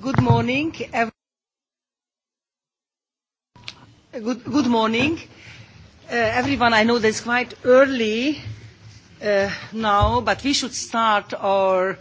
Good morning. Good, morning. Uh, everyone, I know that it's quite early uh, now, but we should start our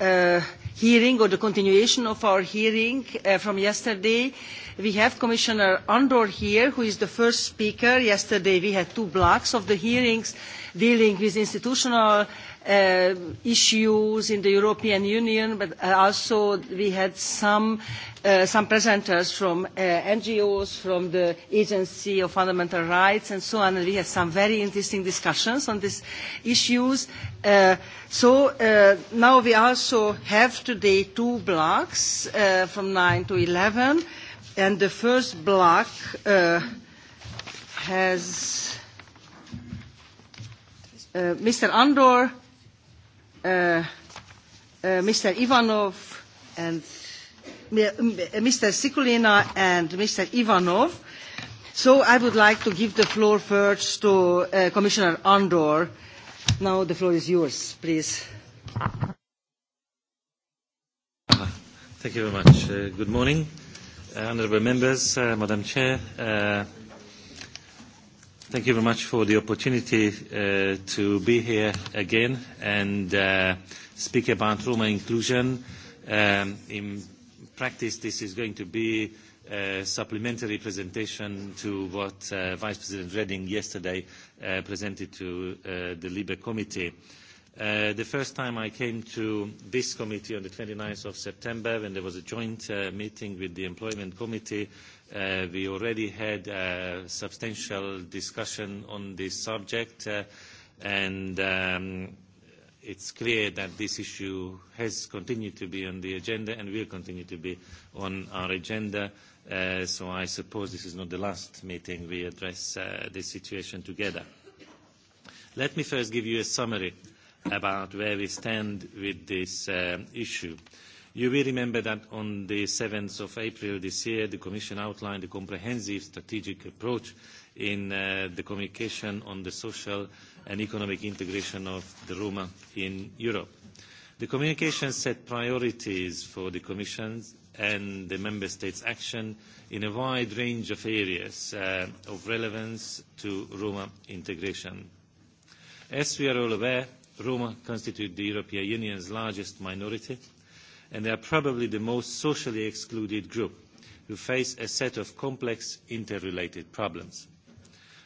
uh, hearing or the continuation of our hearing from yesterday. We have Commissioner Andor here, who is the first speaker. Yesterday we had two blocks of the hearings dealing with institutional uh, issues in the European Union, but also we had some, uh, some presenters from uh, NGOs, from the Agency of Fundamental Rights and so on, and we had some very interesting discussions on these issues. Uh, so uh, now we also have today two blocks uh, from 9 to 11, and the first block uh, has uh, Mr. Andor, uh, uh Mr. Ivanov and Mr. Uh, Sikulina and Mr. Ivanov. So I would like to give the floor first to uh, Commissioner Andor. Now the floor is yours, please. Thank you very much. Uh, good morning, uh, honourable members, uh, Madam Chair, uh, Thank you very much for the opportunity uh, to be here again and uh, speak about Roma inclusion. Um, in practice, this is going to be a supplementary presentation to what uh, Vice President Reding yesterday uh, presented to uh, the LIBE Committee. Uh, the first time I came to this committee on the 29th of September when there was a joint uh, meeting with the Employment Committee Uh, we already had a substantial discussion on this subject, uh, and um, it's clear that this issue has continued to be on the agenda and will continue to be on our agenda. Uh, so I suppose this is not the last meeting we address uh, this situation together. Let me first give you a summary about where we stand with this uh, issue. You will remember that on the of April this year, the Commission outlined a comprehensive strategic approach in uh, the communication on the social and economic integration of the Roma in Europe. The communication set priorities for the Commission and the Member States' action in a wide range of areas uh, of relevance to Roma integration. As we are all aware, Roma constitute the European Union's largest minority, and they are probably the most socially excluded group who face a set of complex interrelated problems.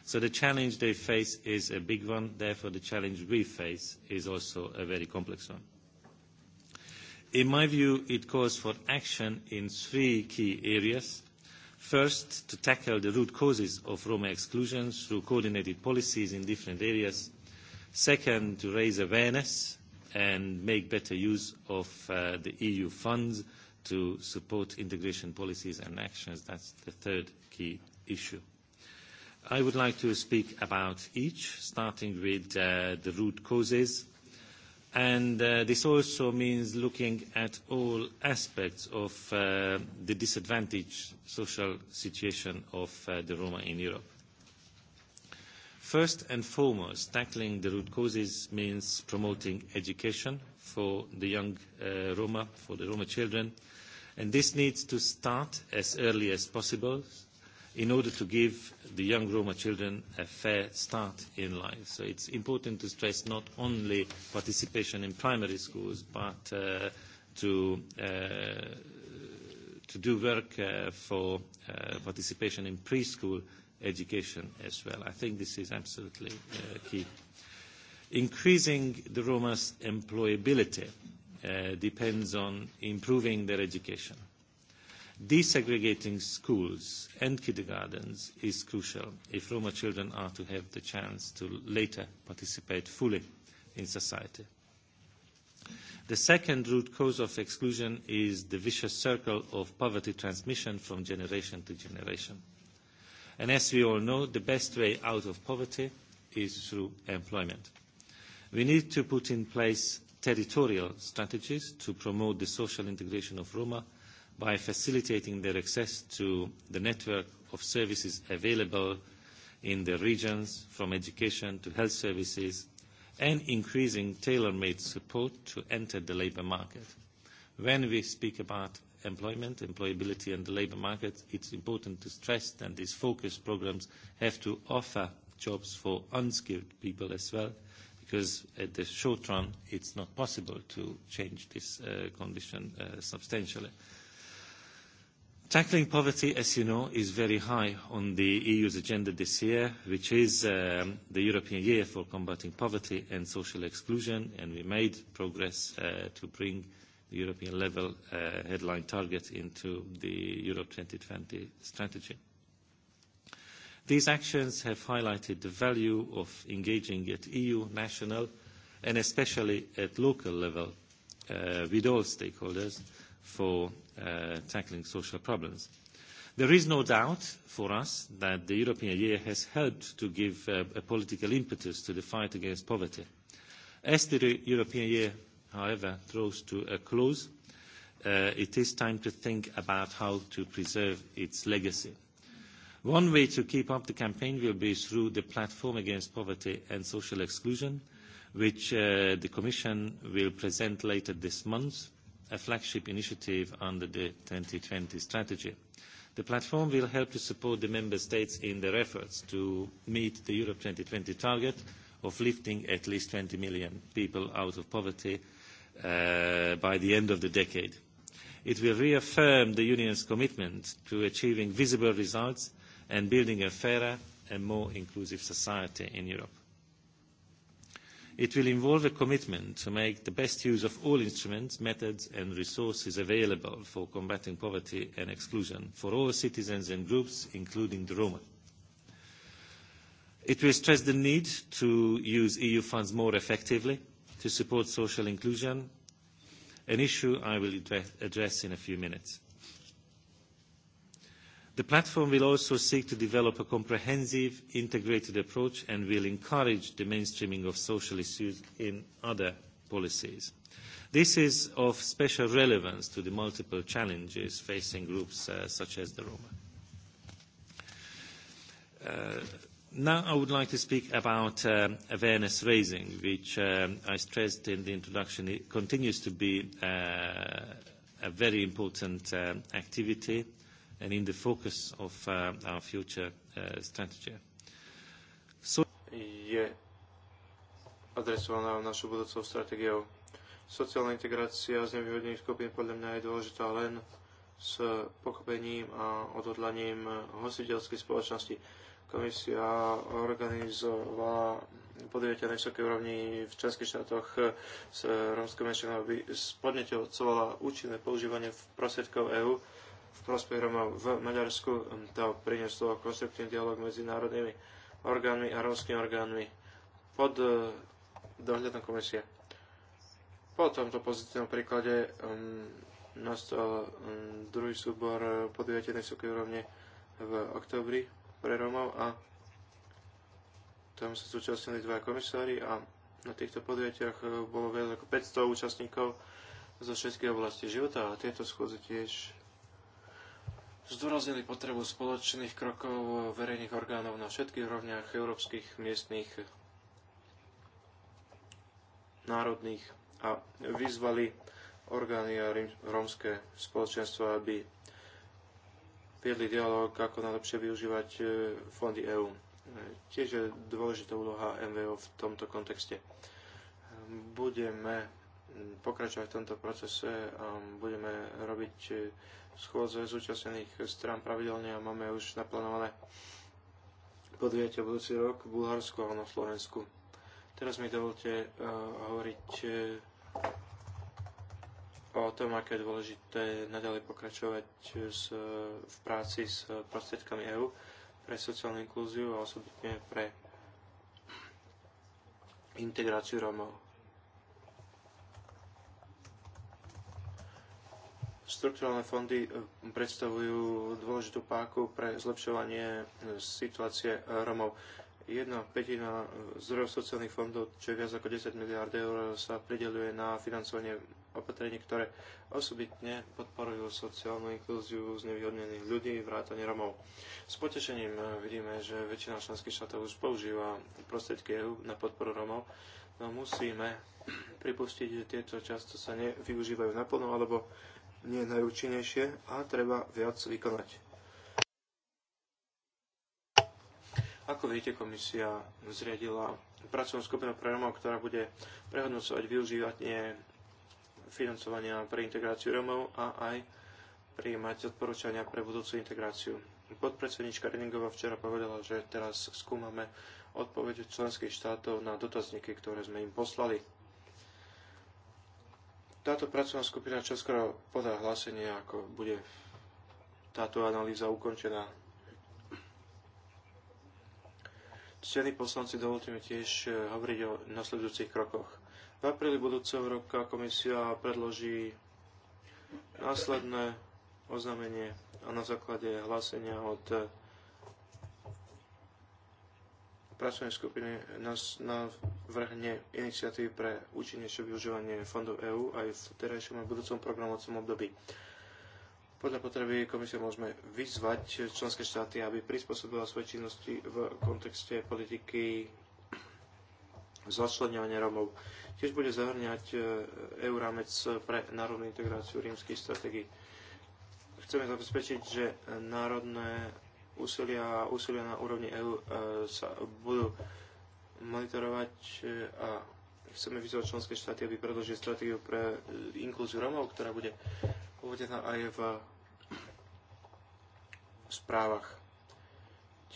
So the challenge they face is a big one, therefore the challenge we face is also a very complex one. In my view, it calls for action in three key areas. First, to tackle the root causes of Roma exclusion through coordinated policies in different areas. Second, to raise awareness and make better use of uh, the EU funds to support integration policies and actions. That's the third key issue. I would like to speak about each, starting with uh, the root causes. and uh, This also means looking at all aspects of uh, the disadvantaged social situation of uh, the Roma in Europe. First and foremost, tackling the root causes means promoting education for the young uh, Roma, for the Roma children. And this needs to start as early as possible in order to give the young Roma children a fair start in life. So it's important to stress not only participation in primary schools, but uh, to, uh, to do work uh, for uh, participation in preschool education as well. I think this is absolutely uh, key. Increasing the Roma's employability uh, depends on improving their education. Desegregating schools and kindergartens is crucial if Roma children are to have the chance to later participate fully in society. The second root cause of exclusion is the vicious circle of poverty transmission from generation to generation. And as we all know, the best way out of poverty is through employment. We need to put in place territorial strategies to promote the social integration of Roma by facilitating their access to the network of services available in their regions, from education to health services, and increasing tailor-made support to enter the labour market. When we speak about employment, employability and the labour market, it's important to stress that these focus programmes have to offer jobs for unskilled people as well, because at the short run it's not possible to change this uh, condition uh, substantially. Tackling poverty, as you know, is very high on the EU's agenda this year, which is um, the European Year for Combating Poverty and Social Exclusion, and we made progress uh, to bring European level uh, headline targets into the Europe 2020 strategy. These actions have highlighted the value of engaging at EU, national, and especially at local level uh, with all stakeholders for uh, tackling social problems. There is no doubt for us that the European year has helped to give uh, a political impetus to the fight against poverty. As the European year however draws to a close, uh, it is time to think about how to preserve its legacy. One way to keep up the campaign will be through the platform against poverty and social exclusion, which uh, the Commission will present later this month, a flagship initiative under the twenty strategy. The platform will help to support the member states in their efforts to meet the Europe twenty target of lifting at least twenty million people out of poverty uh, by the end of the decade. It will reaffirm the Union's commitment to achieving visible results and building a fairer and more inclusive society in Europe. It will involve a commitment to make the best use of all instruments, methods and resources available for combating poverty and exclusion for all citizens and groups, including the Roma. It will stress the need to use EU funds more effectively to support social inclusion, an issue I will address in a few minutes. The platform will also seek to develop a comprehensive, integrated approach and will encourage the mainstreaming of social issues in other policies. This is of special relevance to the multiple challenges facing groups uh, such as the Roma. Uh, Now I would like to speak about um, awareness raising, which um, I stressed in the introduction. It continues to be uh, a very important uh, activity and in the focus of uh, our future uh, strategy. So Je adresovaná našou budúcou stratégiou. Sociálna integrácia z skupín podľa mňa je dôležitá len s pochopením a odhodlaním hostiteľskej spoločnosti. Komisia organizovala podujatia na vysokej úrovni v členských štátoch s romskou menšinou, aby spodneteľcovala účinné používanie prostriedkov EÚ v prospech Romov v Maďarsku. To prinieslo konstruktívny dialog medzi národnými orgánmi a romskými orgánmi pod eh, dohľadom komisie. Po tomto pozitívnom príklade um, nastal mm, druhý súbor eh, podujatia na vysokej úrovne v oktobri pre Romov a tam sa zúčastnili dva komisári a na týchto podujatiach eh, bolo viac ako 500 účastníkov zo všetkých oblasti života a tieto schôdze tiež zdôraznili potrebu spoločných krokov verejných orgánov na všetkých rovniach európskych, miestných, národných a vyzvali orgány a rómske spoločenstvo, aby viedli dialog, ako najlepšie využívať e, fondy EÚ. E, tiež je dôležitá úloha MVO v tomto kontexte. E, budeme pokračovať v tomto procese a budeme robiť schôdze zúčastnených strán pravidelne a máme už naplánované podujatia budúci rok v Bulharsku a na Slovensku. Teraz mi dovolte hovoriť o tom, aké je dôležité naďalej pokračovať s, v práci s prostriedkami EÚ pre sociálnu inklúziu a osobitne pre integráciu Rómov. Strukturálne fondy e, predstavujú dôležitú páku pre zlepšovanie e, situácie e, Rómov jedna petina zdrojov sociálnych fondov, čo je viac ako 10 miliard eur, sa prideluje na financovanie opatrenie, ktoré osobitne podporujú sociálnu inklúziu znevýhodnených ľudí, vrátane Romov. S potešením vidíme, že väčšina členských štátov už používa prostriedky EU na podporu Romov, no musíme pripustiť, že tieto často sa nevyužívajú naplno alebo nie najúčinnejšie a treba viac vykonať. Ako viete, komisia zriadila pracovnú skupinu pre Romov, ktorá bude prehodnocovať využívanie financovania pre integráciu Romov a aj prijímať odporúčania pre budúcu integráciu. Podpredsednička Reningova včera povedala, že teraz skúmame odpovede členských štátov na dotazníky, ktoré sme im poslali. Táto pracovná skupina čoskoro podá hlásenie, ako bude táto analýza ukončená. Ctení poslanci, dovolte mi tiež eh, hovoriť o nasledujúcich krokoch. V apríli budúceho roka komisia predloží následné oznámenie a na základe hlásenia od pracovnej skupiny nás navrhne iniciatívy pre účinnejšie využívanie fondov EÚ aj v terajšom a budúcom programovacom období. Podľa potreby komisie môžeme vyzvať členské štáty, aby prispôsobila svoje činnosti v kontexte politiky začlenovania Romov. Tiež bude zahrňať e, Eurámec pre národnú integráciu rímskych strategií. Chceme zabezpečiť, že národné úsilia, úsilia na úrovni EU e, sa budú monitorovať e, a chceme vyzvať členské štáty, aby predložili stratégiu pre inklúziu Romov, ktorá bude uvedená aj v správach.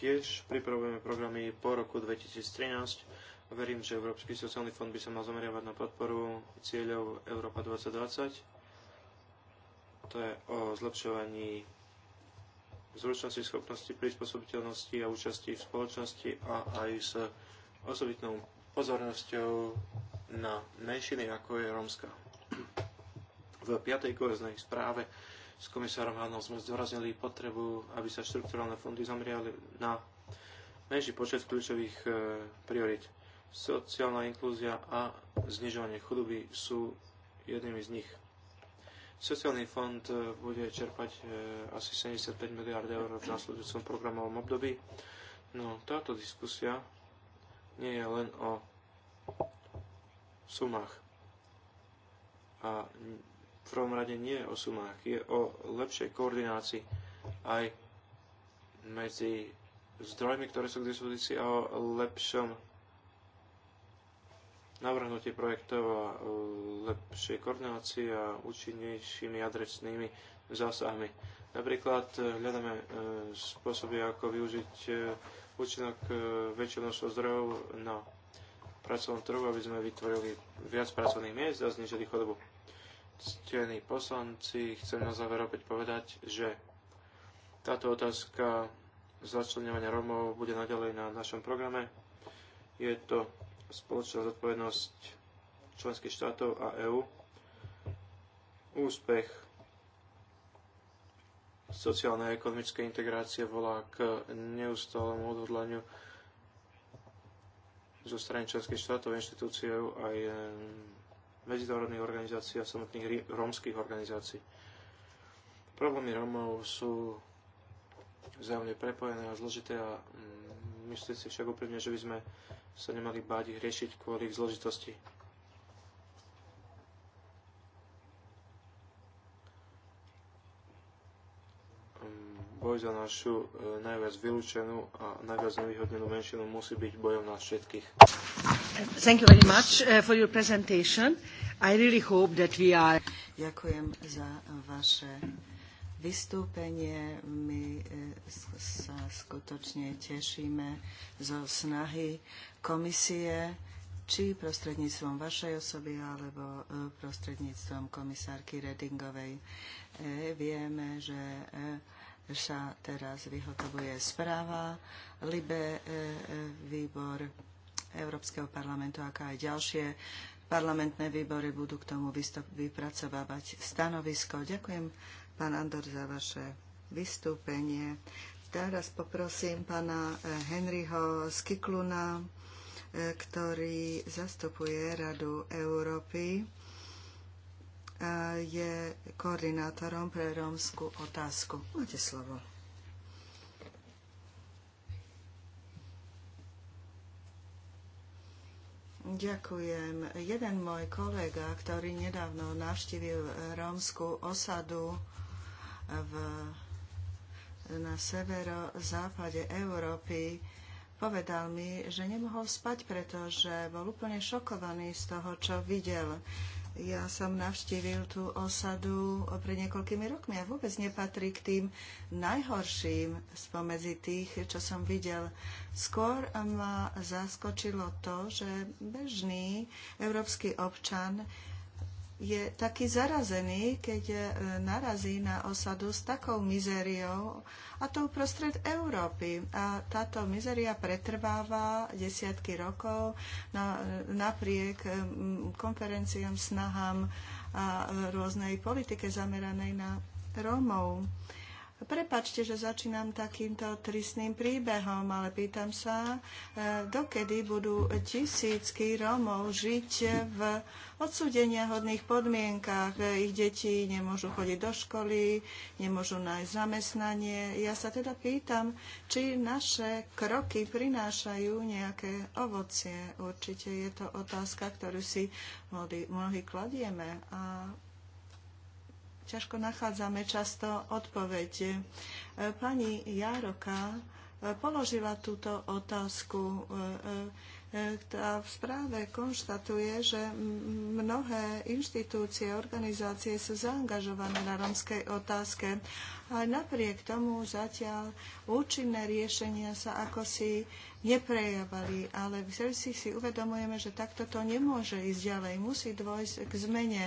Tiež pripravujeme programy po roku 2013 verím, že Európsky sociálny fond by sa mal zameriavať na podporu cieľov Európa 2020. To je o zlepšovaní zručnosti, schopnosti, prispôsobiteľnosti a účasti v spoločnosti a aj s osobitnou pozornosťou na menšiny, ako je Rómska. V piatej koheznej správe s komisárom Hanom sme zdôraznili potrebu, aby sa štrukturálne fondy zameriali na menší počet kľúčových e, priorit. Sociálna inklúzia a znižovanie chudoby sú jednými z nich. Sociálny fond e, bude čerpať e, asi 75 miliard eur v následujúcom programovom období. No táto diskusia nie je len o sumách. A v prvom rade nie je o sumách, je o lepšej koordinácii aj medzi zdrojmi, ktoré sú k dispozícii a o lepšom navrhnutie projektov a e, lepšej koordinácii a účinnejšími adresnými zásahmi. Napríklad e, hľadáme e, spôsoby, ako využiť účinok väčšieho množstva zdrojov na pracovnom trhu, aby sme vytvorili viac pracovných miest a znižili chodobu. Ctení poslanci, chcem na záver opäť povedať, že táto otázka začlenovania Romov bude naďalej na našom programe. Je to spoločná zodpovednosť členských štátov a EÚ, úspech sociálnej a ekonomickej integrácie volá k neustálemu odhodlaniu zo strany členských štátov, inštitúciou e aj medzinárodných organizácií a samotných rómskych organizácií. Problémy Rómov sú vzájomne prepojené a zložité a mm, myslím si však úprimne, že by sme sa nemali báť ich riešiť kvôli ich zložitosti. Hm, boj za našu e, najviac vylúčenú a najviac nevyhodnenú menšinu musí byť bojom nás všetkých. Thank you very much e, for your presentation. I really hope that we are... Ďakujem za vaše vystúpenie. My e, sa skutočne tešíme zo snahy komisie, či prostredníctvom vašej osoby alebo e, prostredníctvom komisárky Redingovej. E, vieme, že sa teraz vyhotovuje správa Libe výbor Európskeho parlamentu, aká aj ďalšie parlamentné výbory budú k tomu vypracovávať stanovisko. Ďakujem pán Andor, za vaše vystúpenie. Teraz poprosím pána eh, Henryho Skikluna, eh, ktorý zastupuje Radu Európy. Eh, je koordinátorom pre rómskú otázku. Máte slovo. Ďakujem. Jeden môj kolega, ktorý nedávno navštívil rómskú osadu, v, na severozápade Európy, povedal mi, že nemohol spať, pretože bol úplne šokovaný z toho, čo videl. Ja som navštívil tú osadu pred niekoľkými rokmi a vôbec nepatrí k tým najhorším spomedzi tých, čo som videl. Skôr ma zaskočilo to, že bežný európsky občan je taký zarazený, keď e, narazí na osadu s takou mizériou a to uprostred Európy. A táto mizeria pretrváva desiatky rokov na, napriek e, konferenciám, snahám a e, rôznej politike zameranej na Rómov. Prepačte, že začínam takýmto tristným príbehom, ale pýtam sa, e, dokedy budú tisícky Rómov žiť v odsúdenia hodných podmienkách. E, ich deti nemôžu chodiť do školy, nemôžu nájsť zamestnanie. Ja sa teda pýtam, či naše kroky prinášajú nejaké ovocie. Určite je to otázka, ktorú si mnohí kladieme a ťažko nachádzame často odpoveď. E, pani Jaroka e, položila túto otázku a e, v správe konštatuje, že mnohé inštitúcie, organizácie sú zaangažované na romskej otázke, A napriek tomu zatiaľ účinné riešenia sa ako si neprejavali, ale v si uvedomujeme, že takto to nemôže ísť ďalej. Musí dôjsť k zmene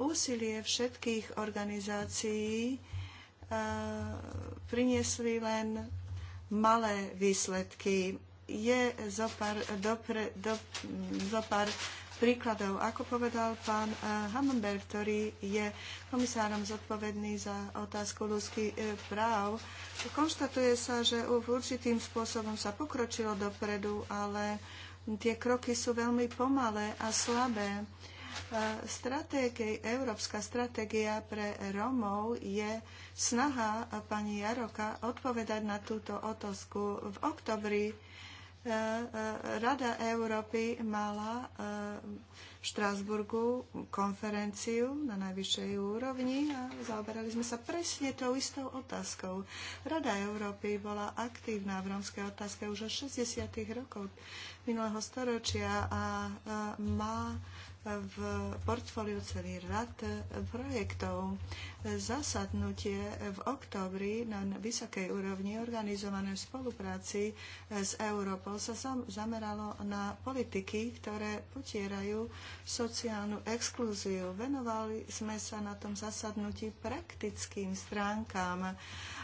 úsilie všetkých organizácií e, priniesli len malé výsledky. Je zo pár, dopre, do, zo pár príkladov. Ako povedal pán e, Hammenberg, ktorý je komisárom zodpovedný za otázku ľudských e, práv, konštatuje sa, že určitým spôsobom sa pokročilo dopredu, ale tie kroky sú veľmi pomalé a slabé. Európska stratégia pre Rómov je snaha pani Jaroka odpovedať na túto otázku. V oktobri e, e, Rada Európy mala e, v Štrásburgu konferenciu na najvyššej úrovni a zaoberali sme sa presne tou istou otázkou. Rada Európy bola aktívna v rómskej otázke už od 60. rokov minulého storočia a má v portfóliu celý rad projektov. Zasadnutie v októbri na vysokej úrovni organizované v spolupráci s Európou sa zameralo na politiky, ktoré potierajú sociálnu exklúziu. Venovali sme sa na tom zasadnutí praktickým stránkám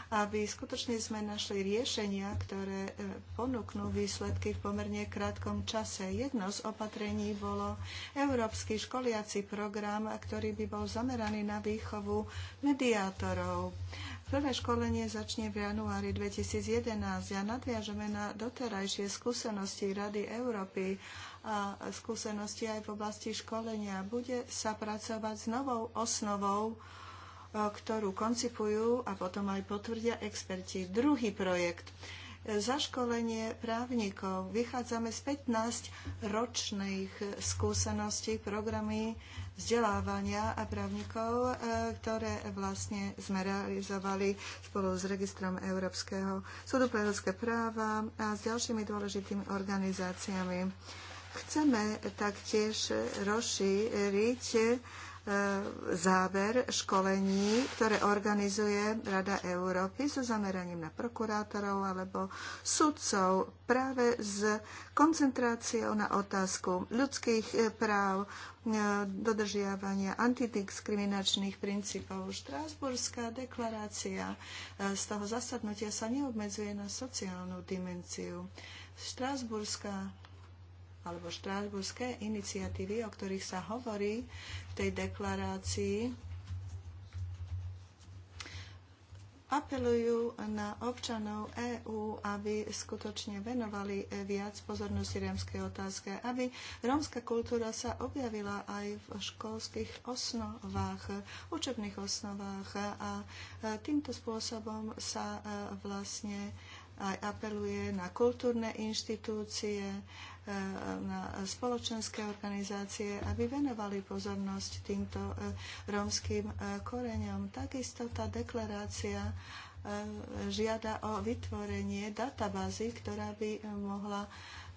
aby skutočne sme našli riešenia, ktoré e, ponúknú výsledky v pomerne krátkom čase. Jedno z opatrení bolo Európsky školiaci program, ktorý by bol zameraný na výchovu mediátorov. Prvé školenie začne v januári 2011 a nadviažeme na doterajšie skúsenosti Rady Európy a skúsenosti aj v oblasti školenia. Bude sa pracovať s novou osnovou E, ktorú koncipujú a potom aj potvrdia experti. Druhý projekt e, zaškolenie právnikov. Vychádzame z 15-ročných skúseností programy vzdelávania a právnikov, e, ktoré vlastne sme realizovali spolu s registrom Európskeho súdu pre ľudské práva a s ďalšími dôležitými organizáciami. Chceme taktiež rozšíriť E, záver školení, ktoré organizuje Rada Európy so zameraním na prokurátorov alebo sudcov práve s koncentráciou na otázku ľudských e, práv, e, dodržiavania antidiskriminačných princípov. Štrásburská deklarácia z toho zasadnutia sa neobmedzuje na sociálnu dimenziu. Štrásburská alebo štrásburské iniciatívy, o ktorých sa hovorí v tej deklarácii, apelujú na občanov EÚ, aby skutočne venovali viac pozornosti rómskej otázke, aby rómska kultúra sa objavila aj v školských osnovách, učebných osnovách a týmto spôsobom sa e, vlastne aj apeluje na kultúrne inštitúcie, e, na spoločenské organizácie, aby venovali pozornosť týmto e, rómskym e, koreňom. Takisto tá deklarácia žiada o vytvorenie databázy, ktorá by mohla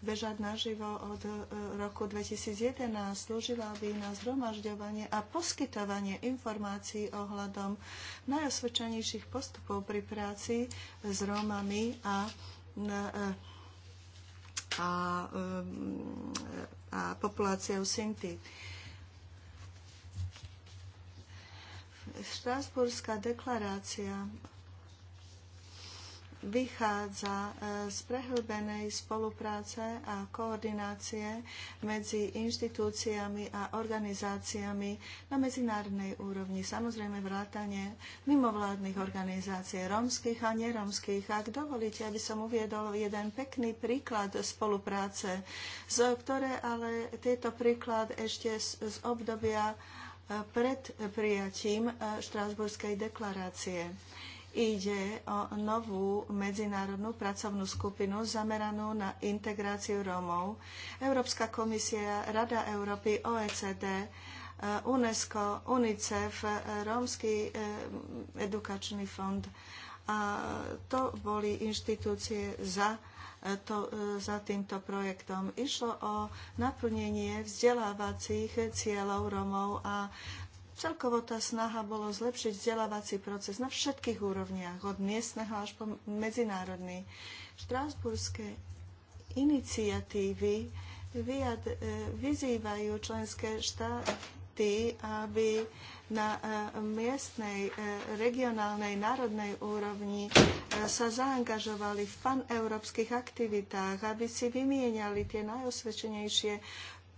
bežať naživo od e, roku 2011. Slúžila by na zhromažďovanie a poskytovanie informácií ohľadom najosvedčenejších postupov pri práci s Rómami a, e, a, e, a populáciou Sinti. Štrásburská deklarácia vychádza e, z prehlbenej spolupráce a koordinácie medzi inštitúciami a organizáciami na medzinárodnej úrovni. Samozrejme vrátanie mimovládnych organizácií, rómskych a nerómskych. Ak dovolíte, aby som uviedol jeden pekný príklad spolupráce, z ktoré ale tieto príklad ešte z, z obdobia e, pred prijatím e, Štrásburskej deklarácie Ide o novú medzinárodnú pracovnú skupinu zameranú na integráciu Rómov. Európska komisia, Rada Európy, OECD, eh, UNESCO, UNICEF, eh, Rómsky eh, edukačný fond. A to boli inštitúcie za, to, za týmto projektom. Išlo o naplnenie vzdelávacích cieľov Rómov a Celkovo tá snaha bolo zlepšiť vzdelávací proces na všetkých úrovniach, od miestneho až po medzinárodný. Štrásburské iniciatívy vyjad, e, vyzývajú členské štáty, aby na e, miestnej, e, regionálnej, národnej úrovni sa zaangažovali v paneurópskych aktivitách, aby si vymieniali tie najosvedčenejšie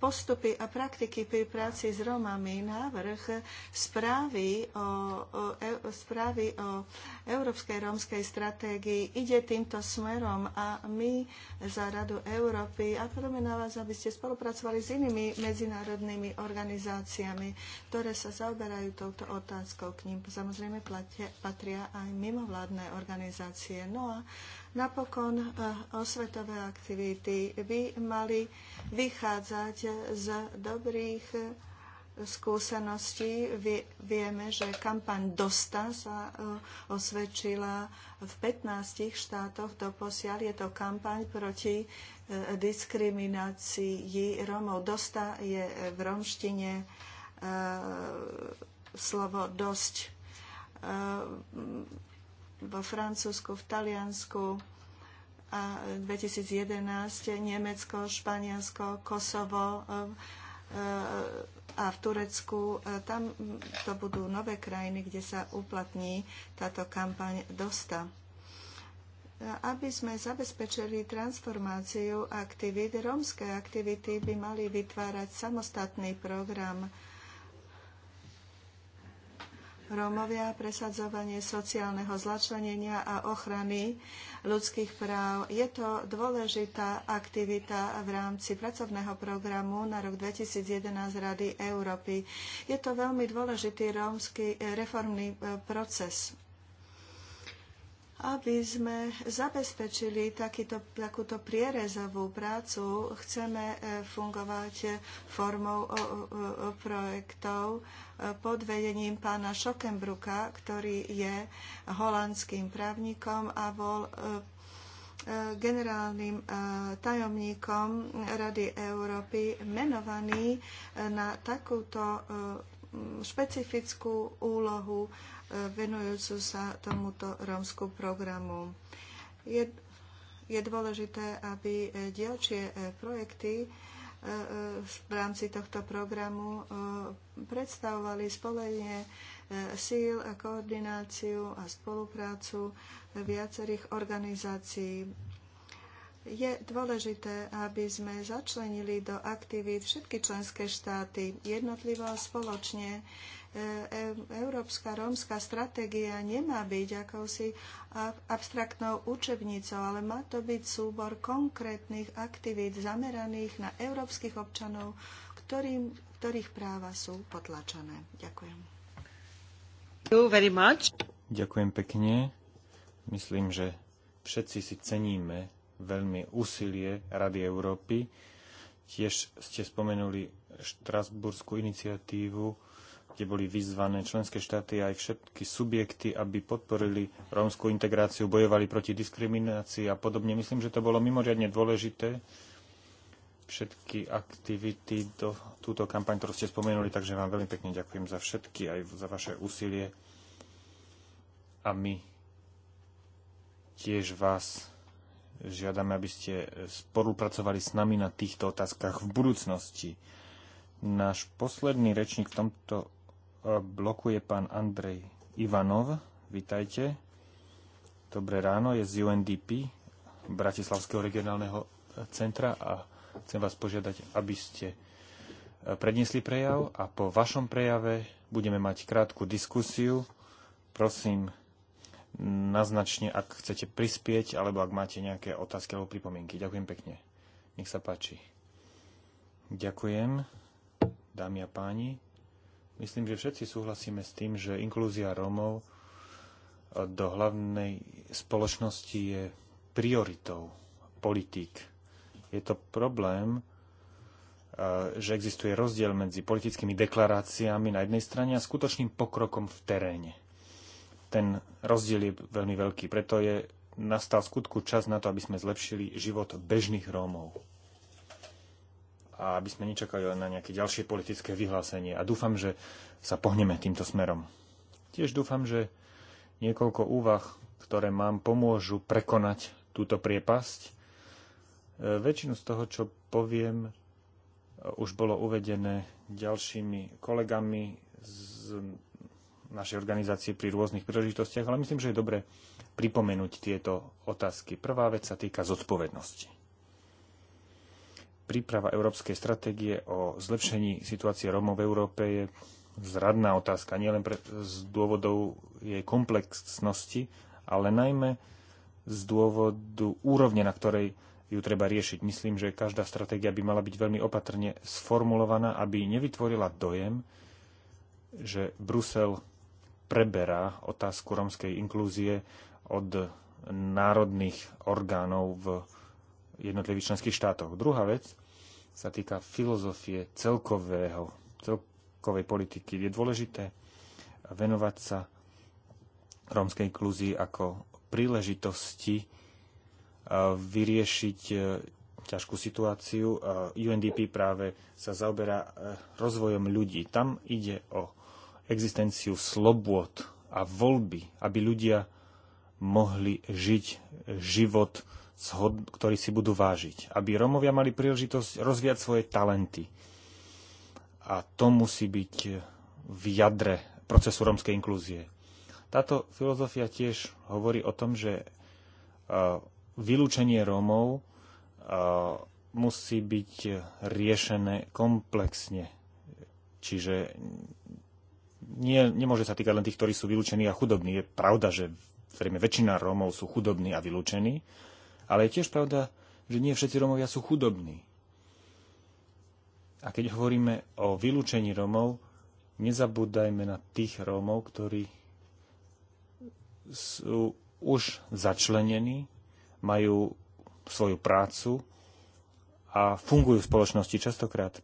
postupy a praktiky pri práci s Romami, návrh správy o, o, e, správy o Európskej rómskej stratégii ide týmto smerom a my za Radu Európy apelujeme na vás, aby ste spolupracovali s inými medzinárodnými organizáciami, ktoré sa zaoberajú touto otázkou. K ním samozrejme platia, patria aj mimovládne organizácie. No a Napokon eh, osvetové aktivity by mali vychádzať z dobrých eh, skúseností. Vieme, že kampaň DOSTA sa eh, osvedčila v 15 štátoch doposiaľ. Je to kampaň proti diskriminácii Rómov. DOSTA je v romštine slovo dosť vo Francúzsku, v Taliansku a 2011 Nemecko, Španielsko, Kosovo eh, eh, a v Turecku. Eh, tam to budú nové krajiny, kde sa uplatní táto kampaň DOSTA. Aby sme zabezpečili transformáciu aktivít, rómske aktivity by mali vytvárať samostatný program Rómovia, presadzovanie sociálneho zlačlenenia a ochrany ľudských práv. Je to dôležitá aktivita v rámci pracovného programu na rok 2011 Rady Európy. Je to veľmi dôležitý rómsky reformný e, proces aby sme zabezpečili takýto, takúto prierezovú prácu, chceme e, fungovať e, formou projektov e, pod vedením pána Schockenbrucka, ktorý je holandským právnikom a bol generálnym tajomníkom Rady Európy menovaný na takúto špecifickú úlohu venujúcu sa tomuto rómsku programu. Je, je dôležité, aby ďalšie e, projekty e, e, v rámci tohto programu predstavovali spolenie síl a koordináciu a spoluprácu viacerých organizácií. Je dôležité, aby sme začlenili do aktivít všetky členské štáty jednotlivo a spoločne E, e, európska rómska stratégia nemá byť akousi abstraktnou učebnicou, ale má to byť súbor konkrétnych aktivít zameraných na európskych občanov, ktorým, ktorých práva sú potlačané. Ďakujem. Ďakujem pekne. Myslím, že všetci si ceníme veľmi úsilie Rady Európy. Tiež ste spomenuli Štrasburskú iniciatívu kde boli vyzvané členské štáty aj všetky subjekty, aby podporili rómskú integráciu, bojovali proti diskriminácii a podobne. Myslím, že to bolo mimoriadne dôležité. Všetky aktivity, do, túto kampaň, ktorú ste spomenuli, takže vám veľmi pekne ďakujem za všetky, aj za vaše úsilie. A my tiež vás žiadame, aby ste spolupracovali s nami na týchto otázkach v budúcnosti. Náš posledný rečník v tomto blokuje pán Andrej Ivanov. Vítajte. Dobré ráno, je z UNDP, Bratislavského regionálneho centra a chcem vás požiadať, aby ste e, predniesli prejav a po vašom prejave budeme mať krátku diskusiu. Prosím, naznačne, ak chcete prispieť, alebo ak máte nejaké otázky alebo pripomienky. Ďakujem pekne. Nech sa páči. Ďakujem, dámy a páni. Myslím, že všetci súhlasíme s tým, že inklúzia Rómov do hlavnej spoločnosti je prioritou politík. Je to problém, e, že existuje rozdiel medzi politickými deklaráciami na jednej strane a skutočným pokrokom v teréne. Ten rozdiel je veľmi veľký, preto je nastal skutku čas na to, aby sme zlepšili život bežných Rómov a aby sme nečakali len na nejaké ďalšie politické vyhlásenie. A dúfam, že sa pohneme týmto smerom. Tiež dúfam, že niekoľko úvah, ktoré mám, pomôžu prekonať túto priepasť. E, väčšinu z toho, čo poviem, e, už bolo uvedené ďalšími kolegami z našej organizácie pri rôznych príležitostiach, ale myslím, že je dobre pripomenúť tieto otázky. Prvá vec sa týka zodpovednosti príprava európskej stratégie o zlepšení situácie Rómov v Európe je zradná otázka, nielen z dôvodov jej komplexnosti, ale najmä z dôvodu úrovne, na ktorej ju treba riešiť. Myslím, že každá stratégia by mala byť veľmi opatrne sformulovaná, aby nevytvorila dojem, že Brusel preberá otázku rómskej inklúzie od národných orgánov v jednotlivých členských štátoch. Druhá vec sa týka filozofie celkového, celkovej politiky. Je dôležité venovať sa rómskej inklúzii ako príležitosti e, vyriešiť e, ťažkú situáciu. E, UNDP práve sa zaoberá rozvojom ľudí. Tam ide o existenciu slobôd a voľby, aby ľudia mohli žiť život ktorí si budú vážiť. Aby Romovia mali príležitosť rozvíjať svoje talenty. A to musí byť v jadre procesu romskej inklúzie. Táto filozofia tiež hovorí o tom, že vylúčenie Rómov musí byť riešené komplexne. Čiže nie, nemôže sa týkať len tých, ktorí sú vylúčení a chudobní. Je pravda, že väčšina Rómov sú chudobní a vylúčení, ale je tiež pravda, že nie všetci Romovia sú chudobní. A keď hovoríme o vylúčení Romov, nezabúdajme na tých Rómov, ktorí sú už začlenení, majú svoju prácu a fungujú v spoločnosti častokrát.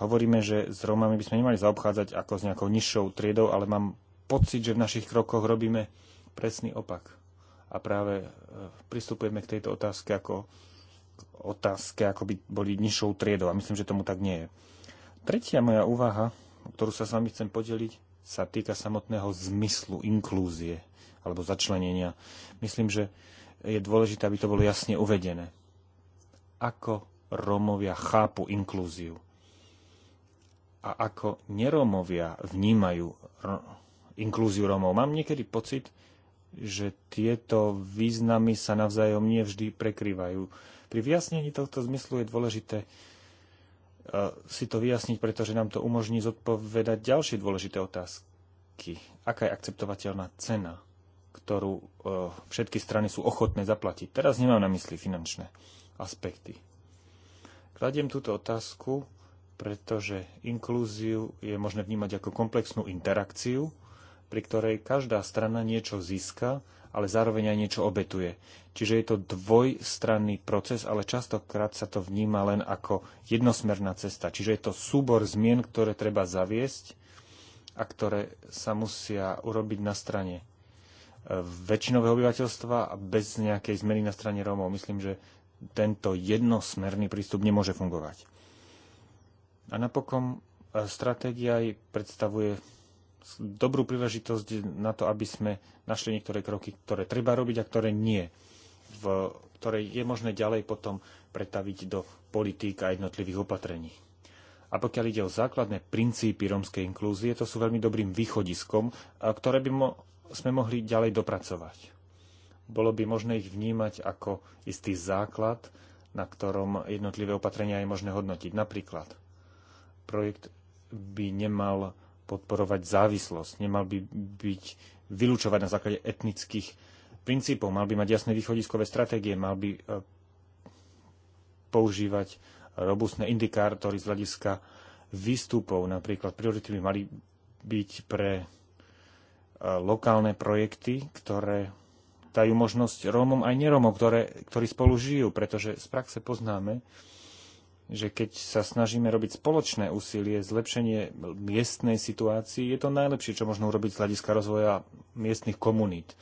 Hovoríme, že s Rómami by sme nemali zaobchádzať ako s nejakou nižšou triedou, ale mám pocit, že v našich krokoch robíme presný opak a práve e, pristupujeme k tejto otázke ako otázke, ako by boli nižšou triedou. A myslím, že tomu tak nie je. Tretia moja úvaha, o ktorú sa s vami chcem podeliť, sa týka samotného zmyslu inklúzie alebo začlenenia. Myslím, že je dôležité, aby to bolo jasne uvedené. Ako Rómovia chápu inklúziu a ako nerómovia vnímajú inklúziu Rómov. Mám niekedy pocit, že tieto významy sa navzájom nevždy prekrývajú. Pri vyjasnení tohto zmyslu je dôležité e, si to vyjasniť, pretože nám to umožní zodpovedať ďalšie dôležité otázky. Aká je akceptovateľná cena, ktorú e, všetky strany sú ochotné zaplatiť? Teraz nemám na mysli finančné aspekty. Kladiem túto otázku, pretože inklúziu je možné vnímať ako komplexnú interakciu, pri ktorej každá strana niečo získa, ale zároveň aj niečo obetuje. Čiže je to dvojstranný proces, ale častokrát sa to vníma len ako jednosmerná cesta. Čiže je to súbor zmien, ktoré treba zaviesť a ktoré sa musia urobiť na strane e, väčšinového obyvateľstva a bez nejakej zmeny na strane Rómov. Myslím, že tento jednosmerný prístup nemôže fungovať. A napokon e, stratégia predstavuje dobrú príležitosť na to, aby sme našli niektoré kroky, ktoré treba robiť a ktoré nie, v ktorej je možné ďalej potom pretaviť do politík a jednotlivých opatrení. A pokiaľ ide o základné princípy rómskej inklúzie, to sú veľmi dobrým východiskom, ktoré by mo- sme mohli ďalej dopracovať. Bolo by možné ich vnímať ako istý základ, na ktorom jednotlivé opatrenia je možné hodnotiť. Napríklad, projekt by nemal podporovať závislosť, nemal by byť vylúčovať na základe etnických princípov, mal by mať jasné východiskové stratégie, mal by e, používať robustné indikátory z hľadiska výstupov. Napríklad priority by mali byť pre e, lokálne projekty, ktoré dajú možnosť Rómom aj nerómom, ktoré, ktorí spolu žijú, pretože z praxe poznáme, že keď sa snažíme robiť spoločné úsilie, zlepšenie miestnej situácii, je to najlepšie, čo možno urobiť z hľadiska rozvoja miestnych komunít.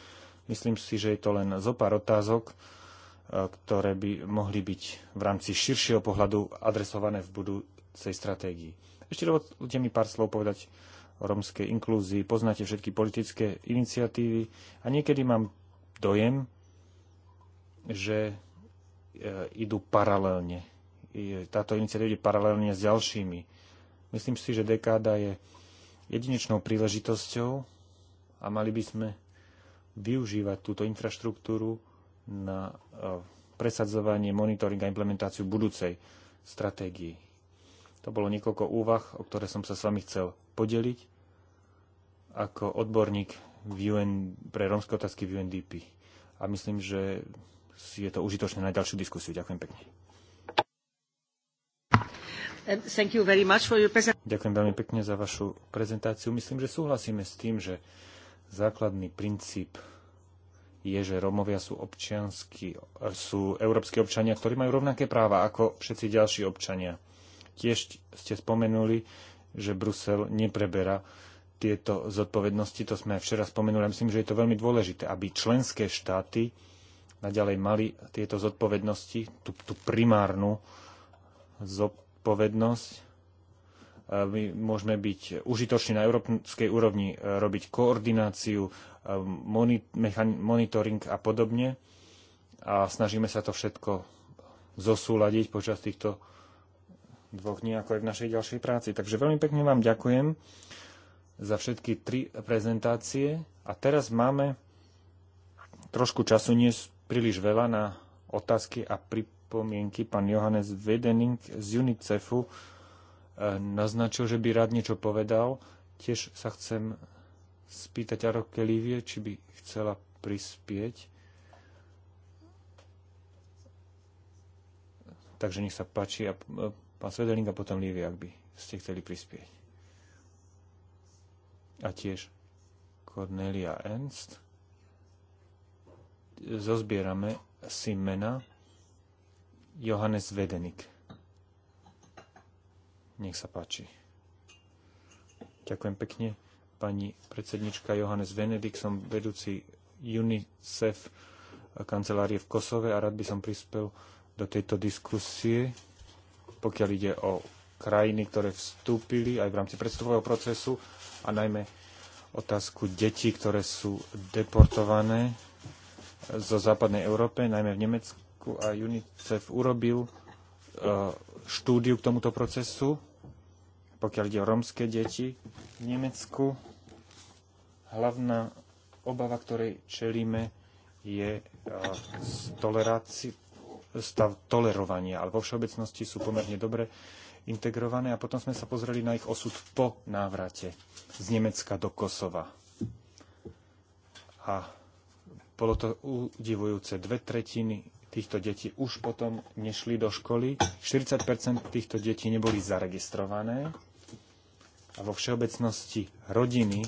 Myslím si, že je to len zo pár otázok, e, ktoré by mohli byť v rámci širšieho pohľadu adresované v budúcej stratégii. Ešte dovolte mi pár slov povedať o romskej inklúzii. Poznáte všetky politické iniciatívy a niekedy mám dojem, že e, idú paralelne táto iniciatíva ide paralelne s ďalšími. Myslím si, že dekáda je jedinečnou príležitosťou a mali by sme využívať túto infraštruktúru na e, presadzovanie, monitoring a implementáciu budúcej stratégii. To bolo niekoľko úvah, o ktoré som sa s vami chcel podeliť ako odborník v UN, pre rómske otázky v UNDP. A myslím, že je to užitočné na ďalšiu diskusiu. Ďakujem pekne. Ďakujem veľmi pekne za vašu prezentáciu. Myslím, že súhlasíme s tým, že základný princíp je, že Rómovia sú, občiansky, sú európsky občania, ktorí majú rovnaké práva ako všetci ďalší občania. Tiež ste spomenuli, že Brusel nepreberá tieto zodpovednosti, to sme včera spomenuli, a myslím, že je to veľmi dôležité, aby členské štáty naďalej mali tieto zodpovednosti, tú, tú primárnu zodpovednosť zodpovednosť. E, my môžeme byť užitoční na európskej úrovni, e, robiť koordináciu, e, monitoring a podobne. A snažíme sa to všetko zosúľadiť počas týchto dvoch dní, ako aj v našej ďalšej práci. Takže veľmi pekne vám ďakujem za všetky tri prezentácie. A teraz máme trošku času, nie príliš veľa na otázky a pripravenie pripomienky. Pán Johannes Wedening z UNICEFu eh, naznačil, že by rád niečo povedal. Tiež sa chcem spýtať Aro Lívie, či by chcela prispieť. Takže nech sa páči a eh, pán Svedeling a potom Lívie, ak by ste chceli prispieť. A tiež Cornelia Ernst. Zozbierame si mena Johannes Vedenik. Nech sa páči. Ďakujem pekne. Pani predsednička Johannes Venedik, som vedúci UNICEF kancelárie v Kosove a rád by som prispel do tejto diskusie, pokiaľ ide o krajiny, ktoré vstúpili aj v rámci predstupového procesu a najmä otázku detí, ktoré sú deportované zo západnej Európe, najmä v Nemecku Slovensku a UNICEF urobil e, štúdiu k tomuto procesu, pokiaľ ide o romské deti v Nemecku. Hlavná obava, ktorej čelíme, je e, stav tolerovania, ale vo všeobecnosti sú pomerne dobre integrované a potom sme sa pozreli na ich osud po návrate z Nemecka do Kosova. A bolo to udivujúce. Dve tretiny týchto detí už potom nešli do školy. 40 týchto detí neboli zaregistrované. A vo všeobecnosti rodiny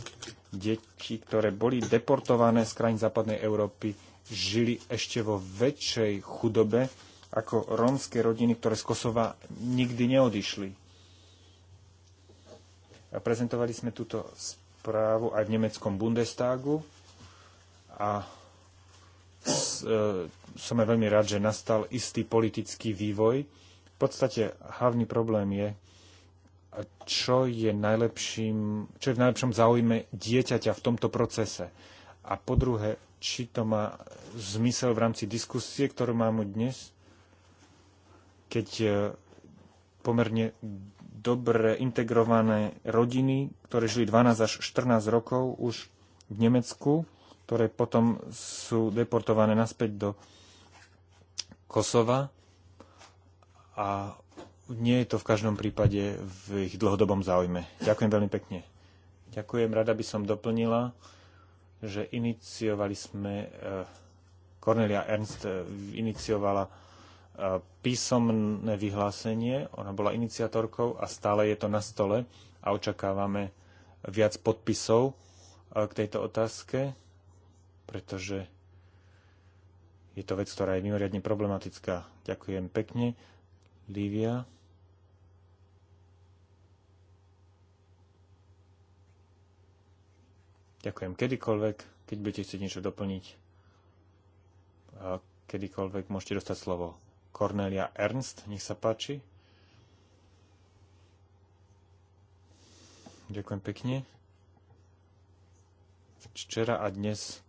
detí, ktoré boli deportované z krajín západnej Európy, žili ešte vo väčšej chudobe ako rómske rodiny, ktoré z Kosova nikdy neodišli. A prezentovali sme túto správu aj v nemeckom Bundestagu a E, som aj veľmi rád, že nastal istý politický vývoj. V podstate hlavný problém je, čo je, najlepším, čo je v najlepšom záujme dieťaťa v tomto procese. A po druhé, či to má zmysel v rámci diskusie, ktorú máme dnes, keď e, pomerne dobre integrované rodiny, ktoré žili 12 až 14 rokov už v Nemecku, ktoré potom sú deportované naspäť do Kosova a nie je to v každom prípade v ich dlhodobom záujme. Ďakujem veľmi pekne. Ďakujem, rada by som doplnila, že iniciovali sme, eh, Cornelia Ernst eh, iniciovala eh, písomné vyhlásenie, ona bola iniciatorkou a stále je to na stole a očakávame viac podpisov k tejto otázke pretože je to vec, ktorá je mimoriadne problematická. Ďakujem pekne. Lívia. Ďakujem kedykoľvek, keď budete chcieť niečo doplniť. A kedykoľvek môžete dostať slovo. Cornelia Ernst, nech sa páči. Ďakujem pekne. Včera a dnes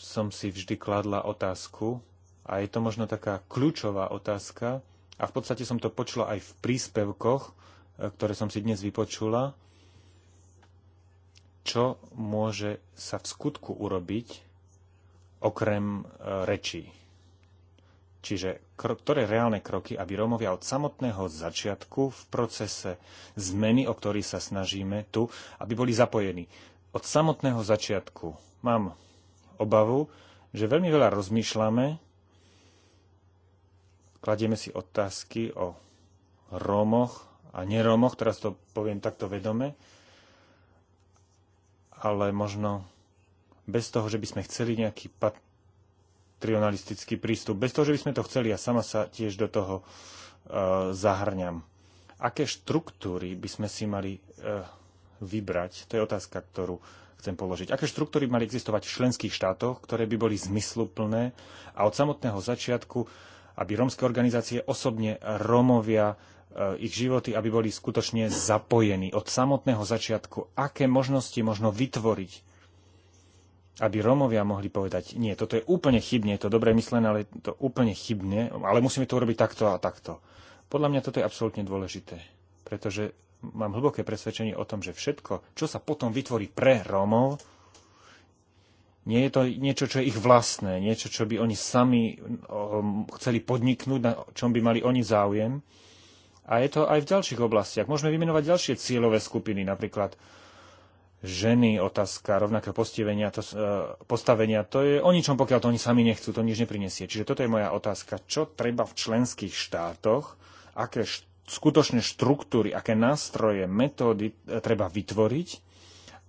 som si vždy kladla otázku, a je to možno taká kľúčová otázka, a v podstate som to počula aj v príspevkoch, e, ktoré som si dnes vypočula, čo môže sa v skutku urobiť okrem e, rečí. Čiže ktoré reálne kroky, aby Rómovia od samotného začiatku v procese zmeny, o ktorý sa snažíme tu, aby boli zapojení. Od samotného začiatku mám obavu, že veľmi veľa rozmýšľame, kladieme si otázky o Rómoch a nerómoch, teraz to poviem takto vedome, ale možno bez toho, že by sme chceli nejaký patrionalistický prístup, bez toho, že by sme to chceli, ja sama sa tiež do toho e, zahrňam. Aké štruktúry by sme si mali e, vybrať? To je otázka, ktorú chcem položiť. Aké štruktúry mali existovať v členských štátoch, ktoré by boli zmysluplné a od samotného začiatku, aby rómske organizácie, osobne Rómovia, e, ich životy, aby boli skutočne zapojení od samotného začiatku. Aké možnosti možno vytvoriť, aby Rómovia mohli povedať, nie, toto je úplne chybne, je to dobre myslené, ale je to úplne chybne, ale musíme to urobiť takto a takto. Podľa mňa toto je absolútne dôležité, pretože mám hlboké presvedčenie o tom, že všetko, čo sa potom vytvorí pre Rómov, nie je to niečo, čo je ich vlastné, niečo, čo by oni sami chceli podniknúť, na čom by mali oni záujem. A je to aj v ďalších oblastiach. Môžeme vymenovať ďalšie cieľové skupiny, napríklad ženy, otázka rovnakého postavenia, to, e, postavenia, to je o ničom, pokiaľ to oni sami nechcú, to nič neprinesie. Čiže toto je moja otázka. Čo treba v členských štátoch, aké št- skutočné štruktúry, aké nástroje, metódy e, treba vytvoriť,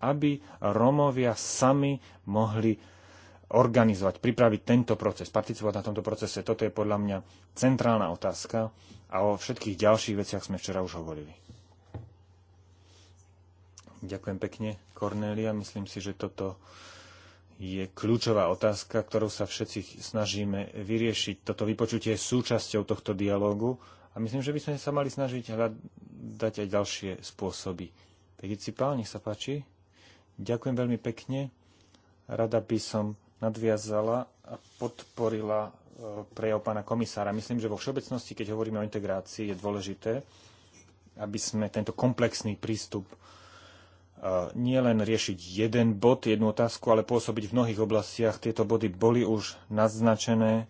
aby romovia sami mohli organizovať, pripraviť tento proces, participovať na tomto procese. Toto je podľa mňa centrálna otázka a o všetkých ďalších veciach sme včera už hovorili. Ďakujem pekne, Kornélia. Myslím si, že toto je kľúčová otázka, ktorú sa všetci snažíme vyriešiť. Toto vypočutie je súčasťou tohto dialógu a myslím, že by sme sa mali snažiť hľadať aj ďalšie spôsoby. si Cipal, nech sa páči. Ďakujem veľmi pekne. Rada by som nadviazala a podporila e, prejav pána komisára. Myslím, že vo všeobecnosti, keď hovoríme o integrácii, je dôležité, aby sme tento komplexný prístup e, nie len riešiť jeden bod, jednu otázku, ale pôsobiť v mnohých oblastiach. Tieto body boli už naznačené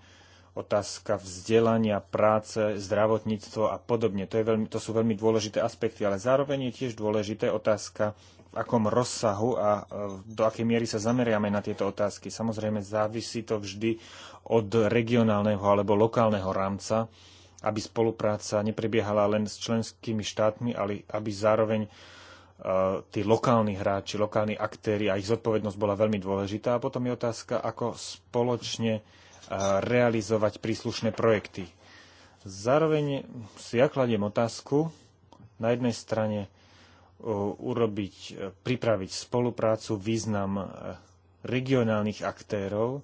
otázka vzdelania, práce, zdravotníctvo a podobne. To, je veľmi, to sú veľmi dôležité aspekty, ale zároveň je tiež dôležité otázka, v akom rozsahu a e, do akej miery sa zameriame na tieto otázky. Samozrejme, závisí to vždy od regionálneho alebo lokálneho rámca, aby spolupráca neprebiehala len s členskými štátmi, ale aby zároveň e, tí lokálni hráči, lokálni aktéry a ich zodpovednosť bola veľmi dôležitá. A potom je otázka, ako spoločne realizovať príslušné projekty. Zároveň si ja kladiem otázku, na jednej strane e, urobiť, e, pripraviť spoluprácu, význam e, regionálnych aktérov,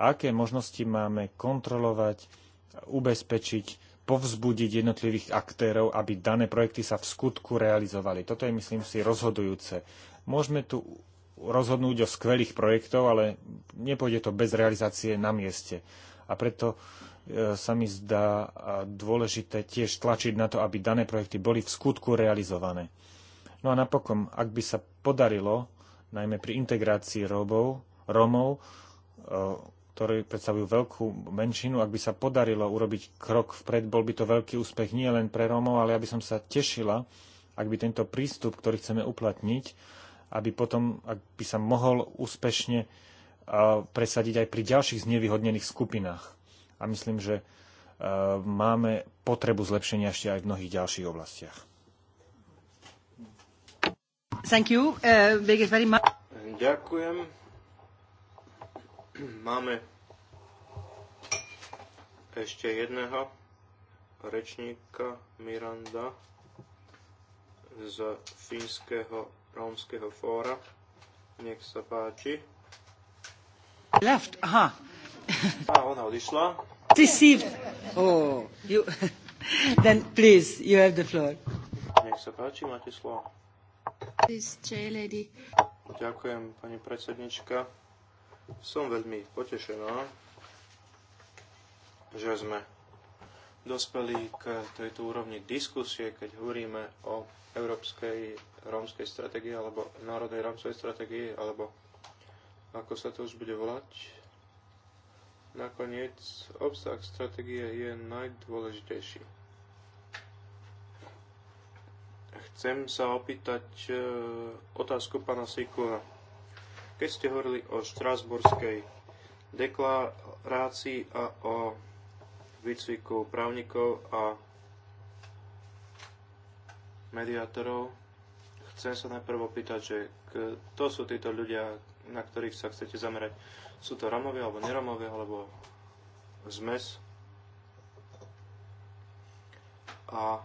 a aké možnosti máme kontrolovať, ubezpečiť, povzbudiť jednotlivých aktérov, aby dané projekty sa v skutku realizovali. Toto je, myslím si, rozhodujúce. Môžeme tu rozhodnúť o skvelých projektov, ale nepôjde to bez realizácie na mieste. A preto e, sa mi zdá dôležité tiež tlačiť na to, aby dané projekty boli v skutku realizované. No a napokon, ak by sa podarilo, najmä pri integrácii robov, Romov, e, ktorí predstavujú veľkú menšinu, ak by sa podarilo urobiť krok vpred, bol by to veľký úspech nie len pre Romov, ale aby som sa tešila, ak by tento prístup, ktorý chceme uplatniť, aby potom, ak by sa mohol úspešne presadiť aj pri ďalších znevýhodnených skupinách. A myslím, že máme potrebu zlepšenia ešte aj v mnohých ďalších oblastiach. Thank you. Uh, very much. Ďakujem. Máme ešte jedného rečníka Miranda z fínskeho rómskeho fóra. Nech sa páči. Left, aha. A ona odišla. Deceived. Oh, you... Then please, you have the floor. Nech sa páči, máte slovo. Please, chair lady. Ďakujem, pani predsednička. Som veľmi potešená, že sme dospeli k tejto úrovni diskusie, keď hovoríme o Európskej rómskej stratégie alebo národnej rómskej stratégie alebo ako sa to už bude volať. Nakoniec obsah stratégie je najdôležitejší. Chcem sa opýtať e, otázku pana Sikula. Keď ste hovorili o štrasburskej deklarácii a o výcviku právnikov a mediátorov, Chcem sa najprv opýtať, že kto sú títo ľudia, na ktorých sa chcete zamerať? Sú to ramovia alebo neramovia, alebo zmes? A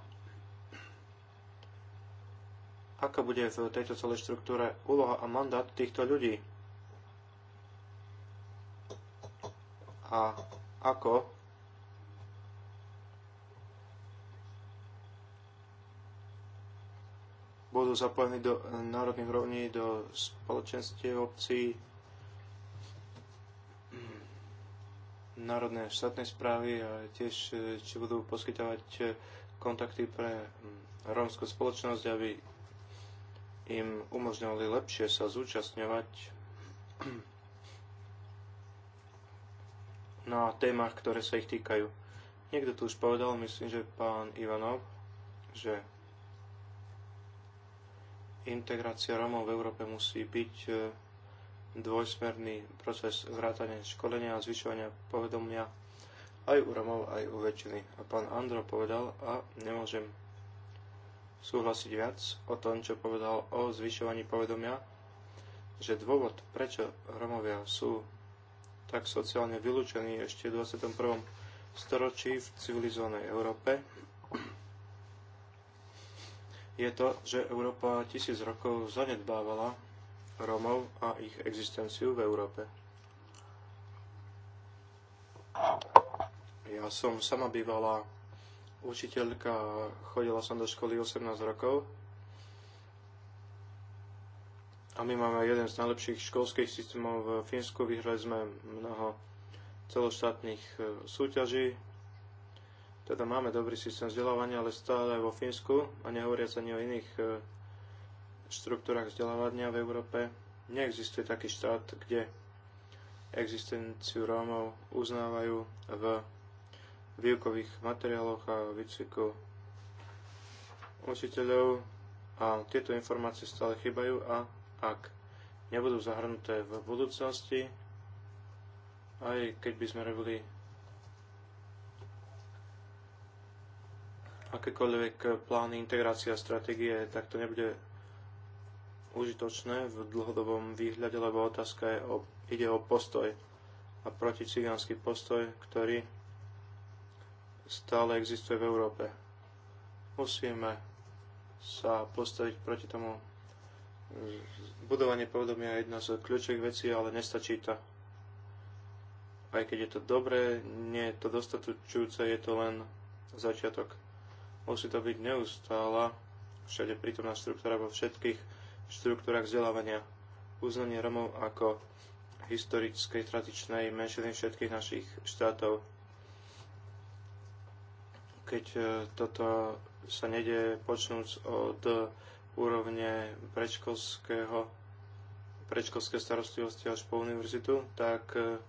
aká bude v tejto celej štruktúre úloha a mandát týchto ľudí. A ako budú zapojení do národných rovní, do spoločenstiev obcí, národné štátnej správy a tiež e, či budú poskytovať e, kontakty pre rómskú spoločnosť, aby im umožňovali lepšie sa zúčastňovať na témach, ktoré sa ich týkajú. Niekto tu už povedal, myslím, že pán Ivanov, že integrácia Rómov v Európe musí byť e, dvojsmerný proces vrátania školenia a zvyšovania povedomia aj u Romov, aj u väčšiny. A pán Andro povedal, a nemôžem súhlasiť viac o tom, čo povedal o zvyšovaní povedomia, že dôvod, prečo Romovia sú tak sociálne vylúčení ešte v 21. storočí v civilizovanej Európe, je to, že Európa tisíc rokov zanedbávala Rómov a ich existenciu v Európe. Ja som sama bývala učiteľka, chodila som do školy 18 rokov a my máme jeden z najlepších školských systémov v Fínsku. Vyhrali sme mnoho celoštátnych e, súťaží, teda máme dobrý systém vzdelávania, ale stále vo Fínsku, a nehovoriac ani o iných e, štruktúrach vzdelávania v Európe, neexistuje taký štát, kde existenciu Rómov uznávajú v výukových materiáloch a výcviku učiteľov a tieto informácie stále chýbajú a ak nebudú zahrnuté v budúcnosti, aj keď by sme robili akékoľvek plány integrácia a stratégie, tak to nebude užitočné v dlhodobom výhľade, lebo otázka je o, ide o postoj a proticigánsky postoj, ktorý stále existuje v Európe. Musíme sa postaviť proti tomu. Budovanie povedomia je jedna z kľúčových vecí, ale nestačí to aj keď je to dobré, nie je to dostatečujúce, je to len začiatok. Musí to byť neustála všade prítomná štruktúra vo všetkých štruktúrach vzdelávania. Uznanie Romov ako historickej tradičnej menšiny všetkých našich štátov. Keď e, toto sa nedie počnúť od úrovne predškolského predškolské starostlivosti až po univerzitu, tak e,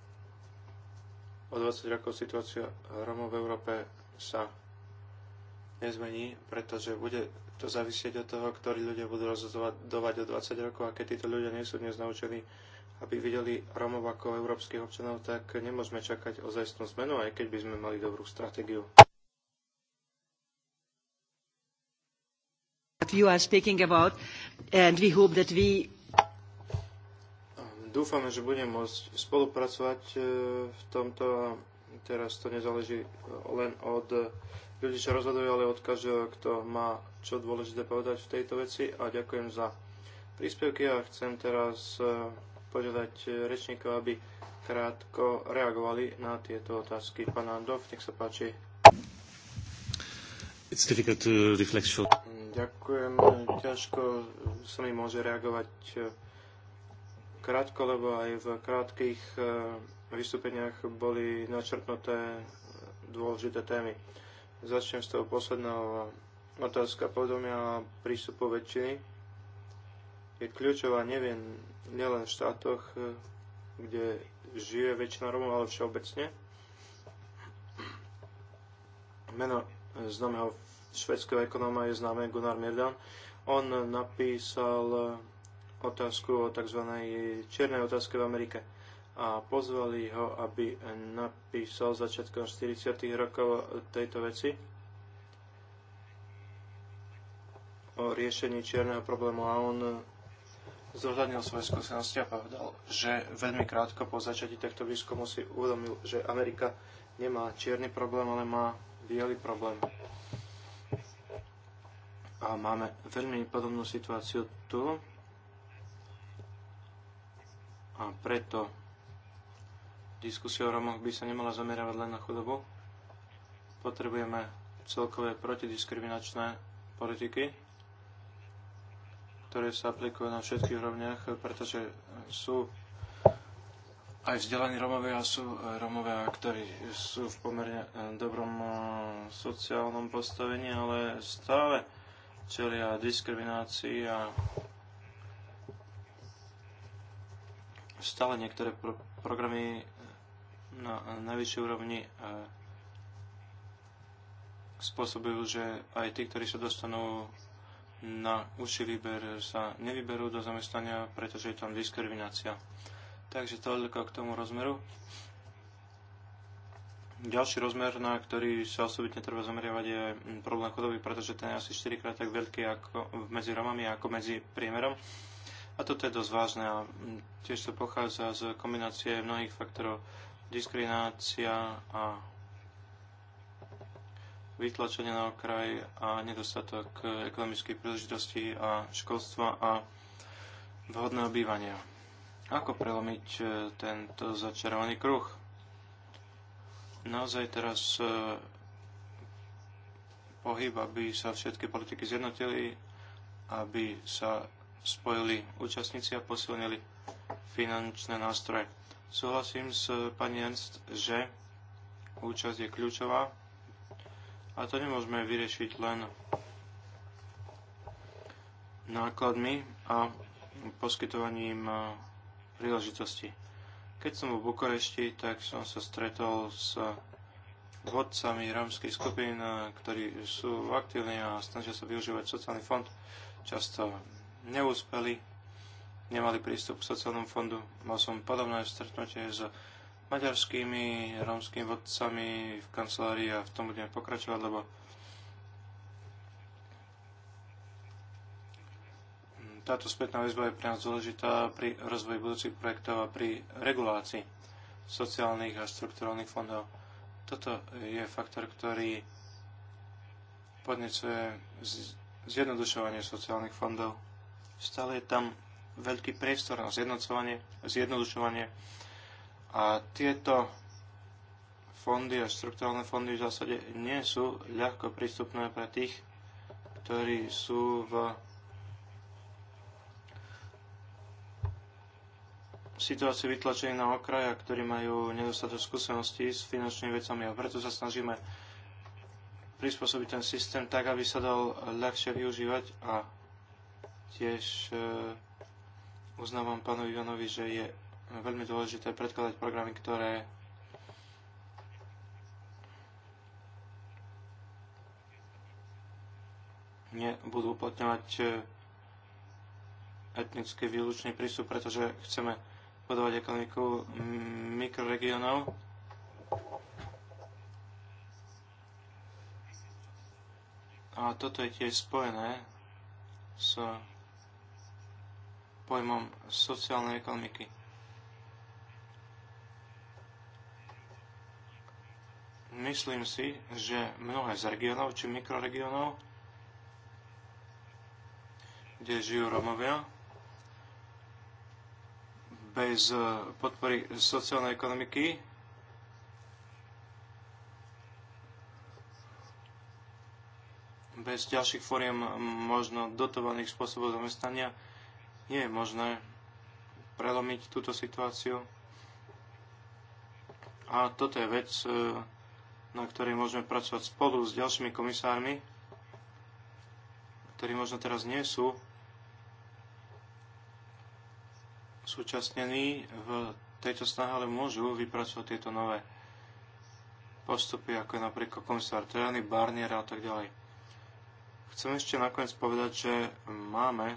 o 20 rokov situácia Romov v Európe sa nezmení, pretože bude to závisieť od toho, ktorí ľudia budú rozhodovať o 20 rokov a keď títo ľudia nie sú dnes naučení, aby videli Romov ako európskych občanov, tak nemôžeme čakať ozajstnú zmenu, aj keď by sme mali dobrú stratégiu. You are speaking about and we hope that we Dúfame, že budeme môcť spolupracovať e, v tomto. Teraz to nezáleží e, len od ľudí, sa rozhodujú, ale od každého, kto má čo dôležité povedať v tejto veci a ďakujem za príspevky a chcem teraz e, požiadať rečníkov, aby krátko reagovali na tieto otázky. Pán Andov, nech sa páči. It's difficult to reflect short. Ďakujem. Ťažko sa mi môže reagovať e, krátko, lebo aj v krátkých e, vystúpeniach boli načrtnuté dôležité témy. Začnem z toho posledného otázka podomia a prístupu väčšiny. Je kľúčová neviem nielen v štátoch, eh, kde žije väčšina Romov, ale všeobecne. Meno známeho švedského ekonóma je známe Gunnar Mirdan. On napísal otázku o tzv. čiernej otázke v Amerike a pozvali ho, aby napísal začiatkom 40. rokov tejto veci o riešení čierneho problému a on zohľadnil svoje skúsenosti a povedal, že veľmi krátko po začiatí tohto výskumu si uvedomil, že Amerika nemá čierny problém, ale má biely problém. A máme veľmi podobnú situáciu tu. A preto Diskusia o Romoch by sa nemala zamerávať len na chudobu. Potrebujeme celkové protidiskriminačné politiky, ktoré sa aplikujú na všetkých rovniach, pretože sú aj vzdelaní Romovia sú Romovia, ktorí sú v pomerne dobrom sociálnom postavení, ale stále čelia diskriminácii a stále niektoré pro- programy na najvyššej úrovni e, spôsobujú, že aj tí, ktorí sa dostanú na uši výber, sa nevyberú do zamestnania, pretože je tam diskriminácia. Takže toľko k tomu rozmeru. Ďalší rozmer, na ktorý sa osobitne treba zameriavať, je problém chudoby, pretože ten je asi 4 krát tak veľký ako medzi Romami ako medzi priemerom. A toto je dosť vážne a tiež to pochádza z kombinácie mnohých faktorov diskriminácia a vytlačenie na okraj a nedostatok ekonomických príležitosti a školstva a vhodného bývania. Ako prelomiť e, tento začarovaný kruh? Naozaj teraz e, pohyb, aby sa všetky politiky zjednotili, aby sa spojili účastníci a posilnili finančné nástroje. Súhlasím s eh, pani Ernst, že účasť je kľúčová a to nemôžeme vyriešiť len nákladmi a poskytovaním eh, príležitosti. Keď som v Bukurešti, tak som sa stretol s vodcami rámskych skupín, eh, ktorí sú aktívni a snažia sa využívať sociálny fond. Často neúspeli nemali prístup k sociálnom fondu. Mal som podobné stretnutie s maďarskými, rómskymi vodcami v kancelárii a v tom budeme pokračovať, lebo táto spätná väzba je pre nás dôležitá pri rozvoji budúcich projektov a pri regulácii sociálnych a štruktúrálnych fondov. Toto je faktor, ktorý podnecuje zjednodušovanie sociálnych fondov. Stále je tam veľký priestor na zjednocovanie, zjednodušovanie. A tieto fondy a štruktúrálne fondy v zásade nie sú ľahko prístupné pre tých, ktorí sú v situácii vytlačení na okraja, ktorí majú nedostatok skúseností s finančnými vecami a preto sa snažíme prispôsobiť ten systém tak, aby sa dal ľahšie využívať a tiež e, uznávam pánu Ivanovi, že je veľmi dôležité predkladať programy, ktoré nebudú uplatňovať e, etnický výlučný prístup, pretože chceme podávať ekonomiku mikroregionov. A toto je tiež spojené s pojmom sociálnej ekonomiky. Myslím si, že mnohé z regionov či mikroregionov, kde žijú Romovia, bez podpory sociálnej ekonomiky bez ďalších fóriem možno dotovaných spôsobov zamestnania nie je možné prelomiť túto situáciu. A toto je vec, e, na ktorej môžeme pracovať spolu s ďalšími komisármi, ktorí možno teraz nie sú súčasnení v tejto snahe, ale môžu vypracovať tieto nové postupy, ako je napríklad komisár Tajany, Barnier a tak ďalej. Chcem ešte nakoniec povedať, že máme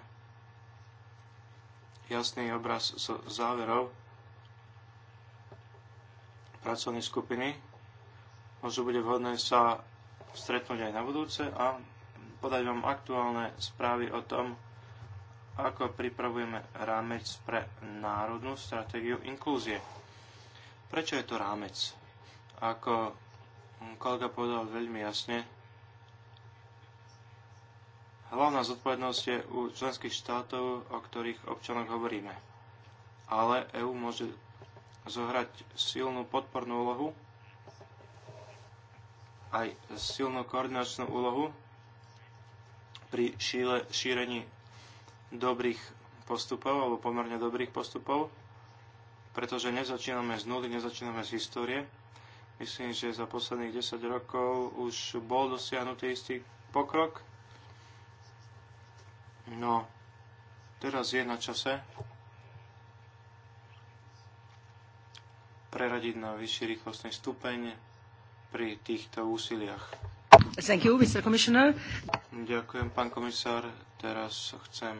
jasný obraz z záverov pracovnej skupiny. Možno bude vhodné sa stretnúť aj na budúce a podať vám aktuálne správy o tom, ako pripravujeme rámec pre národnú stratégiu inklúzie. Prečo je to rámec? Ako kolega povedal veľmi jasne, Hlavná zodpovednosť je u členských štátov, o ktorých občanoch hovoríme. Ale EÚ môže zohrať silnú podpornú úlohu, aj silnú koordinačnú úlohu pri šíle, šírení dobrých postupov alebo pomerne dobrých postupov, pretože nezačíname z nuly, nezačíname z histórie. Myslím, že za posledných 10 rokov už bol dosiahnutý istý pokrok No, teraz je na čase preradiť na vyšší rýchlostný stupeň pri týchto úsiliach. Thank you, Mr. Commissioner. Ďakujem, pán komisár. Teraz chcem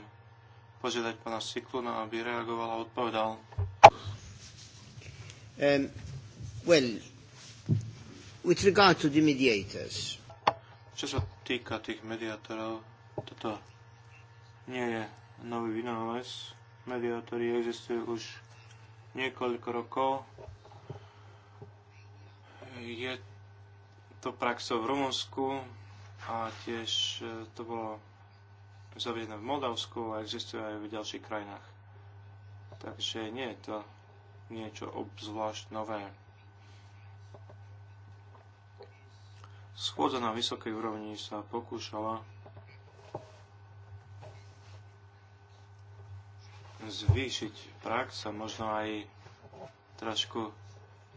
požiadať pána Sikluna, aby reagoval a odpovedal. Um, well, with regard to the mediators. Čo sa týka tých mediátorov, toto nie je nový vynález. Mediátory existujú už niekoľko rokov. Je to praxou v Rumunsku a tiež e, to bolo zavedené v Moldavsku a existuje aj v ďalších krajinách. Takže nie je to niečo obzvlášť nové. Schôdza na vysokej úrovni sa pokúšala zvýšiť prax a možno aj trošku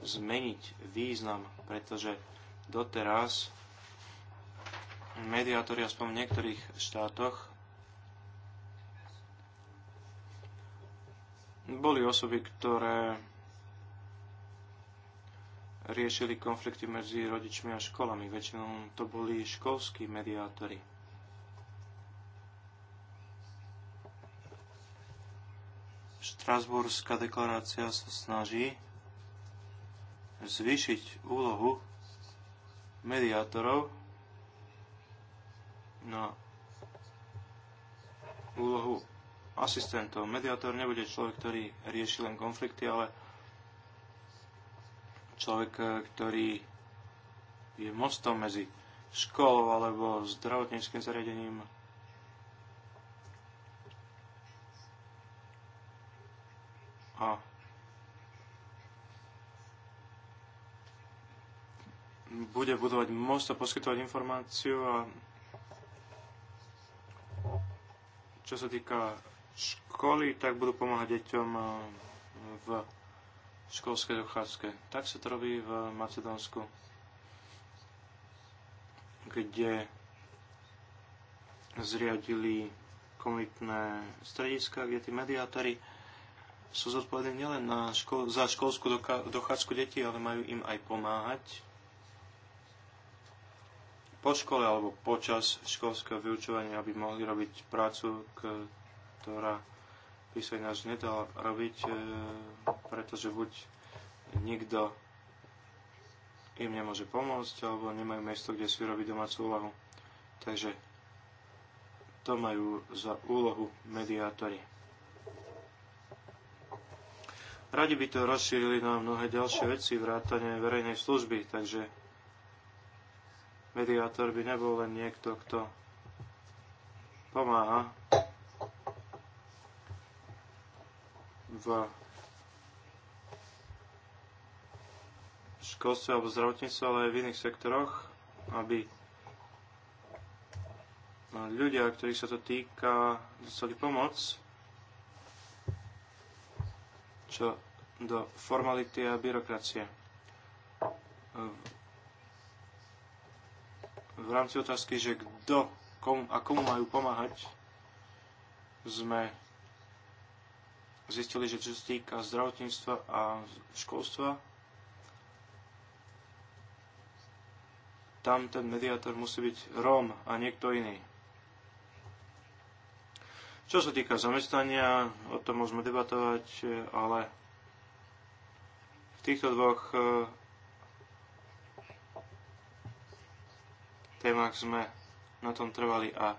zmeniť význam, pretože doteraz mediátori aspoň v niektorých štátoch boli osoby, ktoré riešili konflikty medzi rodičmi a školami. Väčšinou to boli školskí mediátori. Štrasburská deklarácia sa snaží zvýšiť úlohu mediátorov na úlohu asistentov. Mediátor nebude človek, ktorý rieši len konflikty, ale človek, ktorý je mostom medzi školou alebo zdravotníckým zariadením A bude budovať most a poskytovať informáciu a čo sa týka školy, tak budú pomáhať deťom v školskej dochádzke. Tak sa to robí v Macedónsku, kde zriadili komunitné strediska, kde tí mediátori sú zodpovední nielen na ško- za školskú dochádzku detí, ale majú im aj pomáhať po škole alebo počas školského vyučovania, aby mohli robiť prácu, ktorá by sa ináč nedala robiť, e, pretože buď nikto im nemôže pomôcť, alebo nemajú miesto, kde si robiť domácu úlohu. Takže to majú za úlohu mediátori. Radi by to rozšírili na mnohé ďalšie veci, vrátane verejnej služby, takže mediátor by nebol len niekto, kto pomáha v školstve alebo zdravotníctve, ale aj v iných sektoroch, aby ľudia, ktorých sa to týka, dostali pomoc čo do formality a byrokracie. V rámci otázky, že kto komu, a komu majú pomáhať, sme zistili, že čo sa týka zdravotníctva a školstva, tam ten mediátor musí byť Róm a niekto iný. Čo sa týka zamestnania, o tom môžeme debatovať, e, ale v týchto dvoch e, témach sme na tom trvali a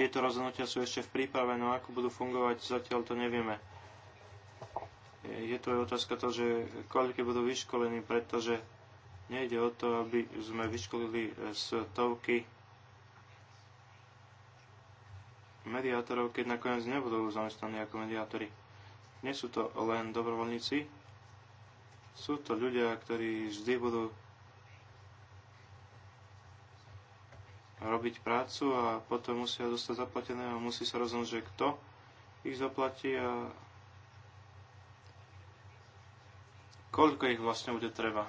tieto rozhodnutia sú ešte v príprave, no ako budú fungovať, zatiaľ to nevieme. E, je tu aj otázka to, že koľko budú vyškolení, pretože nejde o to, aby sme vyškolili stovky mediátorov, keď nakoniec nebudú zamestnaní ako mediátori. Nie sú to len dobrovoľníci, sú to ľudia, ktorí vždy budú robiť prácu a potom musia dostať zaplatené a musí sa rozhodnúť, že kto ich zaplatí a koľko ich vlastne bude treba.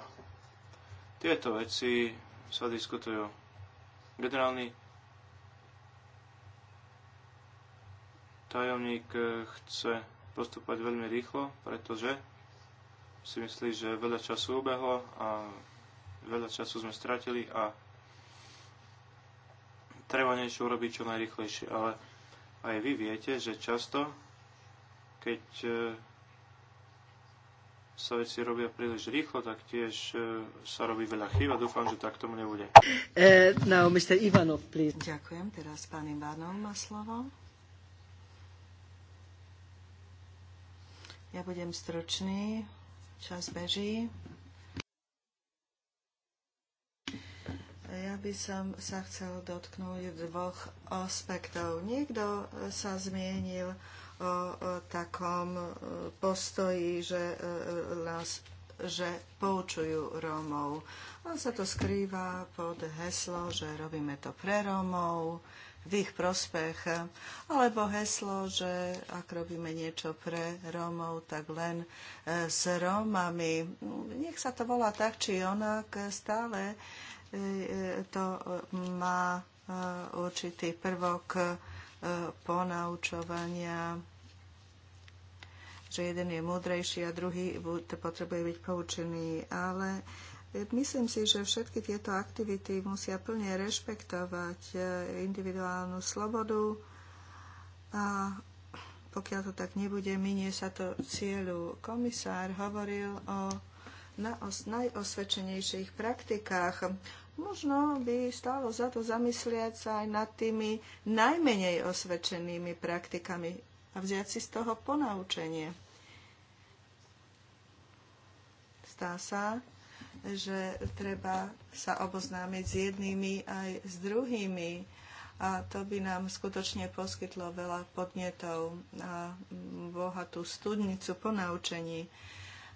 Tieto veci sa diskutujú. Generálny Tajomník eh, chce postupovať veľmi rýchlo, pretože si myslí, že veľa času ubehlo a veľa času sme stratili a treba niečo urobiť čo najrychlejšie. Ale aj vy viete, že často, keď eh, sa veci robia príliš rýchlo, tak tiež eh, sa robí veľa chýb a dúfam, že tak tomu nebude. Uh, no, Mr. Ivanov, please. Ďakujem. Teraz pán Ivanov má slovo. Ja budem stručný. Čas beží. Ja by som sa chcel dotknúť dvoch aspektov. Niekto sa zmienil o, o takom e, postoji, že, nás, e, že poučujú Rómov. On sa to skrýva pod heslo, že robíme to pre Rómov, v ich prospech. Alebo heslo, že ak robíme niečo pre Rómov, tak len e, s Rómami. Nech sa to volá tak, či onak, stále e, e, to má určitý prvok ponaučovania, že jeden je múdrejší a druhý potrebuje byť poučený, ale Myslím si, že všetky tieto aktivity musia plne rešpektovať e, individuálnu slobodu a pokiaľ to tak nebude, minie sa to cieľu. Komisár hovoril o najosvedčenejších praktikách. Možno by stálo za to zamyslieť sa aj nad tými najmenej osvedčenými praktikami a vziať si z toho ponaučenie. Stá sa, že treba sa oboznámiť s jednými aj s druhými a to by nám skutočne poskytlo veľa podnetov a bohatú studnicu po naučení.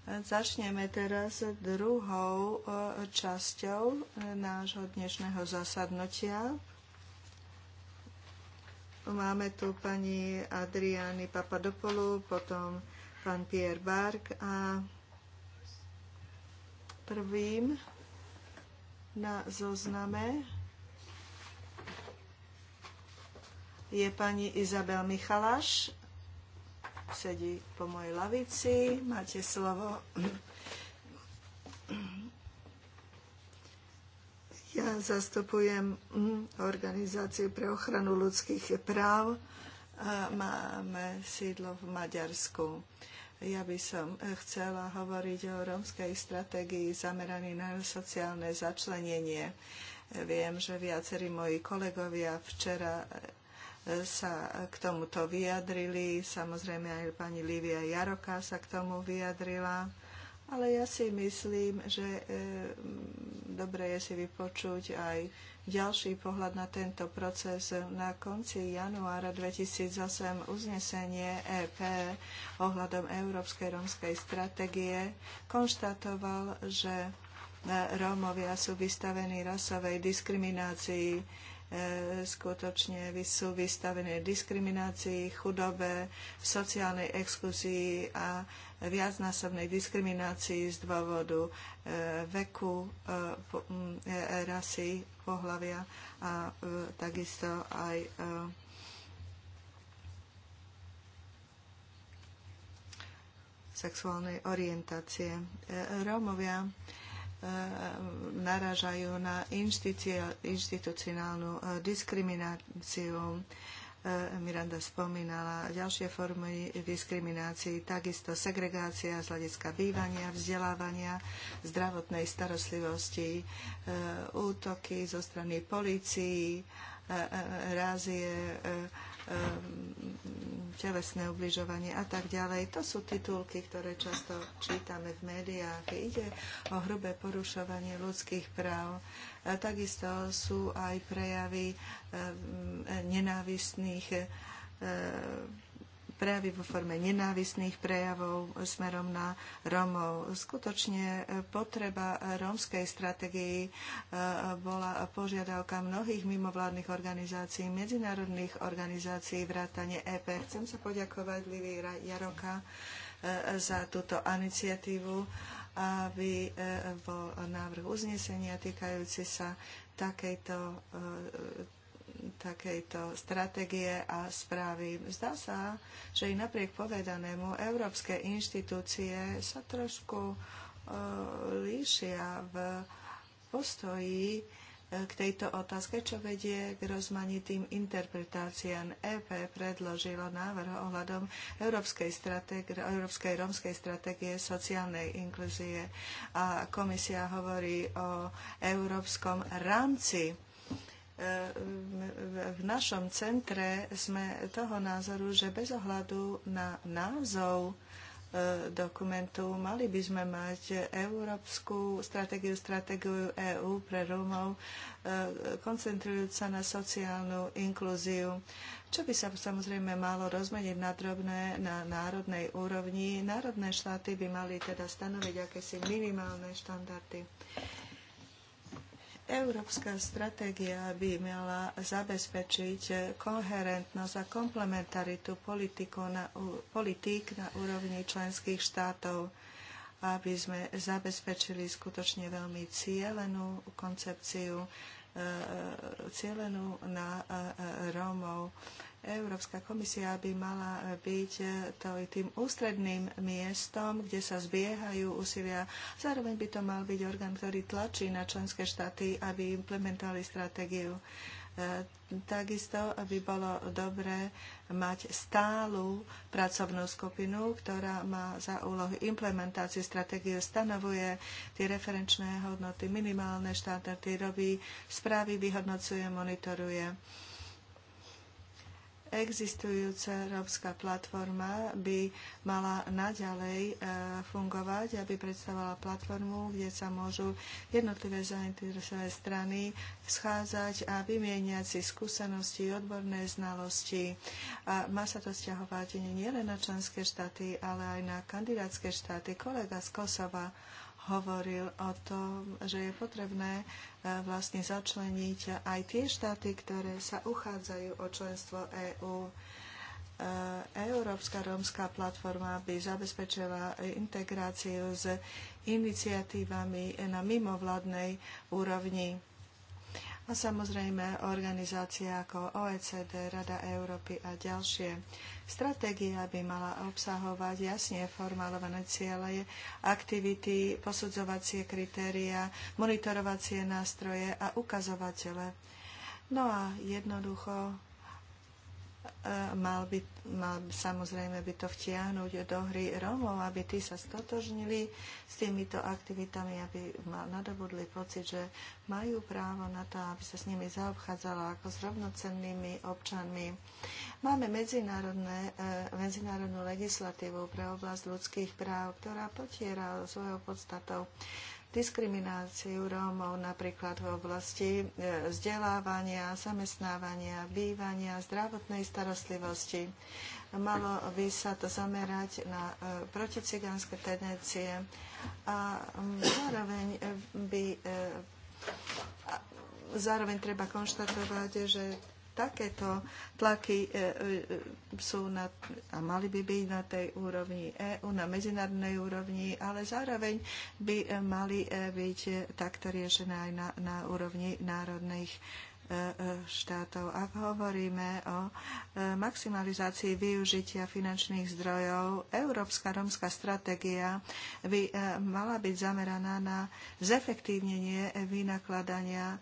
Začneme teraz druhou e, časťou e, nášho dnešného zasadnutia. Máme tu pani Adriány Papadopolu, potom pán Pierre Bark a prvým na zozname je pani Izabel Michalaš. Sedí po mojej lavici. Máte slovo. Ja zastupujem mm, organizáciu pre ochranu ľudských práv. Máme sídlo v Maďarsku. Ja by som eh, chcela hovoriť o rómskej stratégii zameranej na sociálne začlenenie. Eh, viem, že viacerí moji kolegovia včera eh, sa k tomuto vyjadrili. Samozrejme aj pani Lívia Jaroka sa k tomu vyjadrila. Ale ja si myslím, že dobre je si vypočuť aj ďalší pohľad na tento proces. Na konci januára 2008 uznesenie EP ohľadom Európskej rómskej stratégie konštatoval, že e, Rómovia sú vystavení rasovej diskriminácii E, skutočne sú vystavené diskriminácii, chudobe, sociálnej exkluzii a viacnásobnej diskriminácii z dôvodu e, veku, e, rasy, pohľavia a takisto aj sexuálnej orientácie. Rómovia Eh, naražajú na inštitucionálnu eh, diskrimináciu. Eh, Miranda spomínala ďalšie formy diskriminácií, takisto segregácia z hľadiska bývania, vzdelávania, zdravotnej starostlivosti, útoky zo strany policií, rázie, Ehm, telesné ubližovanie a tak ďalej. To sú titulky, ktoré často čítame v médiách. Ide o hrubé porušovanie ľudských práv. A takisto sú aj prejavy ehm, nenávistných ehm, prejavy vo forme nenávisných prejavov smerom na Rómov. Skutočne e, potreba rómskej strategii e, bola požiadavka mnohých mimovládnych organizácií, medzinárodných organizácií, vrátane EP. Chcem sa poďakovať Livy Jaroka e, za túto iniciatívu, aby bol návrh uznesenia týkajúci sa takejto takejto stratégie a správy. Zdá sa, že i napriek povedanému európske inštitúcie sa trošku e, líšia v postoji e, k tejto otázke, čo vedie k rozmanitým interpretáciám. EP predložilo návrh ohľadom Európskej, Európskej rómskej stratégie sociálnej inkluzie a komisia hovorí o európskom rámci E, v našom centre sme toho názoru, že bez ohľadu na názov e, dokumentu mali by sme mať európsku stratégiu, stratégiu EÚ pre Rómov, e, koncentrujúc sa na sociálnu inklúziu, čo by sa samozrejme malo rozmeniť na drobné na národnej úrovni. Národné štáty by mali teda stanoviť akési minimálne štandardy. Európska stratégia by mala zabezpečiť koherentnosť a komplementaritu na, politík na úrovni členských štátov, aby sme zabezpečili skutočne veľmi cielenú koncepciu e, e, cielenú na e, Rómov Európska komisia by mala byť e, tým ústredným miestom, kde sa zbiehajú úsilia. Zároveň by to mal byť orgán, ktorý tlačí na členské štáty, aby implementovali stratégiu. E, takisto by bolo dobré mať stálu pracovnú skupinu, ktorá má za úlohu implementácie stratégie, stanovuje tie referenčné hodnoty, minimálne štandardy, robí správy, vyhodnocuje, monitoruje Existujúca európska platforma by mala naďalej e, fungovať, aby predstavovala platformu, kde sa môžu jednotlivé zainteresované strany schádzať a vymieňať si skúsenosti, odborné znalosti. A má sa to stiahovať nielen na členské štáty, ale aj na kandidátske štáty. Kolega z Kosova hovoril o tom, že je potrebné e, vlastne začleniť aj tie štáty, ktoré sa uchádzajú o členstvo EÚ. EU. Európska rómska platforma by zabezpečila integráciu s iniciatívami na mimovládnej úrovni a samozrejme organizácie ako OECD, Rada Európy a ďalšie. Stratégia by mala obsahovať jasne formálované ciele, aktivity, posudzovacie kritéria, monitorovacie nástroje a ukazovatele. No a jednoducho mal by, mal by samozrejme by to vtiahnuť do hry Rómov, aby tí sa stotožnili s týmito aktivitami, aby nadobudli pocit, že majú právo na to, aby sa s nimi zaobchádzalo ako s rovnocennými občanmi. Máme medzinárodné, e, medzinárodnú legislatívu pre oblasť ľudských práv, ktorá potiera svojou podstatou diskrimináciu Rómov napríklad v oblasti e, vzdelávania, zamestnávania, bývania, zdravotnej starostlivosti. Malo by sa to zamerať na e, proticigánske tendencie a zároveň by e, zároveň treba konštatovať, že takéto tlaky e, e, sú na, a mali by byť na tej úrovni EÚ, na medzinárodnej úrovni, ale zároveň by e, mali byť takto riešené aj na, na úrovni národných štátov. Ak hovoríme o maximalizácii využitia finančných zdrojov, Európska rómska stratégia by mala byť zameraná na zefektívnenie vynakladania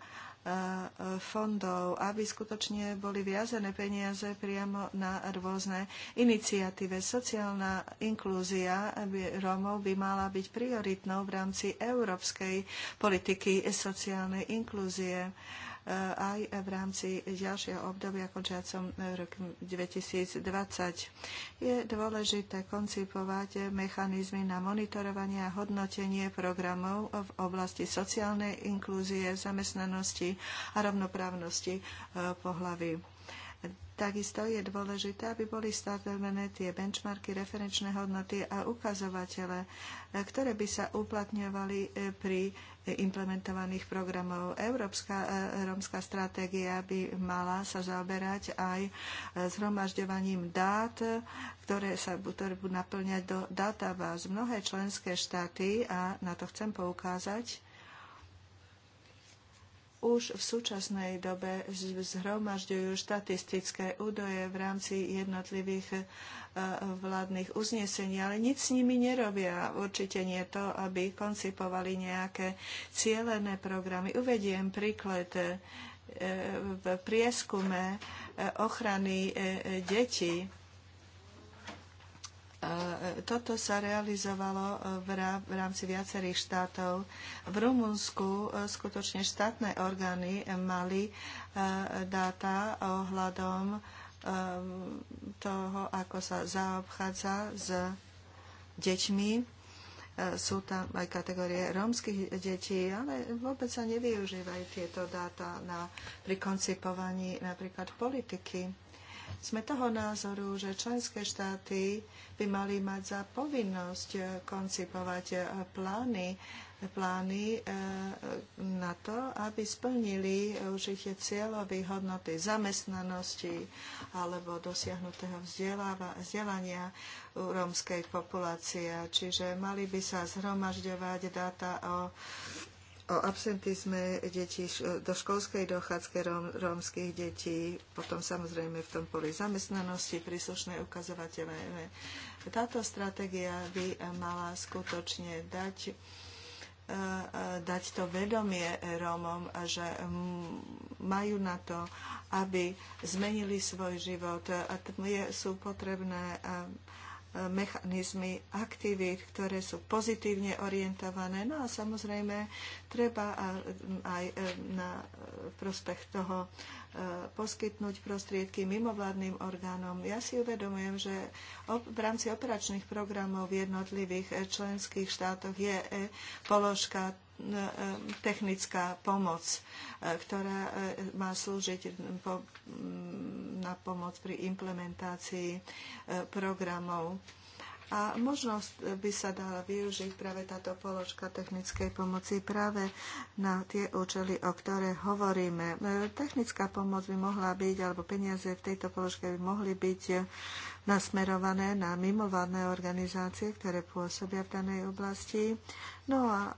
fondov, aby skutočne boli viazené peniaze priamo na rôzne iniciatíve. Sociálna inklúzia Rómov by mala byť prioritnou v rámci európskej politiky sociálnej inklúzie aj v rámci ďalšieho obdobia končiacom roku 2020. Je dôležité koncipovať mechanizmy na monitorovanie a hodnotenie programov v oblasti sociálnej inklúzie, zamestnanosti a rovnoprávnosti eh, pohlavy Takisto je dôležité, aby boli stavené tie benchmarky, referenčné hodnoty a ukazovatele, e, ktoré by sa uplatňovali e, pri e, implementovaných programov. Európska rómska stratégia by mala sa zaoberať aj zhromažďovaním dát, ktoré sa budú naplňať do databáz. Mnohé členské štáty, a na to chcem poukázať, už v súčasnej dobe zhromažďujú štatistické údoje v rámci jednotlivých e, vládnych uznesení, ale nič s nimi nerobia. Určite nie to, aby koncipovali nejaké cieľené programy. Uvediem príklad e, v prieskume e, ochrany detí E, toto sa realizovalo e, v rámci viacerých štátov. V Rumunsku e, skutočne štátne orgány mali dáta ohľadom toho, ako sa zaobchádza s deťmi sú tam aj kategórie rómskych detí, ale vôbec sa nevyužívajú tieto dáta na, pri koncipovaní napríklad politiky. Sme toho názoru, že členské štáty by mali mať za povinnosť koncipovať eh, plány, plány eh, na to, aby splnili určite cieľové hodnoty zamestnanosti alebo dosiahnutého vzdelania rómskej populácie. Čiže mali by sa zhromažďovať dáta o o absentizme detí do školskej dochádzke róm, rómskych detí, potom samozrejme v tom poli zamestnanosti príslušné ukazovatele. Táto stratégia by mala skutočne dať e, e, dať to vedomie Rómom, že majú na to, aby zmenili svoj život. A sú potrebné mechanizmy aktivít, ktoré sú pozitívne orientované. No a samozrejme treba aj e, na e, prospech toho e, poskytnúť prostriedky mimovládnym orgánom. Ja si uvedomujem, že v rámci operačných programov v jednotlivých členských štátoch je položka E, technická pomoc, e, ktorá e, má slúžiť na pomoc pri implementácii programov a možnosť by sa dala využiť práve táto položka technickej pomoci práve na tie účely, o ktoré hovoríme. E, technická pomoc by mohla byť, alebo peniaze v tejto položke by mohli byť nasmerované na mimovládne organizácie, ktoré pôsobia v danej oblasti. No a e,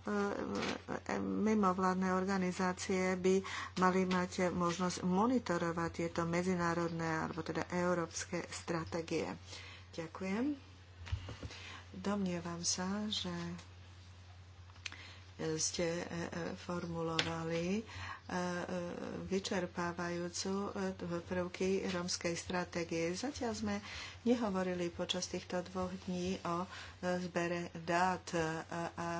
e, mimovládne organizácie by mali mať možnosť monitorovať tieto medzinárodné alebo teda európske stratégie. Ďakujem. Domnievam sa, že ste e, e, formulovali e, vyčerpávajúcu prvky romskej stratégie. Zatiaľ sme nehovorili počas týchto dvoch dní o zbere dát a,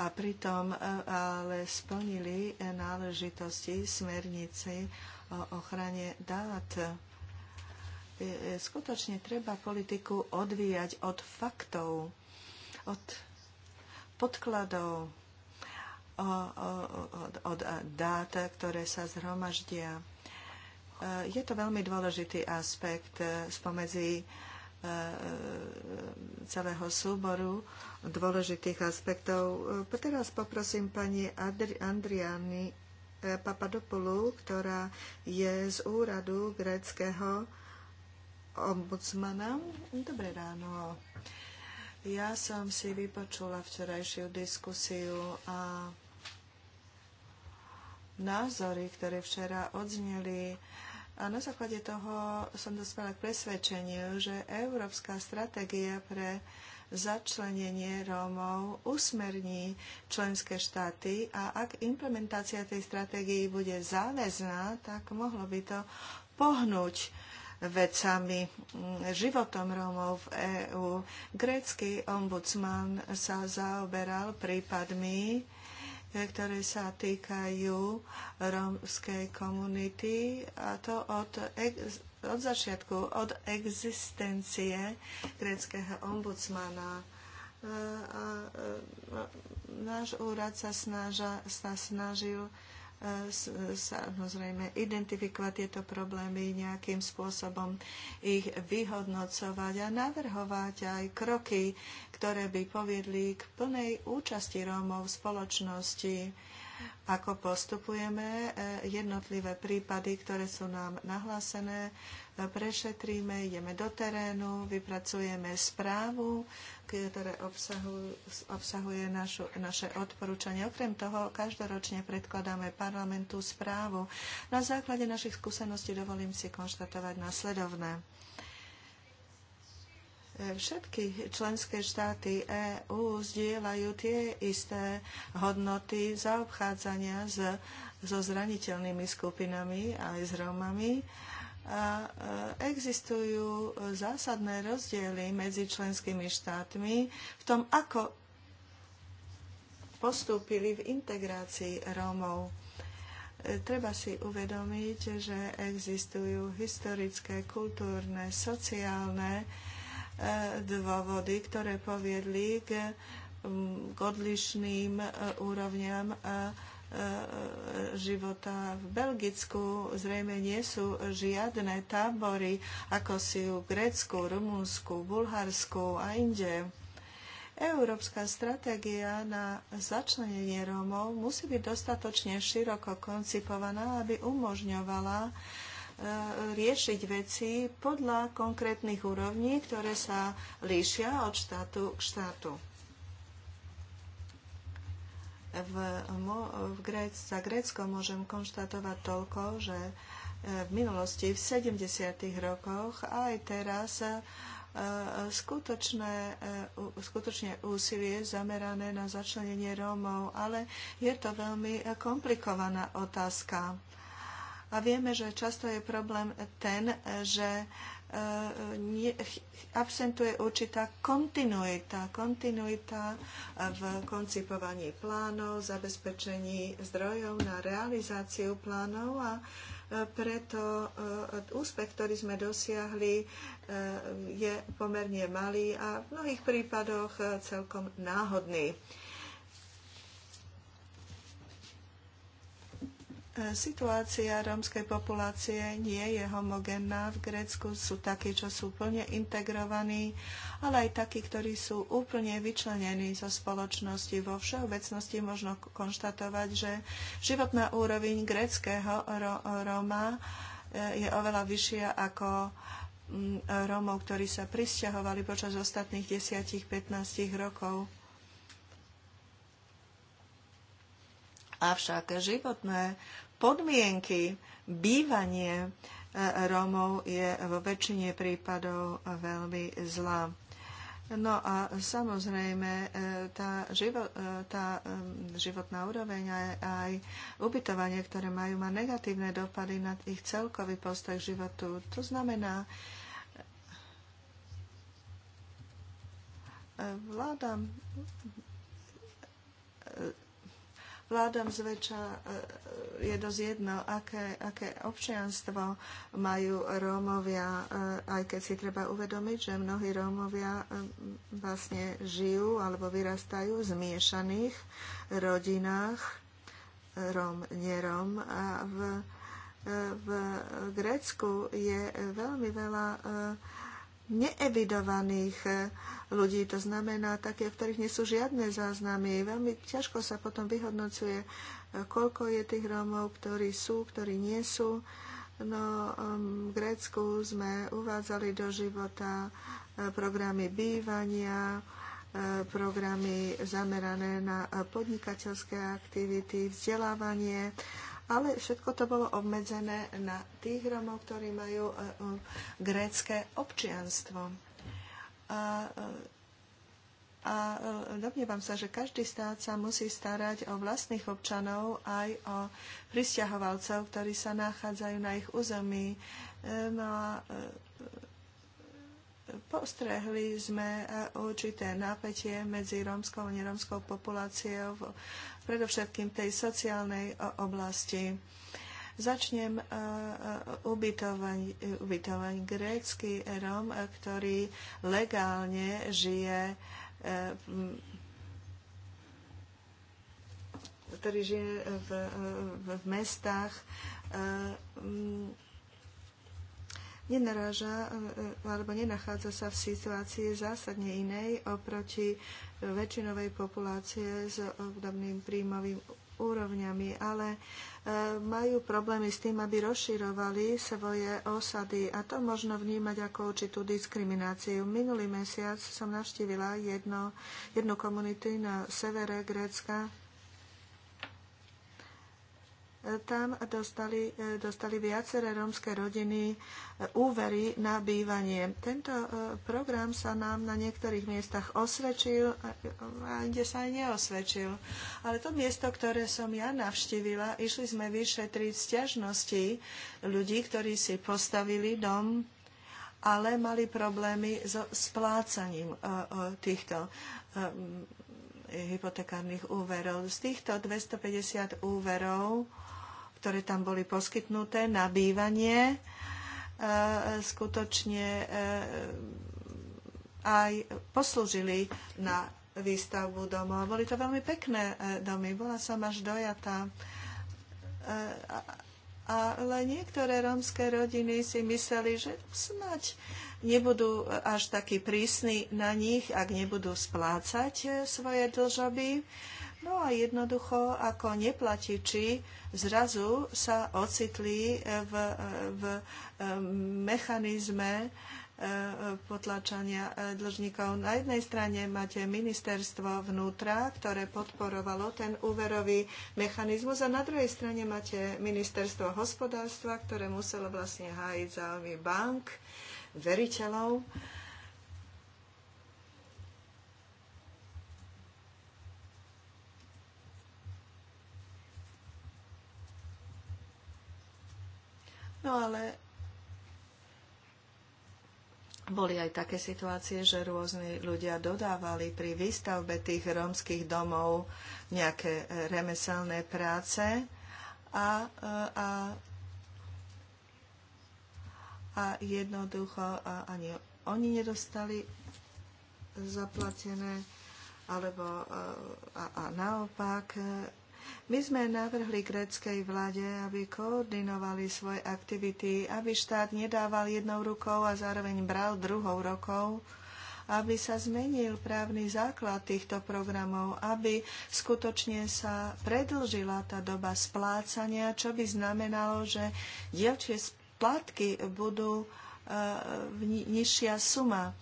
a pritom ale splnili náležitosti smernici o ochrane dát E, e, skutočne treba politiku odvíjať od faktov, od podkladov, od, dát, ktoré sa zhromaždia. E, je to veľmi dôležitý aspekt spomedzi celého súboru dôležitých aspektov. Teraz poprosím pani Andriany Papadopoulou, ktorá je z úradu gréckého ombudsmana. Dobré ráno. Ja som si vypočula včerajšiu diskusiu a názory, ktoré včera odzneli. A na základe toho som dospela k presvedčeniu, že európska stratégia pre začlenenie Rómov usmerní členské štáty a ak implementácia tej stratégie bude záväzná, tak mohlo by to pohnúť vecami, mm, životom Rómov v EÚ. Grécky ombudsman sa zaoberal prípadmi, e, ktoré sa týkajú rómskej komunity a to od, od začiatku, od existencie gréckého ombudsmana. E, a e, no, náš úrad sa, sa snažil samozrejme identifikovať tieto problémy, nejakým spôsobom ich vyhodnocovať a navrhovať aj kroky, ktoré by poviedli k plnej účasti Rómov v spoločnosti ako postupujeme, e, jednotlivé prípady, ktoré sú nám nahlásené, prešetríme, ideme do terénu, vypracujeme správu, ktoré obsahuj, obsahuje našu, naše odporúčanie. Okrem toho, každoročne predkladáme parlamentu správu. Na základe našich skúseností dovolím si konštatovať následovné. Všetky členské štáty EÚ zdieľajú tie isté hodnoty zaobchádzania s, so zraniteľnými skupinami aj s Rómami. A e, existujú zásadné rozdiely medzi členskými štátmi v tom, ako postúpili v integrácii Rómov. E, treba si uvedomiť, že existujú historické, kultúrne, sociálne e, dôvody, ktoré poviedli k, k odlišným úrovniam E, e, života v Belgicku zrejme nie sú žiadne tábory, ako si v Grécku, Rumunsku, Bulharsku a inde. Európska stratégia na začlenenie Rómov musí byť dostatočne široko koncipovaná, aby umožňovala e, riešiť veci podľa konkrétnych úrovní, ktoré sa líšia od štátu k štátu v, v Grec, za Grécko môžem konštatovať toľko, že e, v minulosti, v 70. rokoch a aj teraz e, skutočné, e, skutočne úsilie zamerané na začlenenie Rómov, ale je to veľmi komplikovaná otázka. A vieme, že často je problém ten, že absentuje určitá kontinuita, kontinuita v koncipovaní plánov, zabezpečení zdrojov na realizáciu plánov a e, preto e, úspech, ktorý sme dosiahli, e, je pomerne malý a v mnohých prípadoch celkom náhodný. Situácia rómskej populácie nie je homogénna. V Grécku sú takí, čo sú plne integrovaní, ale aj takí, ktorí sú úplne vyčlenení zo spoločnosti. Vo všeobecnosti možno konštatovať, že životná úroveň gréckého Róma eh, je oveľa vyššia ako mm, Rómov, ktorí sa prisťahovali počas ostatných 10-15 rokov. Avšak životné podmienky, bývanie e, Rómov je vo väčšine prípadov veľmi zlá. No a samozrejme, e, tá, živo, e, tá životná úroveň a aj ubytovanie, ktoré majú, má negatívne dopady na ich celkový postoj k životu. To znamená, vláda Vládam zväčša e, je dosť jedno, aké, aké občianstvo majú Rómovia, e, aj keď si treba uvedomiť, že mnohí Rómovia e, vlastne žijú alebo vyrastajú v zmiešaných rodinách, Róm, neróm a v v Grécku je veľmi veľa neevidovaných ľudí. To znamená také, v ktorých nie sú žiadne záznamy. Veľmi ťažko sa potom vyhodnocuje, e, koľko je tých Rómov, ktorí sú, ktorí nie sú. No, um, v Grécku sme uvádzali do života e, programy bývania, e, programy zamerané na podnikateľské aktivity, vzdelávanie, ale všetko to bolo obmedzené na tých Romov, ktorí majú grécké občianstvo. A, a domnievam sa, že každý stát sa musí starať o vlastných občanov aj o pristahovalcov, ktorí sa nachádzajú na ich území. E, no a e, postrehli sme e, určité napätie medzi rómskou a nerómskou populáciou, predovšetkým tej sociálnej oblasti Začnem eh, eh, ubytovať ubytovaň grécky Róm, ktorý legálne žije eh, ktorý žije v, v, v mestách, mm, nenaráža alebo nenachádza sa v situácii zásadne inej oproti väčšinovej populácie s obdobným príjmovým úrovňami, ale majú problémy s tým, aby rozširovali svoje osady a to možno vnímať ako určitú diskrimináciu. Minulý mesiac som navštívila jedno, jednu komunitu na severe Grécka, tam dostali, dostali viaceré rómske rodiny e, úvery na bývanie. Tento e, program sa nám na niektorých miestach osvedčil a kde sa aj neosvedčil. Ale to miesto, ktoré som ja navštívila, išli sme vyšetriť stiažnosti ľudí, ktorí si postavili dom ale mali problémy so splácaním e, týchto hypotekárnych úverov. Z týchto 250 úverov ktoré tam boli poskytnuté na bývanie, e, skutočne e, aj poslúžili na výstavbu domov. Boli to veľmi pekné e, domy. Bola som až dojatá. Ale niektoré rómske rodiny si mysleli, že snať nebudú až takí prísni na nich, ak nebudú splácať svoje dlžoby. No a jednoducho, ako neplatiči zrazu sa ocitli v, v mechanizme e, potlačania e, dlžníkov. Na jednej strane máte ministerstvo vnútra, ktoré podporovalo ten úverový mechanizmus a na druhej strane máte ministerstvo hospodárstva, ktoré muselo vlastne hájiť záujmy bank, veriteľov. No ale boli aj také situácie, že rôzni ľudia dodávali pri výstavbe tých rómskych domov nejaké remeselné práce a, a, a jednoducho a ani oni nedostali zaplatené, alebo a, a naopak my sme navrhli gréckej vláde, aby koordinovali svoje aktivity, aby štát nedával jednou rukou a zároveň bral druhou rukou, aby sa zmenil právny základ týchto programov, aby skutočne sa predlžila tá doba splácania, čo by znamenalo, že dielčie splátky budú eh, nižšia suma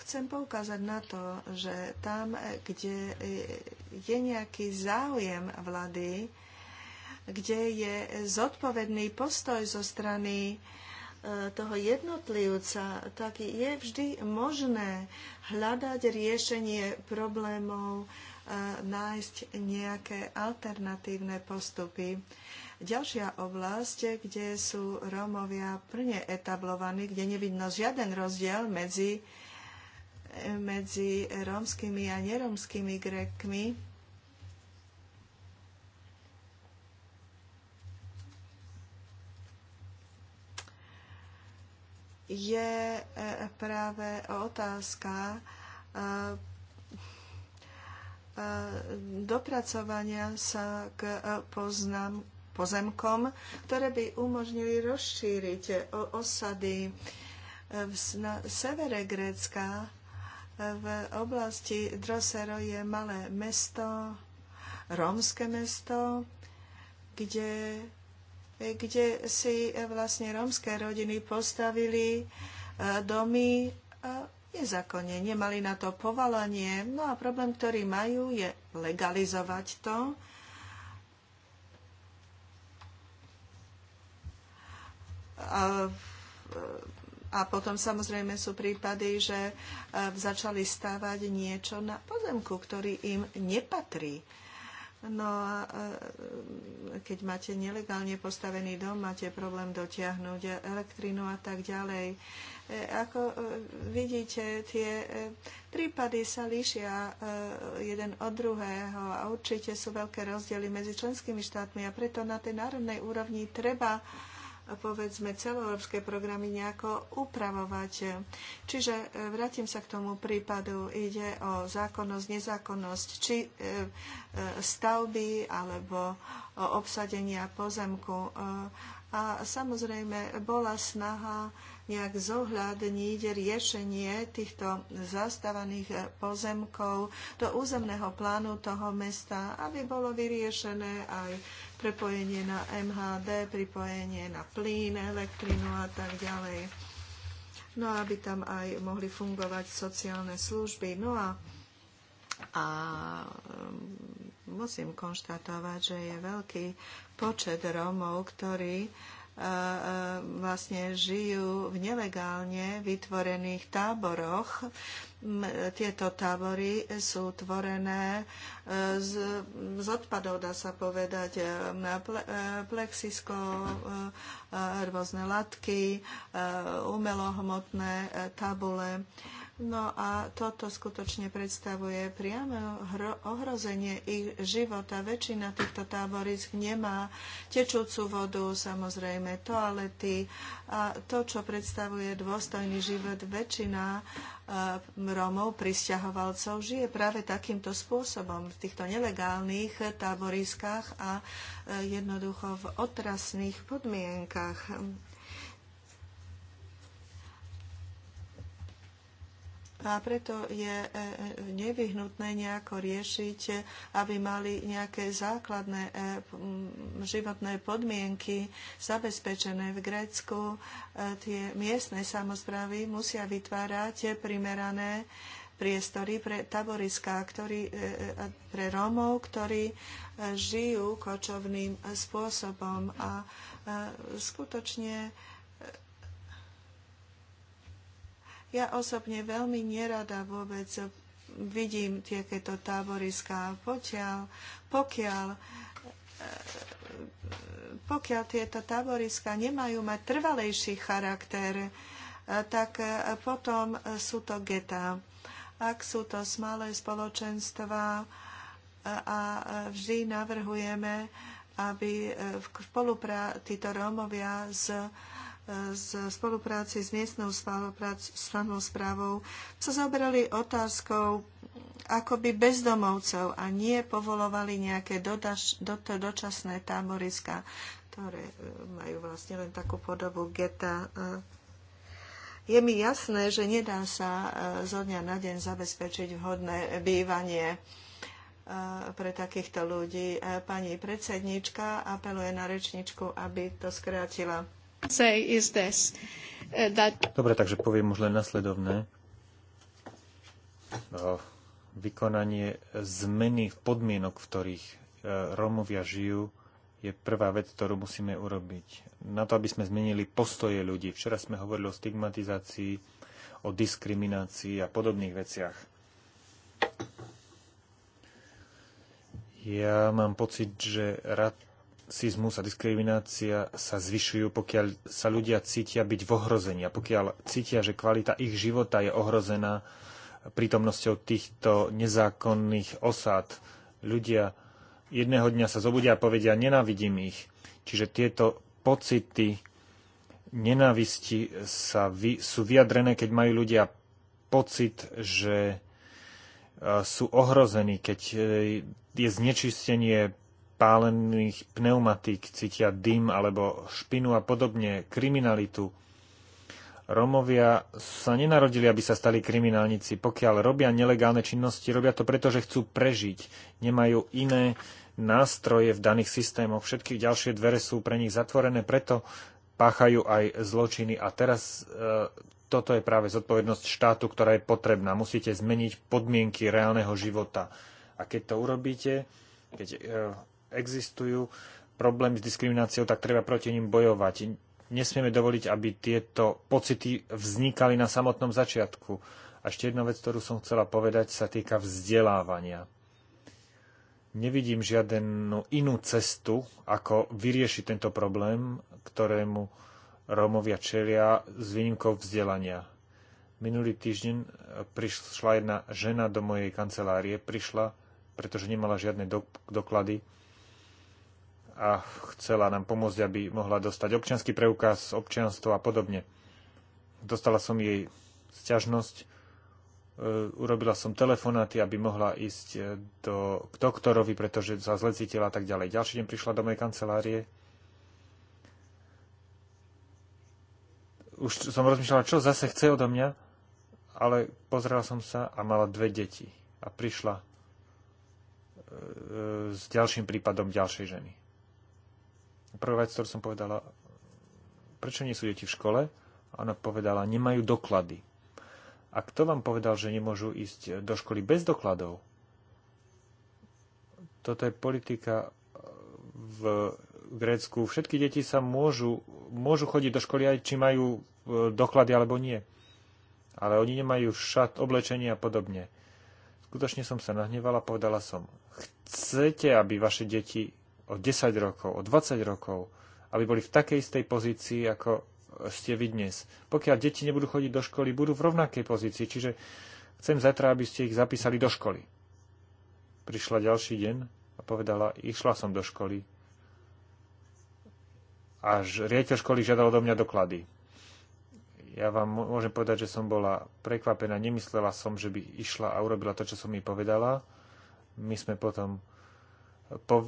chcem poukázať na to, že tam, kde je nejaký záujem vlády, kde je zodpovedný postoj zo strany e, toho jednotlivca, tak je vždy možné hľadať riešenie problémov, e, nájsť nejaké alternatívne postupy. Ďalšia oblasť, kde sú Rómovia plne etablovaní, kde nevidno žiaden rozdiel medzi medzi rómskymi a nerómskymi grekmi. je e, práve otázka e, e, dopracovania sa k poznám, pozemkom, ktoré by umožnili rozšíriť osady na severe Grécka v oblasti Drosero je malé mesto, rómske mesto, kde, kde si vlastne rómske rodiny postavili e, domy nezakonne, nemali na to povalanie. No a problém, ktorý majú, je legalizovať to. A a potom samozrejme sú prípady, že e, začali stávať niečo na pozemku, ktorý im nepatrí. No a e, keď máte nelegálne postavený dom, máte problém dotiahnuť elektrinu a tak ďalej. E, ako vidíte, tie prípady sa líšia jeden od druhého a určite sú veľké rozdiely medzi členskými štátmi a preto na tej národnej úrovni treba povedzme celoeurópske programy nejako upravovať. Čiže e, vrátim sa k tomu prípadu. Ide o zákonnosť, nezákonnosť, či e, e, stavby alebo obsadenia pozemku. A samozrejme bola snaha nejak zohľadniť riešenie týchto zastávaných eh, pozemkov do územného plánu toho mesta, aby bolo vyriešené aj prepojenie na MHD, pripojenie na plyn, elektrinu a tak ďalej. No aby tam aj mohli fungovať sociálne služby. No a a mm, musím konštatovať, že je veľký počet Rómov, ktorí vlastne žijú v nelegálne vytvorených táboroch. Tieto tábory sú tvorené e, z, z odpadov, dá sa povedať, e, e, plexisko, rôzne latky, umelohmotné tabule. No a toto skutočne predstavuje priame ohrozenie ich života. Väčšina týchto táborisk nemá tečúcu vodu, samozrejme toalety a to, čo predstavuje dôstojný život, väčšina e, Rómov, pristahovalcov, žije práve takýmto spôsobom v týchto nelegálnych táboriskách a e, jednoducho v otrasných podmienkach a preto je e, nevyhnutné nejako riešiť, aby mali nejaké základné e, životné podmienky zabezpečené v Grécku. E, tie miestne samozprávy musia vytvárať primerané priestory pre taboriská, ktorý, pre Rómov, ktorí žijú kočovným spôsobom a skutočne Ja osobne veľmi nerada vôbec vidím eh, tieto táboriská, Poťaľ, pokiaľ, pokiaľ tieto táboriska nemajú mať trvalejší charakter, eh, tak eh, potom sú to geta. Ak sú to smalé spoločenstva a vždy navrhujeme, aby v spolupráci títo Rómovia s v spolupráci s miestnou samozprávou správou sa zaoberali otázkou akoby bezdomovcov a nie povolovali nejaké dodaš, do, dočasné táboriska, ktoré e, majú vlastne len takú podobu geta. E. Je mi jasné, že nedá sa e, zo dňa na deň zabezpečiť vhodné bývanie pre takýchto ľudí. Pani predsedníčka apeluje na rečničku, aby to skrátila. Uh, Dobre, takže poviem už len nasledovné. Vykonanie zmeny v podmienok, v ktorých e, Rómovia žijú, je prvá vec, ktorú musíme urobiť. Na to, aby sme zmenili postoje ľudí. Včera sme hovorili o stigmatizácii, o diskriminácii a podobných veciach. Ja mám pocit, že rad rasizmus a diskriminácia sa zvyšujú, pokiaľ sa ľudia cítia byť v ohrození a pokiaľ cítia, že kvalita ich života je ohrozená prítomnosťou týchto nezákonných osád. Ľudia jedného dňa sa zobudia a povedia, nenávidím ich. Čiže tieto pocity nenávisti sa vy, sú vyjadrené, keď majú ľudia pocit, že e, sú ohrození, keď e, je znečistenie pálených pneumatík, cítia dym alebo špinu a podobne, kriminalitu. Romovia sa nenarodili, aby sa stali kriminálnici. Pokiaľ robia nelegálne činnosti, robia to preto, že chcú prežiť. Nemajú iné nástroje v daných systémoch. Všetky ďalšie dvere sú pre nich zatvorené, preto páchajú aj zločiny. A teraz e, toto je práve zodpovednosť štátu, ktorá je potrebná. Musíte zmeniť podmienky reálneho života. A keď to urobíte, keď e, existujú problémy s diskrimináciou, tak treba proti ním bojovať. Nesmieme dovoliť, aby tieto pocity vznikali na samotnom začiatku. A ešte jedna vec, ktorú som chcela povedať, sa týka vzdelávania. Nevidím žiadnu inú cestu, ako vyriešiť tento problém, ktorému Rómovia čelia s výnimkou vzdelania. Minulý týždeň prišla jedna žena do mojej kancelárie, prišla, pretože nemala žiadne doklady a chcela nám pomôcť, aby mohla dostať občianský preukaz, občianstvo a podobne. Dostala som jej sťažnosť, e, urobila som telefonáty, aby mohla ísť e, do, k doktorovi, pretože sa zle cítila a tak ďalej. Ďalší deň prišla do mojej kancelárie. Už som rozmýšľala, čo zase chce odo mňa, ale pozrela som sa a mala dve deti. A prišla e, s ďalším prípadom ďalšej ženy. Prvá vec, ktorú som povedala, prečo nie sú deti v škole? Ona povedala, nemajú doklady. A kto vám povedal, že nemôžu ísť do školy bez dokladov? Toto je politika e, v Grécku. Všetky deti sa môžu, môžu chodiť do školy, aj či majú e, doklady alebo nie. Ale oni nemajú šat, oblečenie a podobne. Skutočne som sa nahnevala, povedala som, chcete, aby vaše deti o 10 rokov, o 20 rokov, aby boli v takej istej pozícii, ako ste vy dnes. Pokiaľ deti nebudú chodiť do školy, budú v rovnakej pozícii, čiže chcem zatra, aby ste ich zapísali do školy. Prišla ďalší deň a povedala, išla som do školy. Až riaditeľ školy žiadal odo mňa doklady. Ja vám môžem povedať, že som bola prekvapená, nemyslela som, že by išla a urobila to, čo som jej povedala. My sme potom po,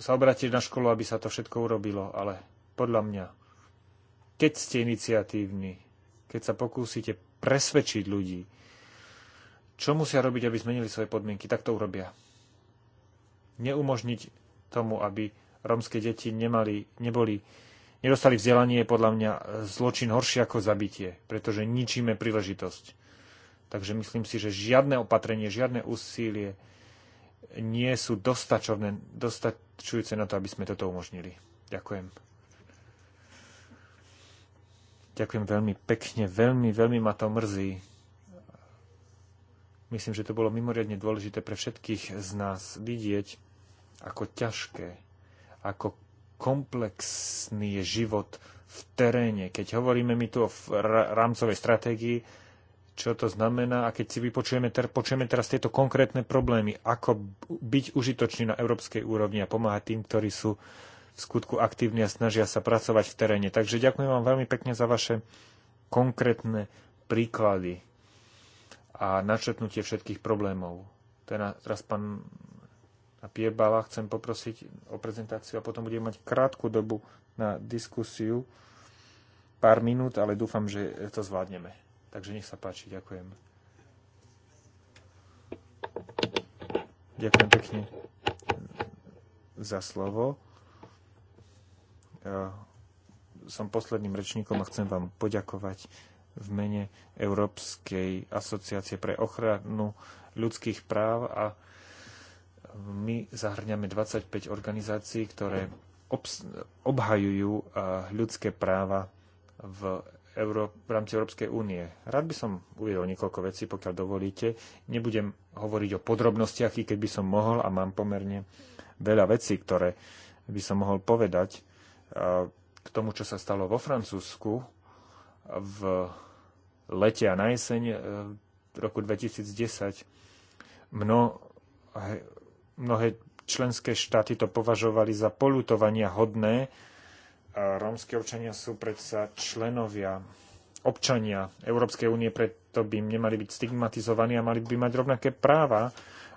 sa obrátiť na školu, aby sa to všetko urobilo, ale podľa mňa, keď ste iniciatívni, keď sa pokúsite presvedčiť ľudí, čo musia robiť, aby zmenili svoje podmienky, tak to urobia. Neumožniť tomu, aby romské deti nemali, neboli, nedostali vzdelanie, je podľa mňa zločin horší ako zabitie, pretože ničíme príležitosť. Takže myslím si, že žiadne opatrenie, žiadne úsilie nie sú dostačujúce na to, aby sme toto umožnili. Ďakujem. Ďakujem veľmi pekne, veľmi, veľmi ma to mrzí. Myslím, že to bolo mimoriadne dôležité pre všetkých z nás vidieť, ako ťažké, ako komplexný je život v teréne. Keď hovoríme my tu o rámcovej stratégii, čo to znamená a keď si vypočujeme, ter, počujeme teraz tieto konkrétne problémy, ako byť užitočný na európskej úrovni a pomáhať tým, ktorí sú v skutku aktívni a snažia sa pracovať v teréne. Takže ďakujem vám veľmi pekne za vaše konkrétne príklady a načetnutie všetkých problémov. Teda teraz pán Piebala chcem poprosiť o prezentáciu a potom budeme mať krátku dobu na diskusiu, pár minút, ale dúfam, že to zvládneme. Takže nech sa páči, ďakujem. Ďakujem pekne za slovo. Ja som posledným rečníkom a chcem vám poďakovať v mene Európskej asociácie pre ochranu ľudských práv a my zahrňame 25 organizácií, ktoré obhajujú ľudské práva v Euró- v rámci Európskej únie. Rád by som uvedol niekoľko vecí, pokiaľ dovolíte. Nebudem hovoriť o podrobnostiach, i keď by som mohol a mám pomerne veľa vecí, ktoré by som mohol povedať k tomu, čo sa stalo vo Francúzsku v lete a na jeseň e, roku 2010. Mno, mnohé členské štáty to považovali za polutovania hodné, rómsky občania sú predsa členovia, občania Európskej únie, preto by nemali byť stigmatizovaní a mali by mať rovnaké práva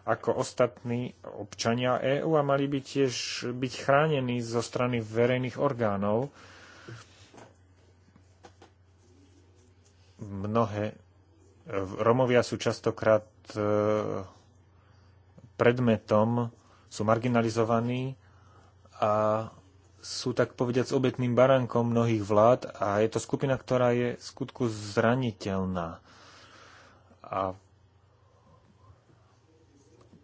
ako ostatní občania EÚ a mali by tiež byť chránení zo strany verejných orgánov. Mnohé Romovia sú častokrát e, predmetom, sú marginalizovaní a sú tak povediať s obetným barankom mnohých vlád a je to skupina, ktorá je v skutku zraniteľná. A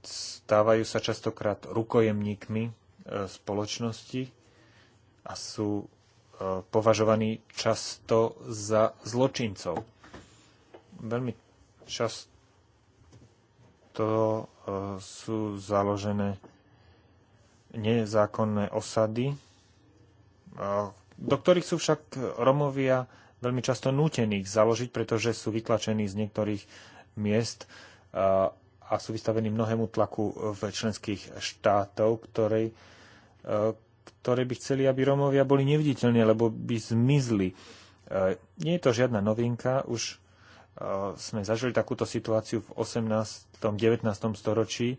stávajú sa častokrát rukojemníkmi e, spoločnosti a sú e, považovaní často za zločincov. Veľmi často e, sú založené nezákonné osady, do ktorých sú však Romovia veľmi často nútení založiť, pretože sú vytlačení z niektorých miest a sú vystavení mnohému tlaku v členských štátov, ktorej, ktoré by chceli, aby Romovia boli neviditeľní, lebo by zmizli. Nie je to žiadna novinka, už sme zažili takúto situáciu v 18. 19. storočí,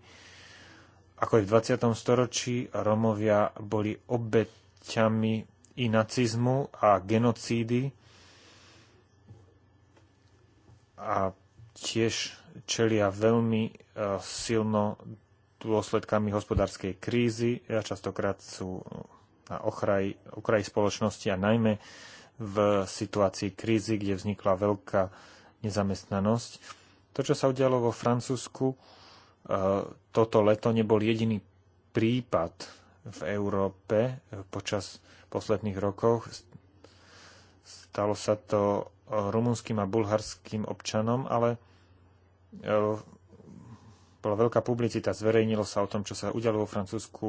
ako aj v 20. storočí Romovia boli obet obeťami i nacizmu a genocídy a tiež čelia veľmi e, silno dôsledkami hospodárskej krízy. A častokrát sú na okraji, okraji spoločnosti a najmä v situácii krízy, kde vznikla veľká nezamestnanosť. To, čo sa udialo vo Francúzsku e, toto leto, nebol jediný prípad v Európe e, počas posledných rokov. Stalo sa to e, rumunským a bulharským občanom, ale e, bola veľká publicita, zverejnilo sa o tom, čo sa udialo vo Francúzsku.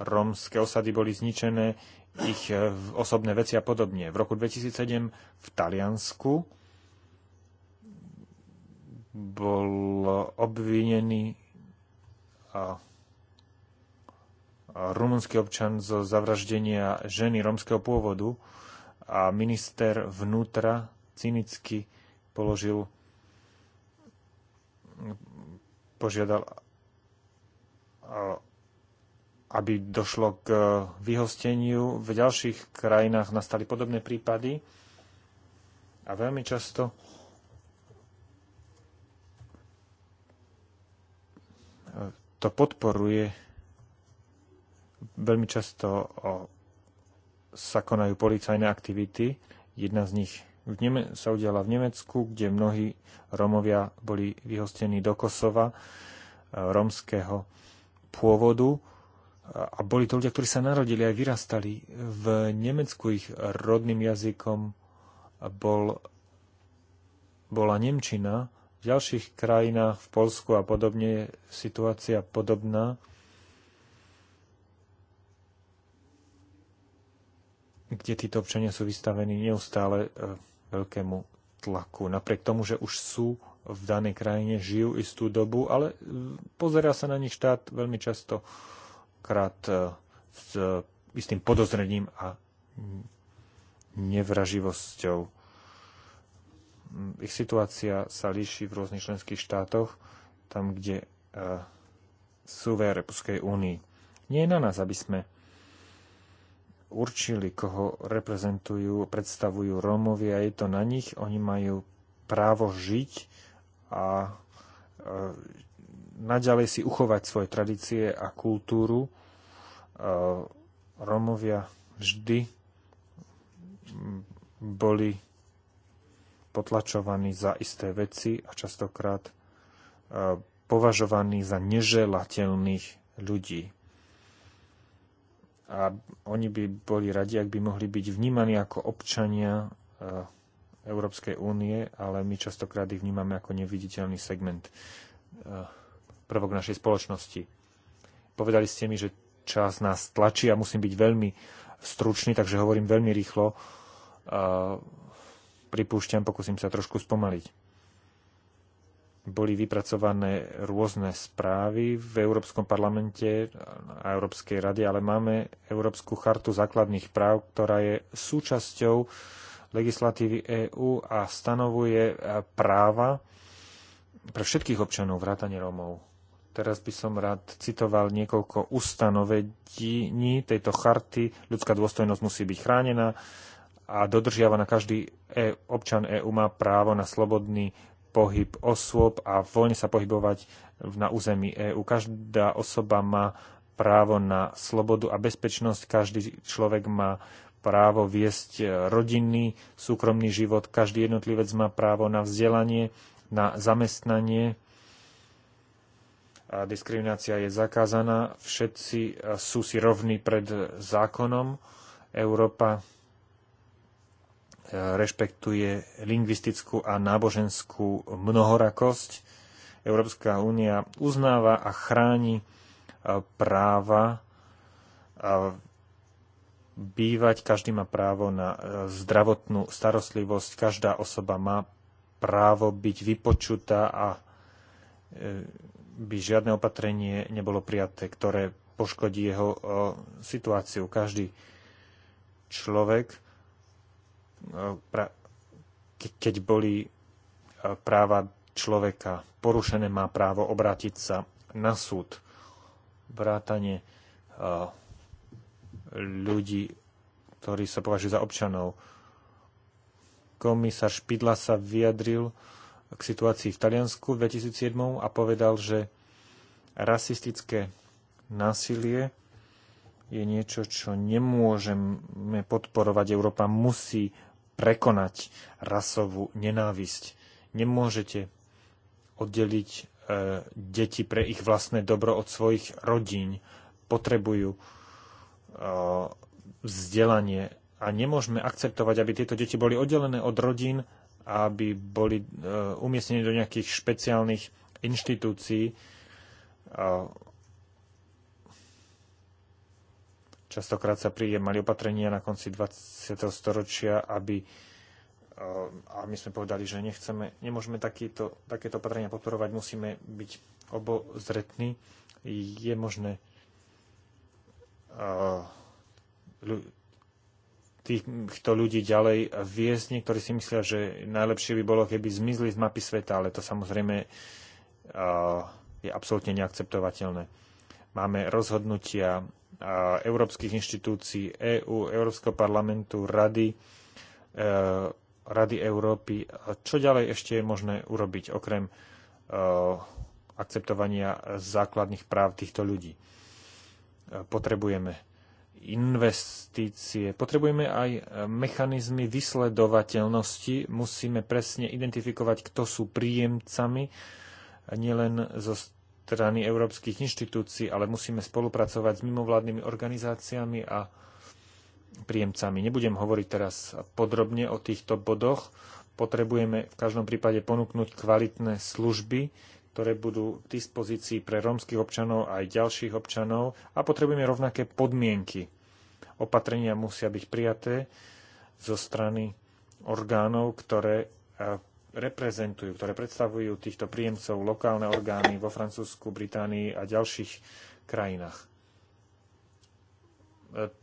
Rómske osady boli zničené, ich osobné veci a podobne. V roku 2007 v Taliansku bol obvinený a rumunský občan zo zavraždenia ženy rómskeho pôvodu a minister vnútra cynicky položil požiadal, eh, aby došlo k eh, vyhosteniu. V ďalších krajinách nastali podobné prípady a veľmi často to podporuje Veľmi často sa konajú policajné aktivity. Jedna z nich v Neme- sa udiala v Nemecku, kde mnohí Romovia boli vyhostení do Kosova, e, romského pôvodu. A boli to ľudia, ktorí sa narodili a vyrastali v Nemecku. Ich rodným jazykom bol, bola Nemčina. V ďalších krajinách, v Polsku a podobne, je situácia podobná. kde títo občania sú vystavení neustále e, veľkému tlaku. Napriek tomu, že už sú v danej krajine, žijú istú dobu, ale e, pozerá sa na nich štát veľmi často krát e, s istým podozrením a nevraživosťou. Ich situácia sa líši v rôznych členských štátoch, tam, kde sú v Európskej únii. Nie je na nás, aby sme určili, koho reprezentujú, predstavujú Rómovia, je to na nich, oni majú právo žiť a e, naďalej si uchovať svoje tradície a kultúru. E, Rómovia vždy boli potlačovaní za isté veci a častokrát e, považovaní za neželateľných ľudí a oni by boli radi, ak by mohli byť vnímaní ako občania e, Európskej únie, ale my častokrát ich vnímame ako neviditeľný segment e, prvok našej spoločnosti. Povedali ste mi, že čas nás tlačí a musím byť veľmi stručný, takže hovorím veľmi rýchlo. E, pripúšťam, pokúsim sa trošku spomaliť boli vypracované rôzne správy v Európskom parlamente a Európskej rade, ale máme Európsku chartu základných práv, ktorá je súčasťou legislatívy EÚ a stanovuje práva pre všetkých občanov vrátane Rómov. Teraz by som rád citoval niekoľko ustanovení tejto charty. Ľudská dôstojnosť musí byť chránená a dodržiavaná. Každý e- občan EÚ má právo na slobodný pohyb osôb a voľne sa pohybovať na území EÚ. Každá osoba má právo na slobodu a bezpečnosť, každý človek má právo viesť e, rodinný, súkromný život, každý jednotlivec má právo na vzdelanie, na zamestnanie. A diskriminácia je zakázaná, všetci e, sú si rovní pred zákonom. Európa rešpektuje lingvistickú a náboženskú mnohorakosť. Európska únia uznáva a chráni e, práva bývať, každý má právo na e, zdravotnú starostlivosť, každá osoba má právo byť vypočutá a e, by žiadne opatrenie nebolo prijaté, ktoré poškodí jeho situáciu. Každý človek No, keď boli e, práva človeka porušené, má právo obrátiť sa na súd. Vrátanie e, ľudí, ktorí sa považujú za občanov. Komisár Špidla sa vyjadril k situácii v Taliansku v 2007 a povedal, že rasistické násilie je niečo, čo nemôžeme podporovať. Európa musí prekonať rasovú nenávisť. Nemôžete oddeliť e, deti pre ich vlastné dobro od svojich rodín. Potrebujú e, vzdelanie a nemôžeme akceptovať, aby tieto deti boli oddelené od rodín, aby boli e, umiestnené do nejakých špeciálnych inštitúcií. E, Častokrát sa prijemali opatrenia na konci 20. storočia, aby e, a my sme povedali, že nechceme, nemôžeme takýto, takéto opatrenia podporovať, musíme byť obozretní. Je možné e, týchto ľudí ďalej viesť. Niektorí si myslia, že najlepšie by bolo, keby zmizli z mapy sveta, ale to samozrejme e, je absolútne neakceptovateľné. Máme rozhodnutia európskych inštitúcií EÚ, Európskeho parlamentu, Rady, e, Rady Európy. čo ďalej ešte je možné urobiť, okrem e, akceptovania základných práv týchto ľudí? E, potrebujeme investície, potrebujeme aj mechanizmy vysledovateľnosti, musíme presne identifikovať, kto sú príjemcami, nielen zo strany európskych inštitúcií, ale musíme spolupracovať s mimovládnymi organizáciami a príjemcami. Nebudem hovoriť teraz podrobne o týchto bodoch. Potrebujeme v každom prípade ponúknuť kvalitné služby, ktoré budú k dispozícii pre rómskych občanov a aj ďalších občanov a potrebujeme rovnaké podmienky. Opatrenia musia byť prijaté zo strany orgánov, ktoré eh, reprezentujú, ktoré predstavujú týchto príjemcov lokálne orgány vo Francúzsku, Británii a ďalších krajinách. E,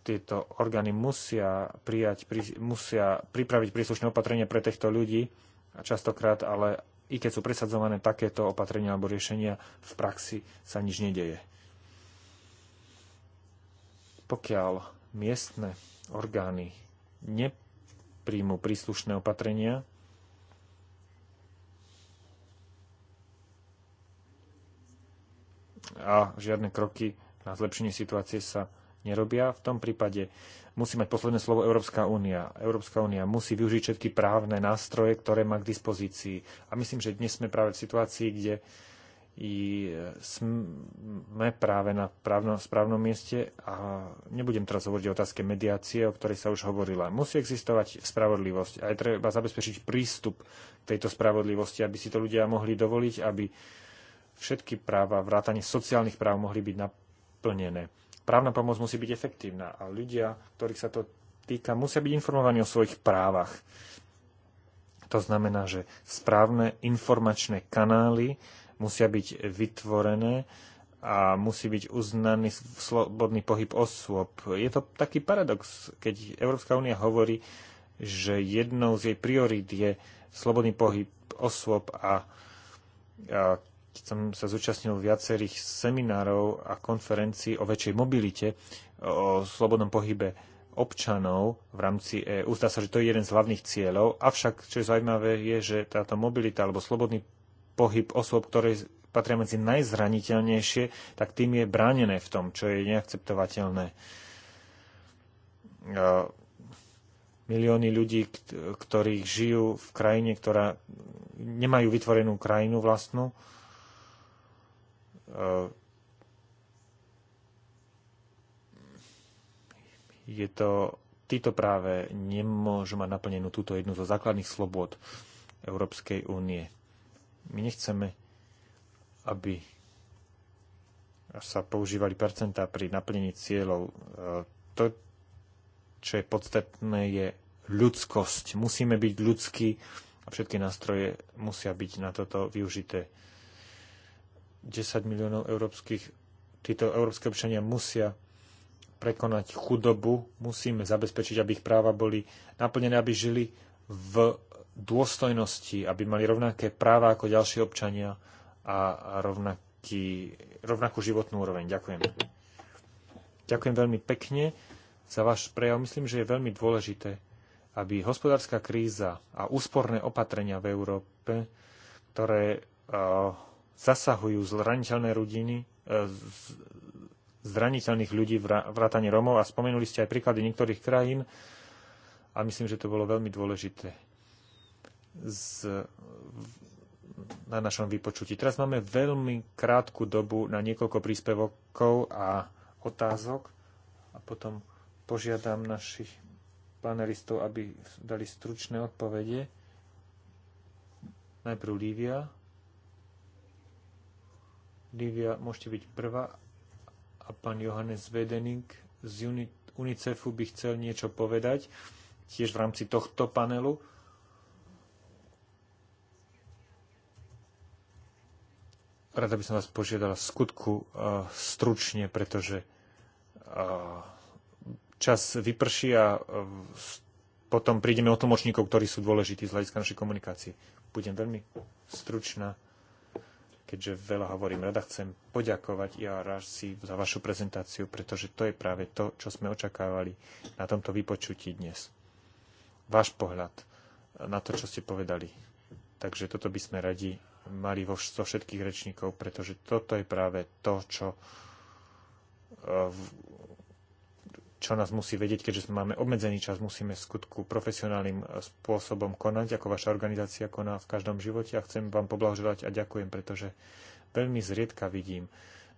tieto orgány musia, prijať, musia pripraviť príslušné opatrenia pre týchto ľudí a častokrát ale i keď sú presadzované takéto opatrenia alebo riešenia, v praxi sa nič nedeje. Pokiaľ miestne orgány nepríjmu príslušné opatrenia, a žiadne kroky na zlepšenie situácie sa nerobia. V tom prípade musí mať posledné slovo Európska únia. Európska únia musí využiť všetky právne nástroje, ktoré má k dispozícii. A myslím, že dnes sme práve v situácii, kde i e, sme práve na právno, správnom mieste a nebudem teraz hovoriť o otázke mediácie, o ktorej sa už hovorila. Musí existovať spravodlivosť. je treba zabezpečiť prístup tejto spravodlivosti, aby si to ľudia mohli dovoliť, aby všetky práva, vrátanie sociálnych práv mohli byť naplnené. Právna pomoc musí byť efektívna a ľudia, ktorých sa to týka, musia byť informovaní o svojich právach. To znamená, že správne informačné kanály musia byť vytvorené a musí byť uznaný slobodný pohyb osôb. Je to taký paradox, keď Európska únia hovorí, že jednou z jej priorít je slobodný pohyb osôb a, a som sa zúčastnil viacerých seminárov a konferencií o väčšej mobilite, o slobodnom pohybe občanov v rámci EÚ. Zdá sa, že to je jeden z hlavných cieľov, avšak čo je zaujímavé je, že táto mobilita alebo slobodný pohyb osôb, ktoré patria medzi najzraniteľnejšie, tak tým je bránené v tom, čo je neakceptovateľné. Milióny ľudí, ktorí žijú v krajine, ktorá nemajú vytvorenú krajinu vlastnú, je to, títo práve nemôžu mať naplnenú túto jednu zo základných slobod Európskej únie. My nechceme, aby sa používali percentá pri naplnení cieľov. E, to, čo je podstatné, je ľudskosť. Musíme byť ľudskí a všetky nástroje musia byť na toto využité. 10 miliónov európskych, títo európske občania musia prekonať chudobu, musíme zabezpečiť, aby ich práva boli naplnené, aby žili v dôstojnosti, aby mali rovnaké práva ako ďalší občania a rovnaký, rovnakú životnú úroveň. Ďakujem. Ďakujem veľmi pekne za váš prejav. Myslím, že je veľmi dôležité, aby hospodárska kríza a úsporné opatrenia v Európe, ktoré uh, zasahujú zraniteľné rodiny, e, zraniteľných ľudí, vrátane Romov a spomenuli ste aj príklady niektorých krajín a myslím, že to bolo veľmi dôležité z, na našom vypočutí. Teraz máme veľmi krátku dobu na niekoľko príspevokov a otázok a potom požiadam našich panelistov, aby dali stručné odpovede. Najprv Lívia. Lívia, môžete byť prvá a pán Johannes Vedening z UNICEFu by chcel niečo povedať, tiež v rámci tohto panelu. Rada by som vás požiadala skutku uh, stručne, pretože uh, čas vyprší a uh, potom prídeme o tlmočníkov, ktorí sú dôležití z hľadiska našej komunikácie. Budem veľmi stručná keďže veľa hovorím rada, chcem poďakovať IRRC za vašu prezentáciu, pretože to je práve to, čo sme očakávali na tomto vypočutí dnes. Váš pohľad na to, čo ste povedali. Takže toto by sme radi mali vo so všetkých rečníkov, pretože toto je práve to, čo eh, čo nás musí vedieť, keďže máme obmedzený čas, musíme v skutku profesionálnym e, spôsobom konať, ako vaša organizácia koná v každom živote a chcem vám poblahoželať a ďakujem, pretože veľmi zriedka vidím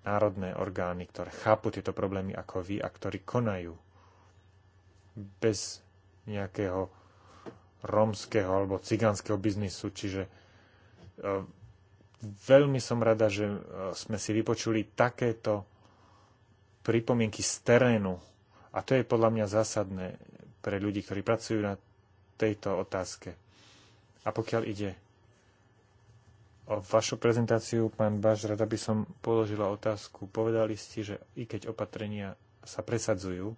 národné orgány, ktoré chápu tieto problémy ako vy a ktorí konajú bez nejakého romského alebo cigánskeho biznisu, čiže e, veľmi som rada, že e, sme si vypočuli takéto pripomienky z terénu a to je podľa mňa zásadné pre ľudí, ktorí pracujú na tejto otázke. A pokiaľ ide o vašu prezentáciu, pán Baš, rada by som položila otázku. Povedali ste, že i keď opatrenia sa presadzujú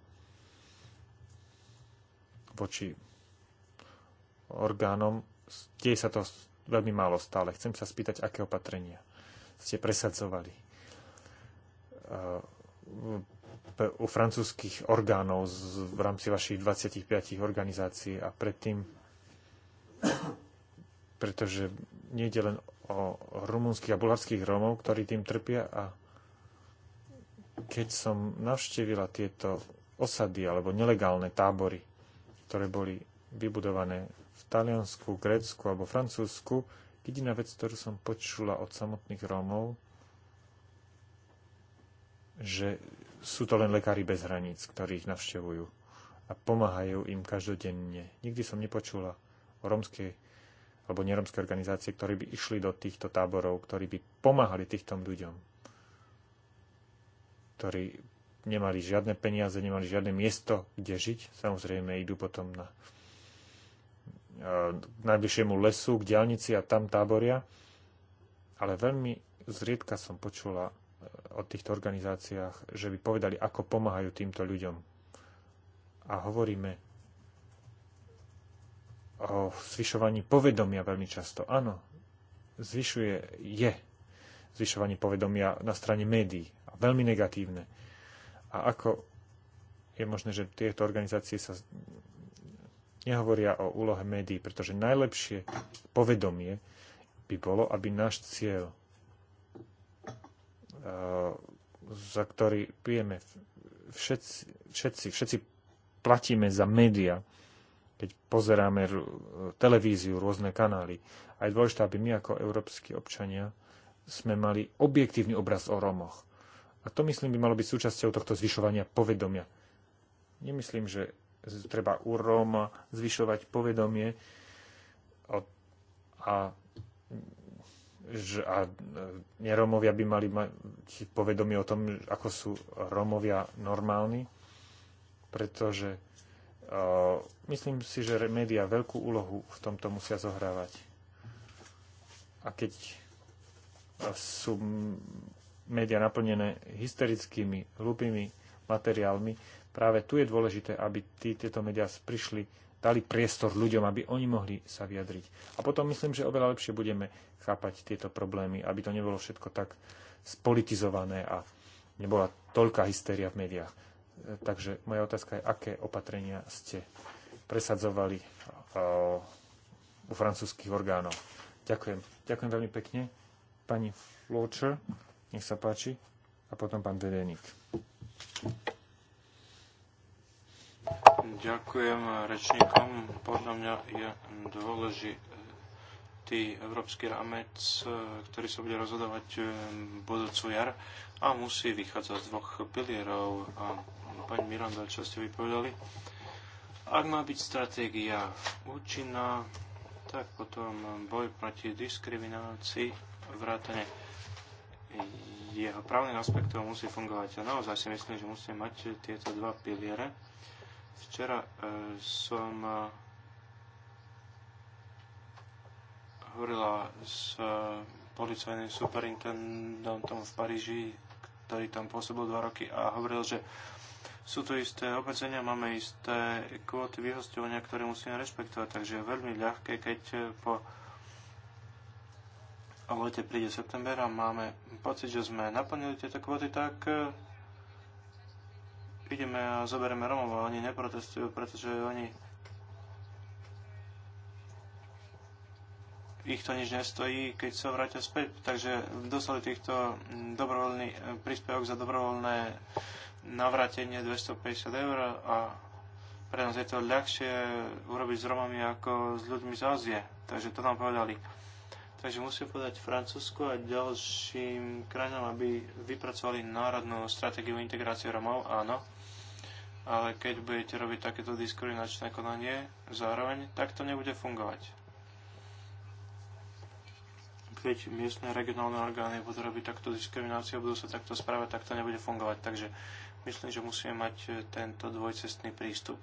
voči orgánom, deje sa to veľmi málo stále. Chcem sa spýtať, aké opatrenia ste presadzovali u francúzských orgánov z, v rámci vašich 25 organizácií a predtým, pretože nie je len o rumunských a bulharských Rómov, ktorí tým trpia a keď som navštívila tieto osady alebo nelegálne tábory, ktoré boli vybudované v Taliansku, Grécku alebo Francúzsku, jediná vec, ktorú som počula od samotných Rómov, že sú to len lekári bez hraníc, ktorí ich navštevujú a pomáhajú im každodenne. Nikdy som nepočula o romskej alebo neromskej organizácie, ktorí by išli do týchto táborov, ktorí by pomáhali týchto ľuďom, ktorí nemali žiadne peniaze, nemali žiadne miesto, kde žiť. Samozrejme idú potom na e, k najbližšiemu lesu, k diálnici a tam táboria. Ale veľmi zriedka som počula o týchto organizáciách, že by povedali, ako pomáhajú týmto ľuďom. A hovoríme o zvyšovaní povedomia veľmi často. Áno, zvyšuje, je zvyšovanie povedomia na strane médií. A veľmi negatívne. A ako je možné, že tieto organizácie sa nehovoria o úlohe médií, pretože najlepšie povedomie by bolo, aby náš cieľ E, za ktorý pijeme všetci, všetci, všetci platíme za média, keď pozeráme televíziu, rôzne kanály. A je dôležité, aby my ako európsky občania sme mali objektívny obraz o Romoch. A to, myslím, by malo byť súčasťou tohto zvyšovania povedomia. Nemyslím, že treba u Róma zvyšovať povedomie a a neromovia by mali mať povedomie o tom, ako sú Romovia normálni, pretože uh, myslím si, že média veľkú úlohu v tomto musia zohrávať. A keď e, sú média naplnené hysterickými, hlupými materiálmi, práve tu je dôležité, aby tí, tieto médiá prišli dali priestor ľuďom, aby oni mohli sa vyjadriť. A potom myslím, že oveľa lepšie budeme chápať tieto problémy, aby to nebolo všetko tak spolitizované a nebola toľká hystéria v médiách. E, takže moja otázka je, aké opatrenia ste presadzovali e, u francúzských orgánov. Ďakujem. Ďakujem veľmi pekne. Pani Floacher, nech sa páči. A potom pán Vedeník. Ďakujem rečníkom. Podľa mňa je dôležitý európsky rámec, ktorý sa bude rozhodovať eh, budúcu jar a musí vychádzať z dvoch pilierov. A pani Miranda, čo ste vypovedali, ak má byť stratégia účinná, tak potom boj proti diskriminácii, vrátane jeho právnym aspektom musí fungovať. A naozaj si myslím, že musíme mať tieto dva piliere Včera e, som e, hovorila s e, policajným superintendentom v Paríži, ktorý tam pôsobil dva roky a hovoril, že sú tu isté obmedzenia, máme isté kvóty vyhostovania, ktoré musíme rešpektovať, takže je veľmi ľahké, keď po lete príde september a máme pocit, že sme naplnili tieto kvóty, tak ideme a zoberieme Romov, oni neprotestujú, pretože oni ich to nič nestojí, keď sa vrátia späť. Takže dostali týchto mm, dobrovoľný e, príspevok za dobrovoľné navrátenie 250 eur a pre nás je to ľahšie urobiť s Romami ako s ľuďmi z Ázie. Takže to nám povedali. Takže musím povedať Francúzsku a ďalším krajinám, aby vypracovali národnú stratégiu integrácie Romov. Áno, ale keď budete robiť takéto diskriminačné konanie zároveň, tak to nebude fungovať. Keď miestne regionálne orgány budú robiť takto diskrimináciu, budú sa takto správať, tak to nebude fungovať. Takže myslím, že musíme mať e, tento dvojcestný prístup.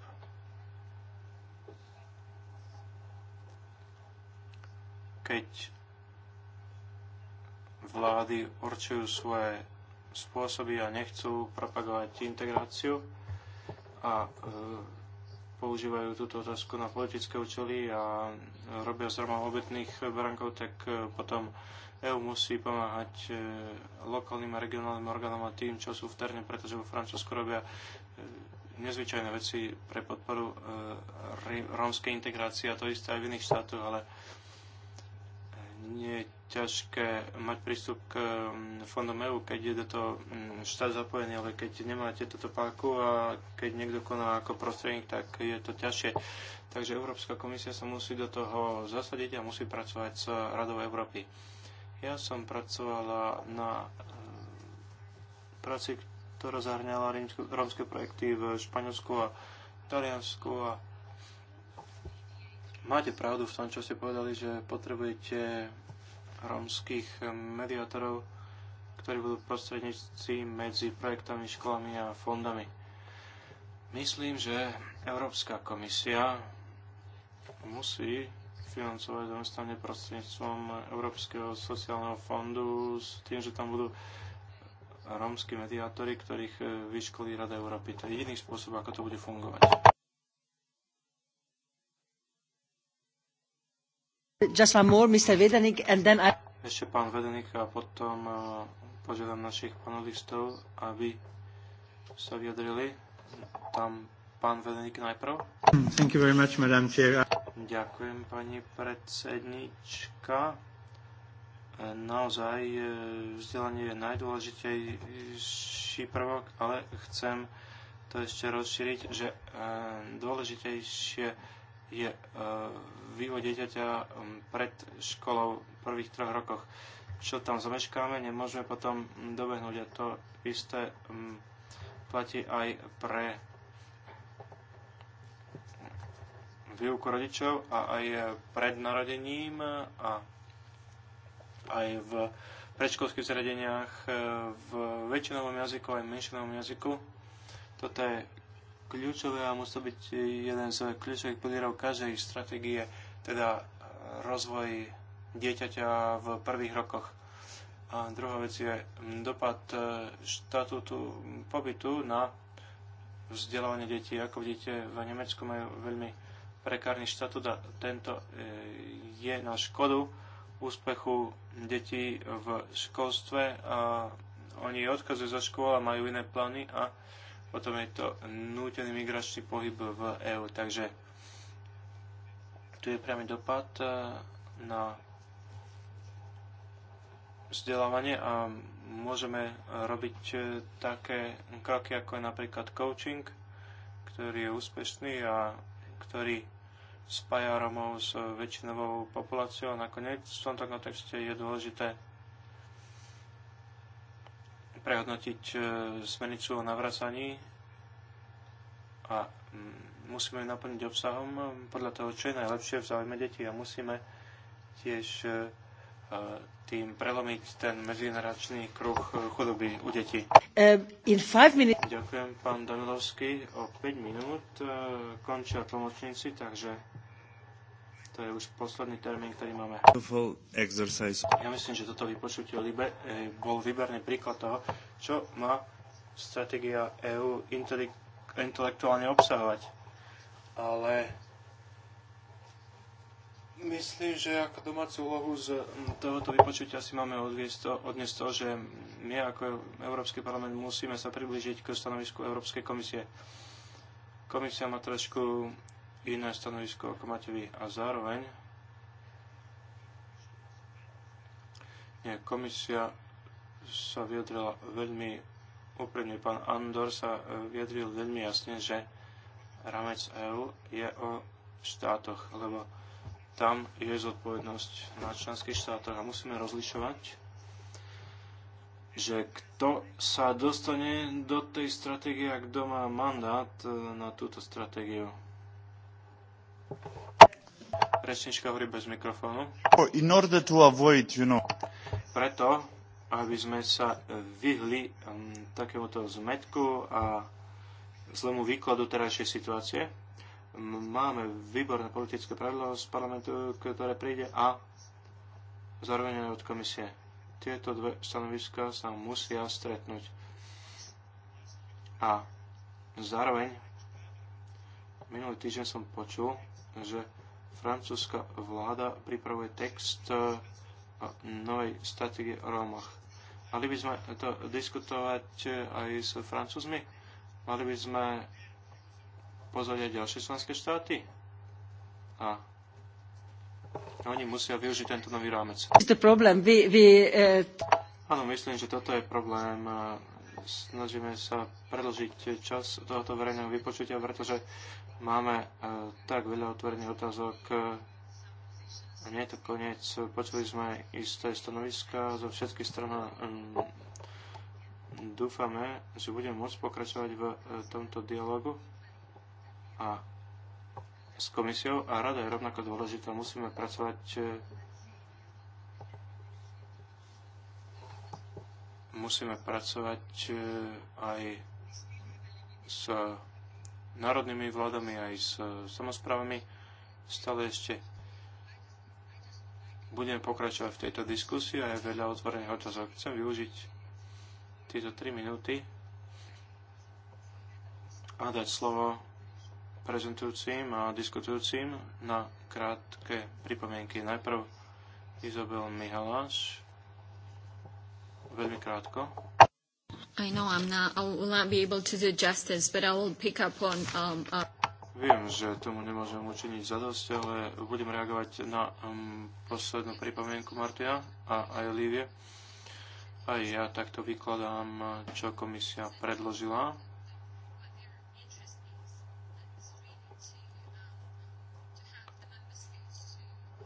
Keď vlády určujú svoje spôsoby a nechcú propagovať integráciu, a e, používajú túto otázku na politické účely a robia zrovna obetných brankov, tak e, potom EU musí pomáhať e, lokálnym a regionálnym orgánom a tým, čo sú v terne, pretože vo Francúzsku robia nezvyčajné veci pre podporu rómskej integrácie a to isté aj v iných štátoch, ale nie ťažké mať prístup k um, fondom EU, keď je do toho um, štát zapojený, ale keď nemáte toto páku a keď niekto koná ako prostredník, tak je to ťažšie. Takže Európska komisia sa musí do toho zasadiť a musí pracovať s Radou Európy. Ja som pracovala na um, práci, ktorá zahrňala rómske projekty v Španielsku a Taliansku a máte pravdu v tom, čo ste povedali, že potrebujete romských mediátorov, ktorí budú prostredníci medzi projektami, školami a fondami. Myslím, že Európska komisia musí financovať zamestnanie prostredníctvom Európskeho sociálneho fondu s tým, že tam budú rómsky mediátori, ktorých vyškolí Rada Európy. To je jediný spôsob, ako to bude fungovať. Just one more, Mr. and then I... Ešte pán Vedenik a potom požiadam našich panelistov, aby sa vyjadrili. Tam pán Vedenik najprv. Thank you very much, Madam Chair. Ďakujem, pani predsednička. E, naozaj e, vzdelanie je najdôležitejší prvok, ale chcem to ešte rozšíriť, že e, dôležitejšie je e, vývoj dieťaťa pred školou v prvých troch rokoch. Čo tam zameškáme, nemôžeme potom dobehnúť a to isté platí aj pre výuku rodičov a aj pred narodením a aj v predškolských zariadeniach e, v väčšinovom jazyku aj menšinovom jazyku. Toto je kľúčové a musí to byť jeden z kľúčových pilierov každej stratégie, teda e, rozvoj dieťaťa v prvých rokoch. A druhá vec je dopad e, štatútu pobytu na vzdelávanie detí. Ako vidíte, v Nemecku majú veľmi prekárny štatút a tento e, je na škodu úspechu detí v školstve a oni odkazujú zo škôl a majú iné plány a potom je to nútený migračný pohyb v EÚ. Takže tu je priamy dopad e, na vzdelávanie a môžeme robiť e, také kroky, ako je napríklad coaching, ktorý je úspešný a ktorý spája Romov s väčšinovou populáciou. Nakoniec v tomto kontexte je dôležité prehodnotiť e, smernicu o navracaní a mm, musíme ju naplniť obsahom e, podľa toho, čo je najlepšie v záujme detí a musíme tiež e, tým prelomiť ten medzineračný kruh chudoby u detí. Uh, Ďakujem, pán Danilovský. O 5 minút končia tlmočníci, takže to je už posledný termín, ktorý máme. Ja myslím, že toto vypočutie liber, eh, bol výberný príklad toho, čo má stratégia EÚ intelektuálne obsahovať. Ale myslím, že ako domácu úlohu z tohoto vypočutia si máme to, odniesť to, že my ako Európsky parlament musíme sa priblížiť k stanovisku Európskej komisie. Komisia má trošku iné stanovisko ako máte vy. A zároveň nie, komisia sa vyjadrila veľmi úprimne. Pán Andor sa e, vyjadril veľmi jasne, že ramec EÚ je o štátoch, lebo tam je zodpovednosť na členských štátoch a musíme rozlišovať, že kto sa dostane do tej stratégie a kto má mandát e, na túto stratégiu. Presnička hovorí bez mikrofónu. Oh, in order to avoid, you know. Preto, aby sme sa vyhli um, takémuto zmetku a zlému výkladu terajšej situácie, máme výborné politické pravidlo z parlamentu, ktoré príde a zároveň od komisie. Tieto dve stanoviska sa musia stretnúť. A zároveň minulý týždeň som počul, že francúzska vláda pripravuje text e, novej stratégie o Rómoch. Mali by sme to diskutovať e, aj s francúzmi? Mali by sme pozvať aj ďalšie členské štáty? A oni musia využiť tento nový rámec. E, Áno, myslím, že toto je problém snažíme sa predlžiť čas tohoto verejného vypočutia, pretože máme e, tak veľa otvorených otázok. E, a nie je to koniec. Počuli sme isté stanoviska zo všetkých stran. Mm, dúfame, že budeme môcť pokračovať v e, tomto dialogu a s komisiou a rada je rovnako dôležitá. Musíme pracovať musíme pracovať e, aj s národnými vládami, aj s samozprávami. Stále ešte budeme pokračovať v tejto diskusii a je veľa otvorených otázok. Chcem využiť tieto 3 minúty a dať slovo prezentujúcim a diskutujúcim na krátke pripomienky. Najprv Izabel Mihaláš, veľmi krátko. I know I'm not, I will not be able to do justice, but I will pick up on... Um, uh... Viem, že tomu nemôžem učiniť zadosť, ale budem reagovať na um, poslednú pripomienku Martina a aj Lívie. Aj ja takto vykladám, čo komisia predložila.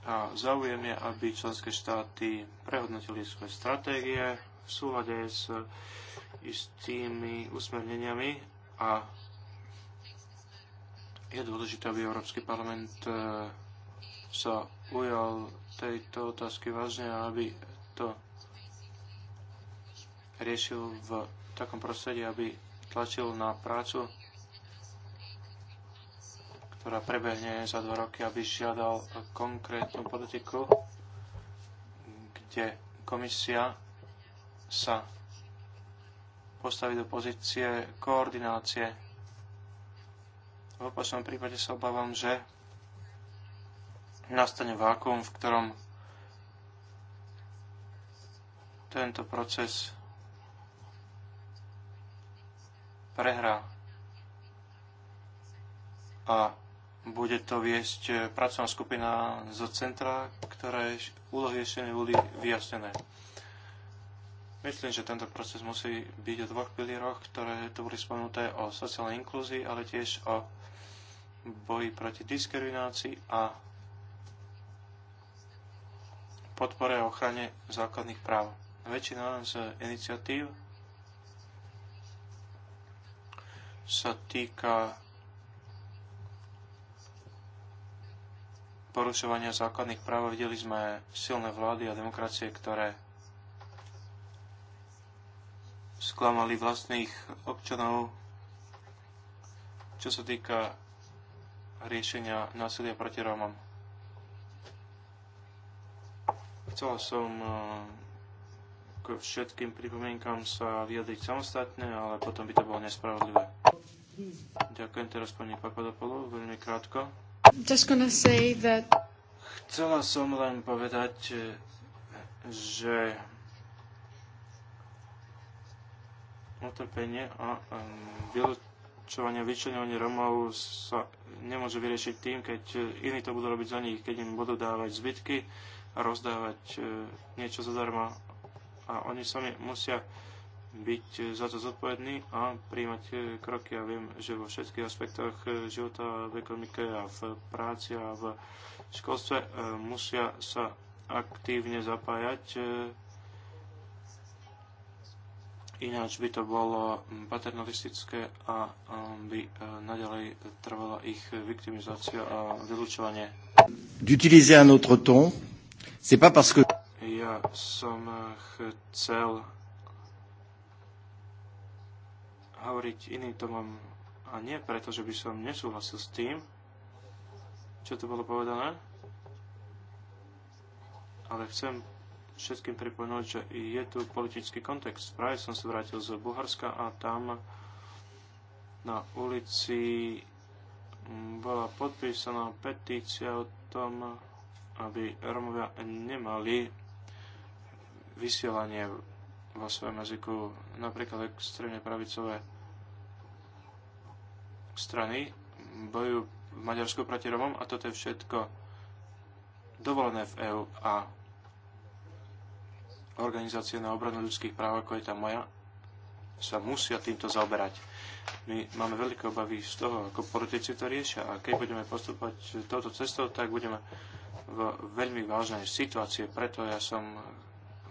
A záujem je, aby členské štáty prehodnotili svoje stratégie, v súlade s istými usmerneniami a je dôležité, aby Európsky parlament e, sa ujal tejto otázky vážne a aby to riešil v takom prostredí, aby tlačil na prácu, ktorá prebehne za dva roky, aby žiadal konkrétnu politiku, kde komisia sa postaviť do pozície koordinácie. V opačnom prípade sa obávam, že nastane vákuum, v ktorom tento proces prehrá a bude to viesť pracovná skupina zo centra, ktoré úlohy ešte neboli vyjasnené. Myslím, že tento proces musí byť o dvoch pilieroch, ktoré tu boli spomenuté o sociálnej inklúzii, ale tiež o boji proti diskriminácii a podpore a ochrane základných práv. Väčšina z iniciatív sa týka porušovania základných práv. Videli sme silné vlády a demokracie, ktoré sklamali vlastných občanov, čo sa týka riešenia násilia proti Rómom. Chcela som e, k všetkým pripomienkám sa vyjadriť samostatne, ale potom by to bolo nespravodlivé. Ďakujem teraz pani Papadopoulou, veľmi krátko. Just gonna say that... Chcela som len povedať, e, že Utrpenie a vylúčovanie, vyčlenovanie Romov sa nemôže vyriešiť tým, keď iní to budú robiť za nich, keď im budú dávať zbytky a rozdávať e, niečo zadarmo a oni sami musia byť za to zodpovední a príjmať e, kroky. Ja viem, že vo všetkých aspektoch e, života v ekonomike a v práci a v školstve musia sa aktívne zapájať Ináč by to bolo mm, paternalistické a by e, naďalej trvala ich viktimizácia a vylúčovanie. D'utiliser un autre ton, c'est pas parce que... Ja som e, chcel hovoriť iným tomom a nie preto, že by som nesúhlasil s tým, čo to bolo povedané, ale chcem všetkým pripomenúť, že je tu politický kontext. Práve som sa vrátil z Bulharska a tam na ulici bola podpísaná petícia o tom, aby Romovia nemali vysielanie vo svojom jazyku napríklad extrémne pravicové strany bojujú v Maďarsku proti Romom a toto je všetko dovolené v EÚ a organizácie na obranu ľudských práv, ako je tá moja, sa musia týmto zaoberať. My máme veľké obavy z toho, ako politici to riešia a keď budeme postupovať touto cestou, tak budeme v veľmi vážnej situácii. Preto ja som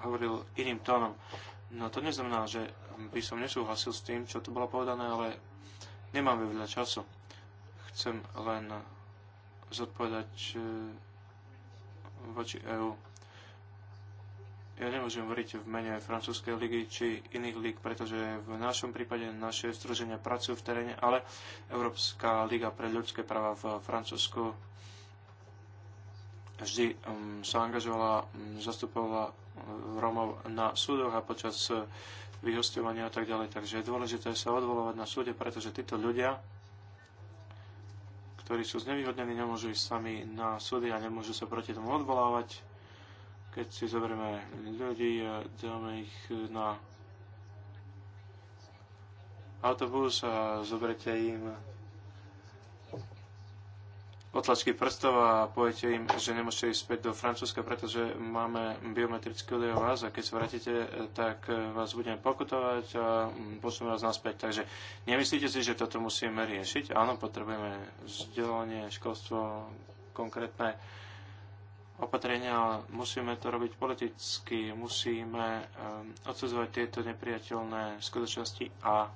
hovoril iným tónom. No to neznamená, že by som nesúhlasil s tým, čo tu bolo povedané, ale nemáme veľa času. Chcem len zodpovedať eh, voči EU ja nemôžem hovoriť v mene francúzskej ligy či iných lig, pretože v našom prípade naše združenia pracujú v teréne, ale Európska liga pre ľudské práva v Francúzsku vždy um, sa angažovala, um, zastupovala um, Romov na súdoch a počas uh, vyhostovania a tak ďalej. Takže je dôležité sa odvolovať na súde, pretože títo ľudia, ktorí sú znevýhodnení, nemôžu ísť sami na súdy a nemôžu sa proti tomu odvolávať keď si zoberieme ľudí a dáme ich na autobus a zoberete im otlačky prstov a poviete im, že nemôžete ísť späť do Francúzska, pretože máme biometrické údaje o vás a keď sa vrátite, tak vás budeme pokutovať a posunú vás naspäť. Takže nemyslíte si, že toto musíme riešiť? Áno, potrebujeme vzdelanie, školstvo, konkrétne opatrenia, ale musíme to robiť politicky, musíme ehm, odsudzovať tieto nepriateľné skutočnosti a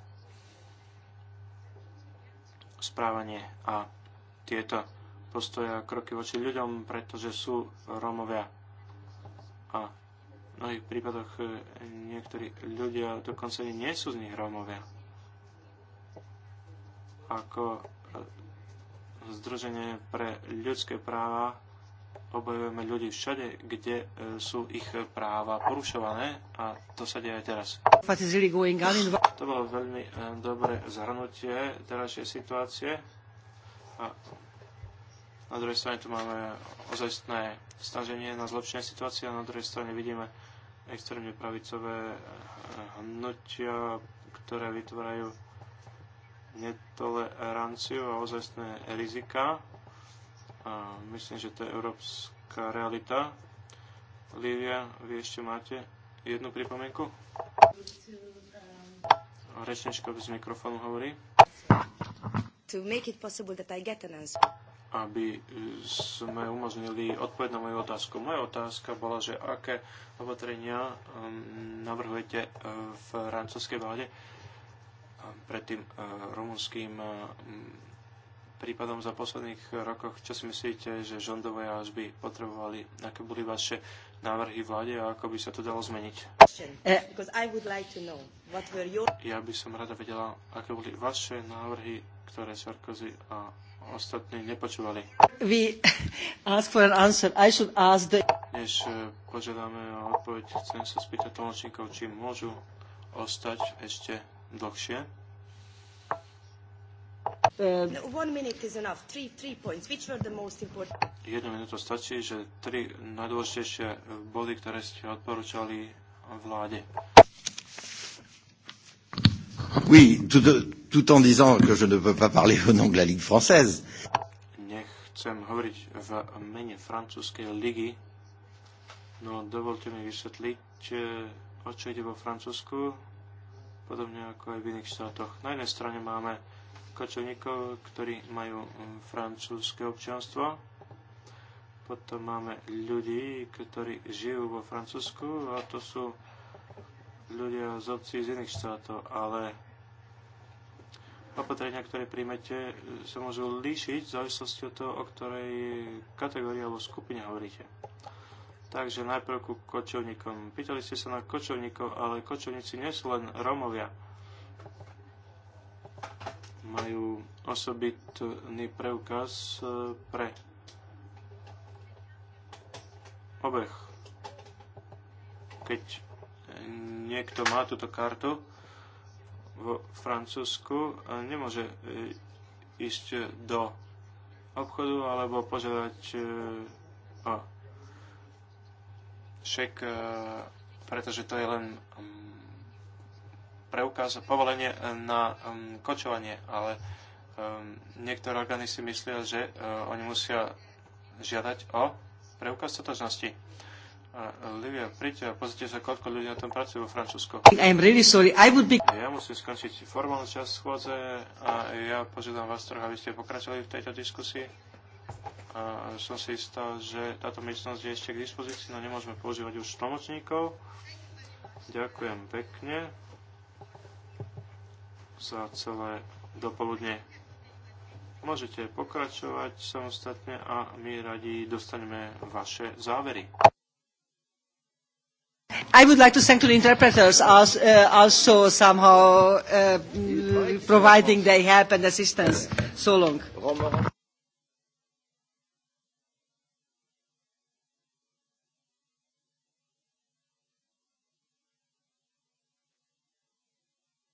správanie a tieto postoje a kroky voči ľuďom, pretože sú Rómovia a v mnohých prípadoch e, niektorí ľudia dokonca ani nie sú z nich Rómovia. Ako e, Združenie pre ľudské práva obojujeme ľudí všade, kde e, sú ich e, práva porušované a to sa deje teraz. To bolo veľmi e, dobré zhrnutie terajšej situácie a na druhej strane tu máme ozajstné snaženie na zlepšenie situácie a na druhej strane vidíme extrémne pravicové hnutia, ktoré vytvárajú netoleranciu a ozajstné rizika a myslím, že to je európska realita. Lívia, vy ešte máte jednu pripomienku? Rečnička bez mikrofónu hovorí. To make it possible that I get an answer aby e, sme umožnili odpovedť na moju otázku. Moja otázka bola, že aké opatrenia um, navrhujete e, v francúzskej vláde e, pred tým rumunským prípadom za posledných rokoch, čo si myslíte, že žondové by potrebovali, aké boli vaše návrhy vláde a ako by sa to dalo zmeniť? Ja by som rada vedela, aké boli vaše návrhy, ktoré Sarkozy a ostatní nepočúvali. We ask for an answer. I should ask the... Než e, požiadame o odpoveď, chcem sa spýtať tlmočníkov, či môžu ostať ešte dlhšie. Um, no, Jednu minútu stačí, že tri najdôležitejšie body, ktoré ste odporúčali vláde. Oui, tout, tout en disant que je ne peux pas parler au nom de la Ligue française. Nechcem hovoriť v mene francúzskej ligy, no dovolte mi vysvetliť, eh, o čo ide vo Francúzsku, podobne ako aj v iných štátoch. Na jednej strane máme kočovníkov, ktorí majú e, francúzske občianstvo. Potom máme ľudí, ktorí žijú vo Francúzsku a to sú ľudia z obcí z iných štátov, ale opatrenia, ktoré príjmete, e, sa môžu líšiť v závislosti od toho, o ktorej kategórii alebo skupine hovoríte. Takže najprv ku kočovníkom. Pýtali ste sa na kočovníkov, ale kočovníci nie sú len Romovia majú osobitný preukaz e, pre obeh. Keď niekto má túto kartu v Francúzsku, e, nemôže e, ísť do obchodu alebo požiadať o šek, pretože to je len preukaz povolenie na um, kočovanie, ale um, niektoré orgány si myslia, že uh, oni musia žiadať o preukaz totožnosti. Livia, príďte a pozrite sa, koľko ľudí na tom pracuje vo Francúzsku. really be... Ja musím skončiť formálnu časť schôdze a ja požiadam vás troch, aby ste pokračovali v tejto diskusii. A som si istá, že táto miestnosť je ešte k dispozícii, no nemôžeme používať už tlmočníkov. Ďakujem pekne za celé dopoludne. Môžete pokračovať samostatne a my radi dostaneme vaše závery. I would like to thank the interpreters as, uh, eh, also somehow uh, providing their help and assistance so long.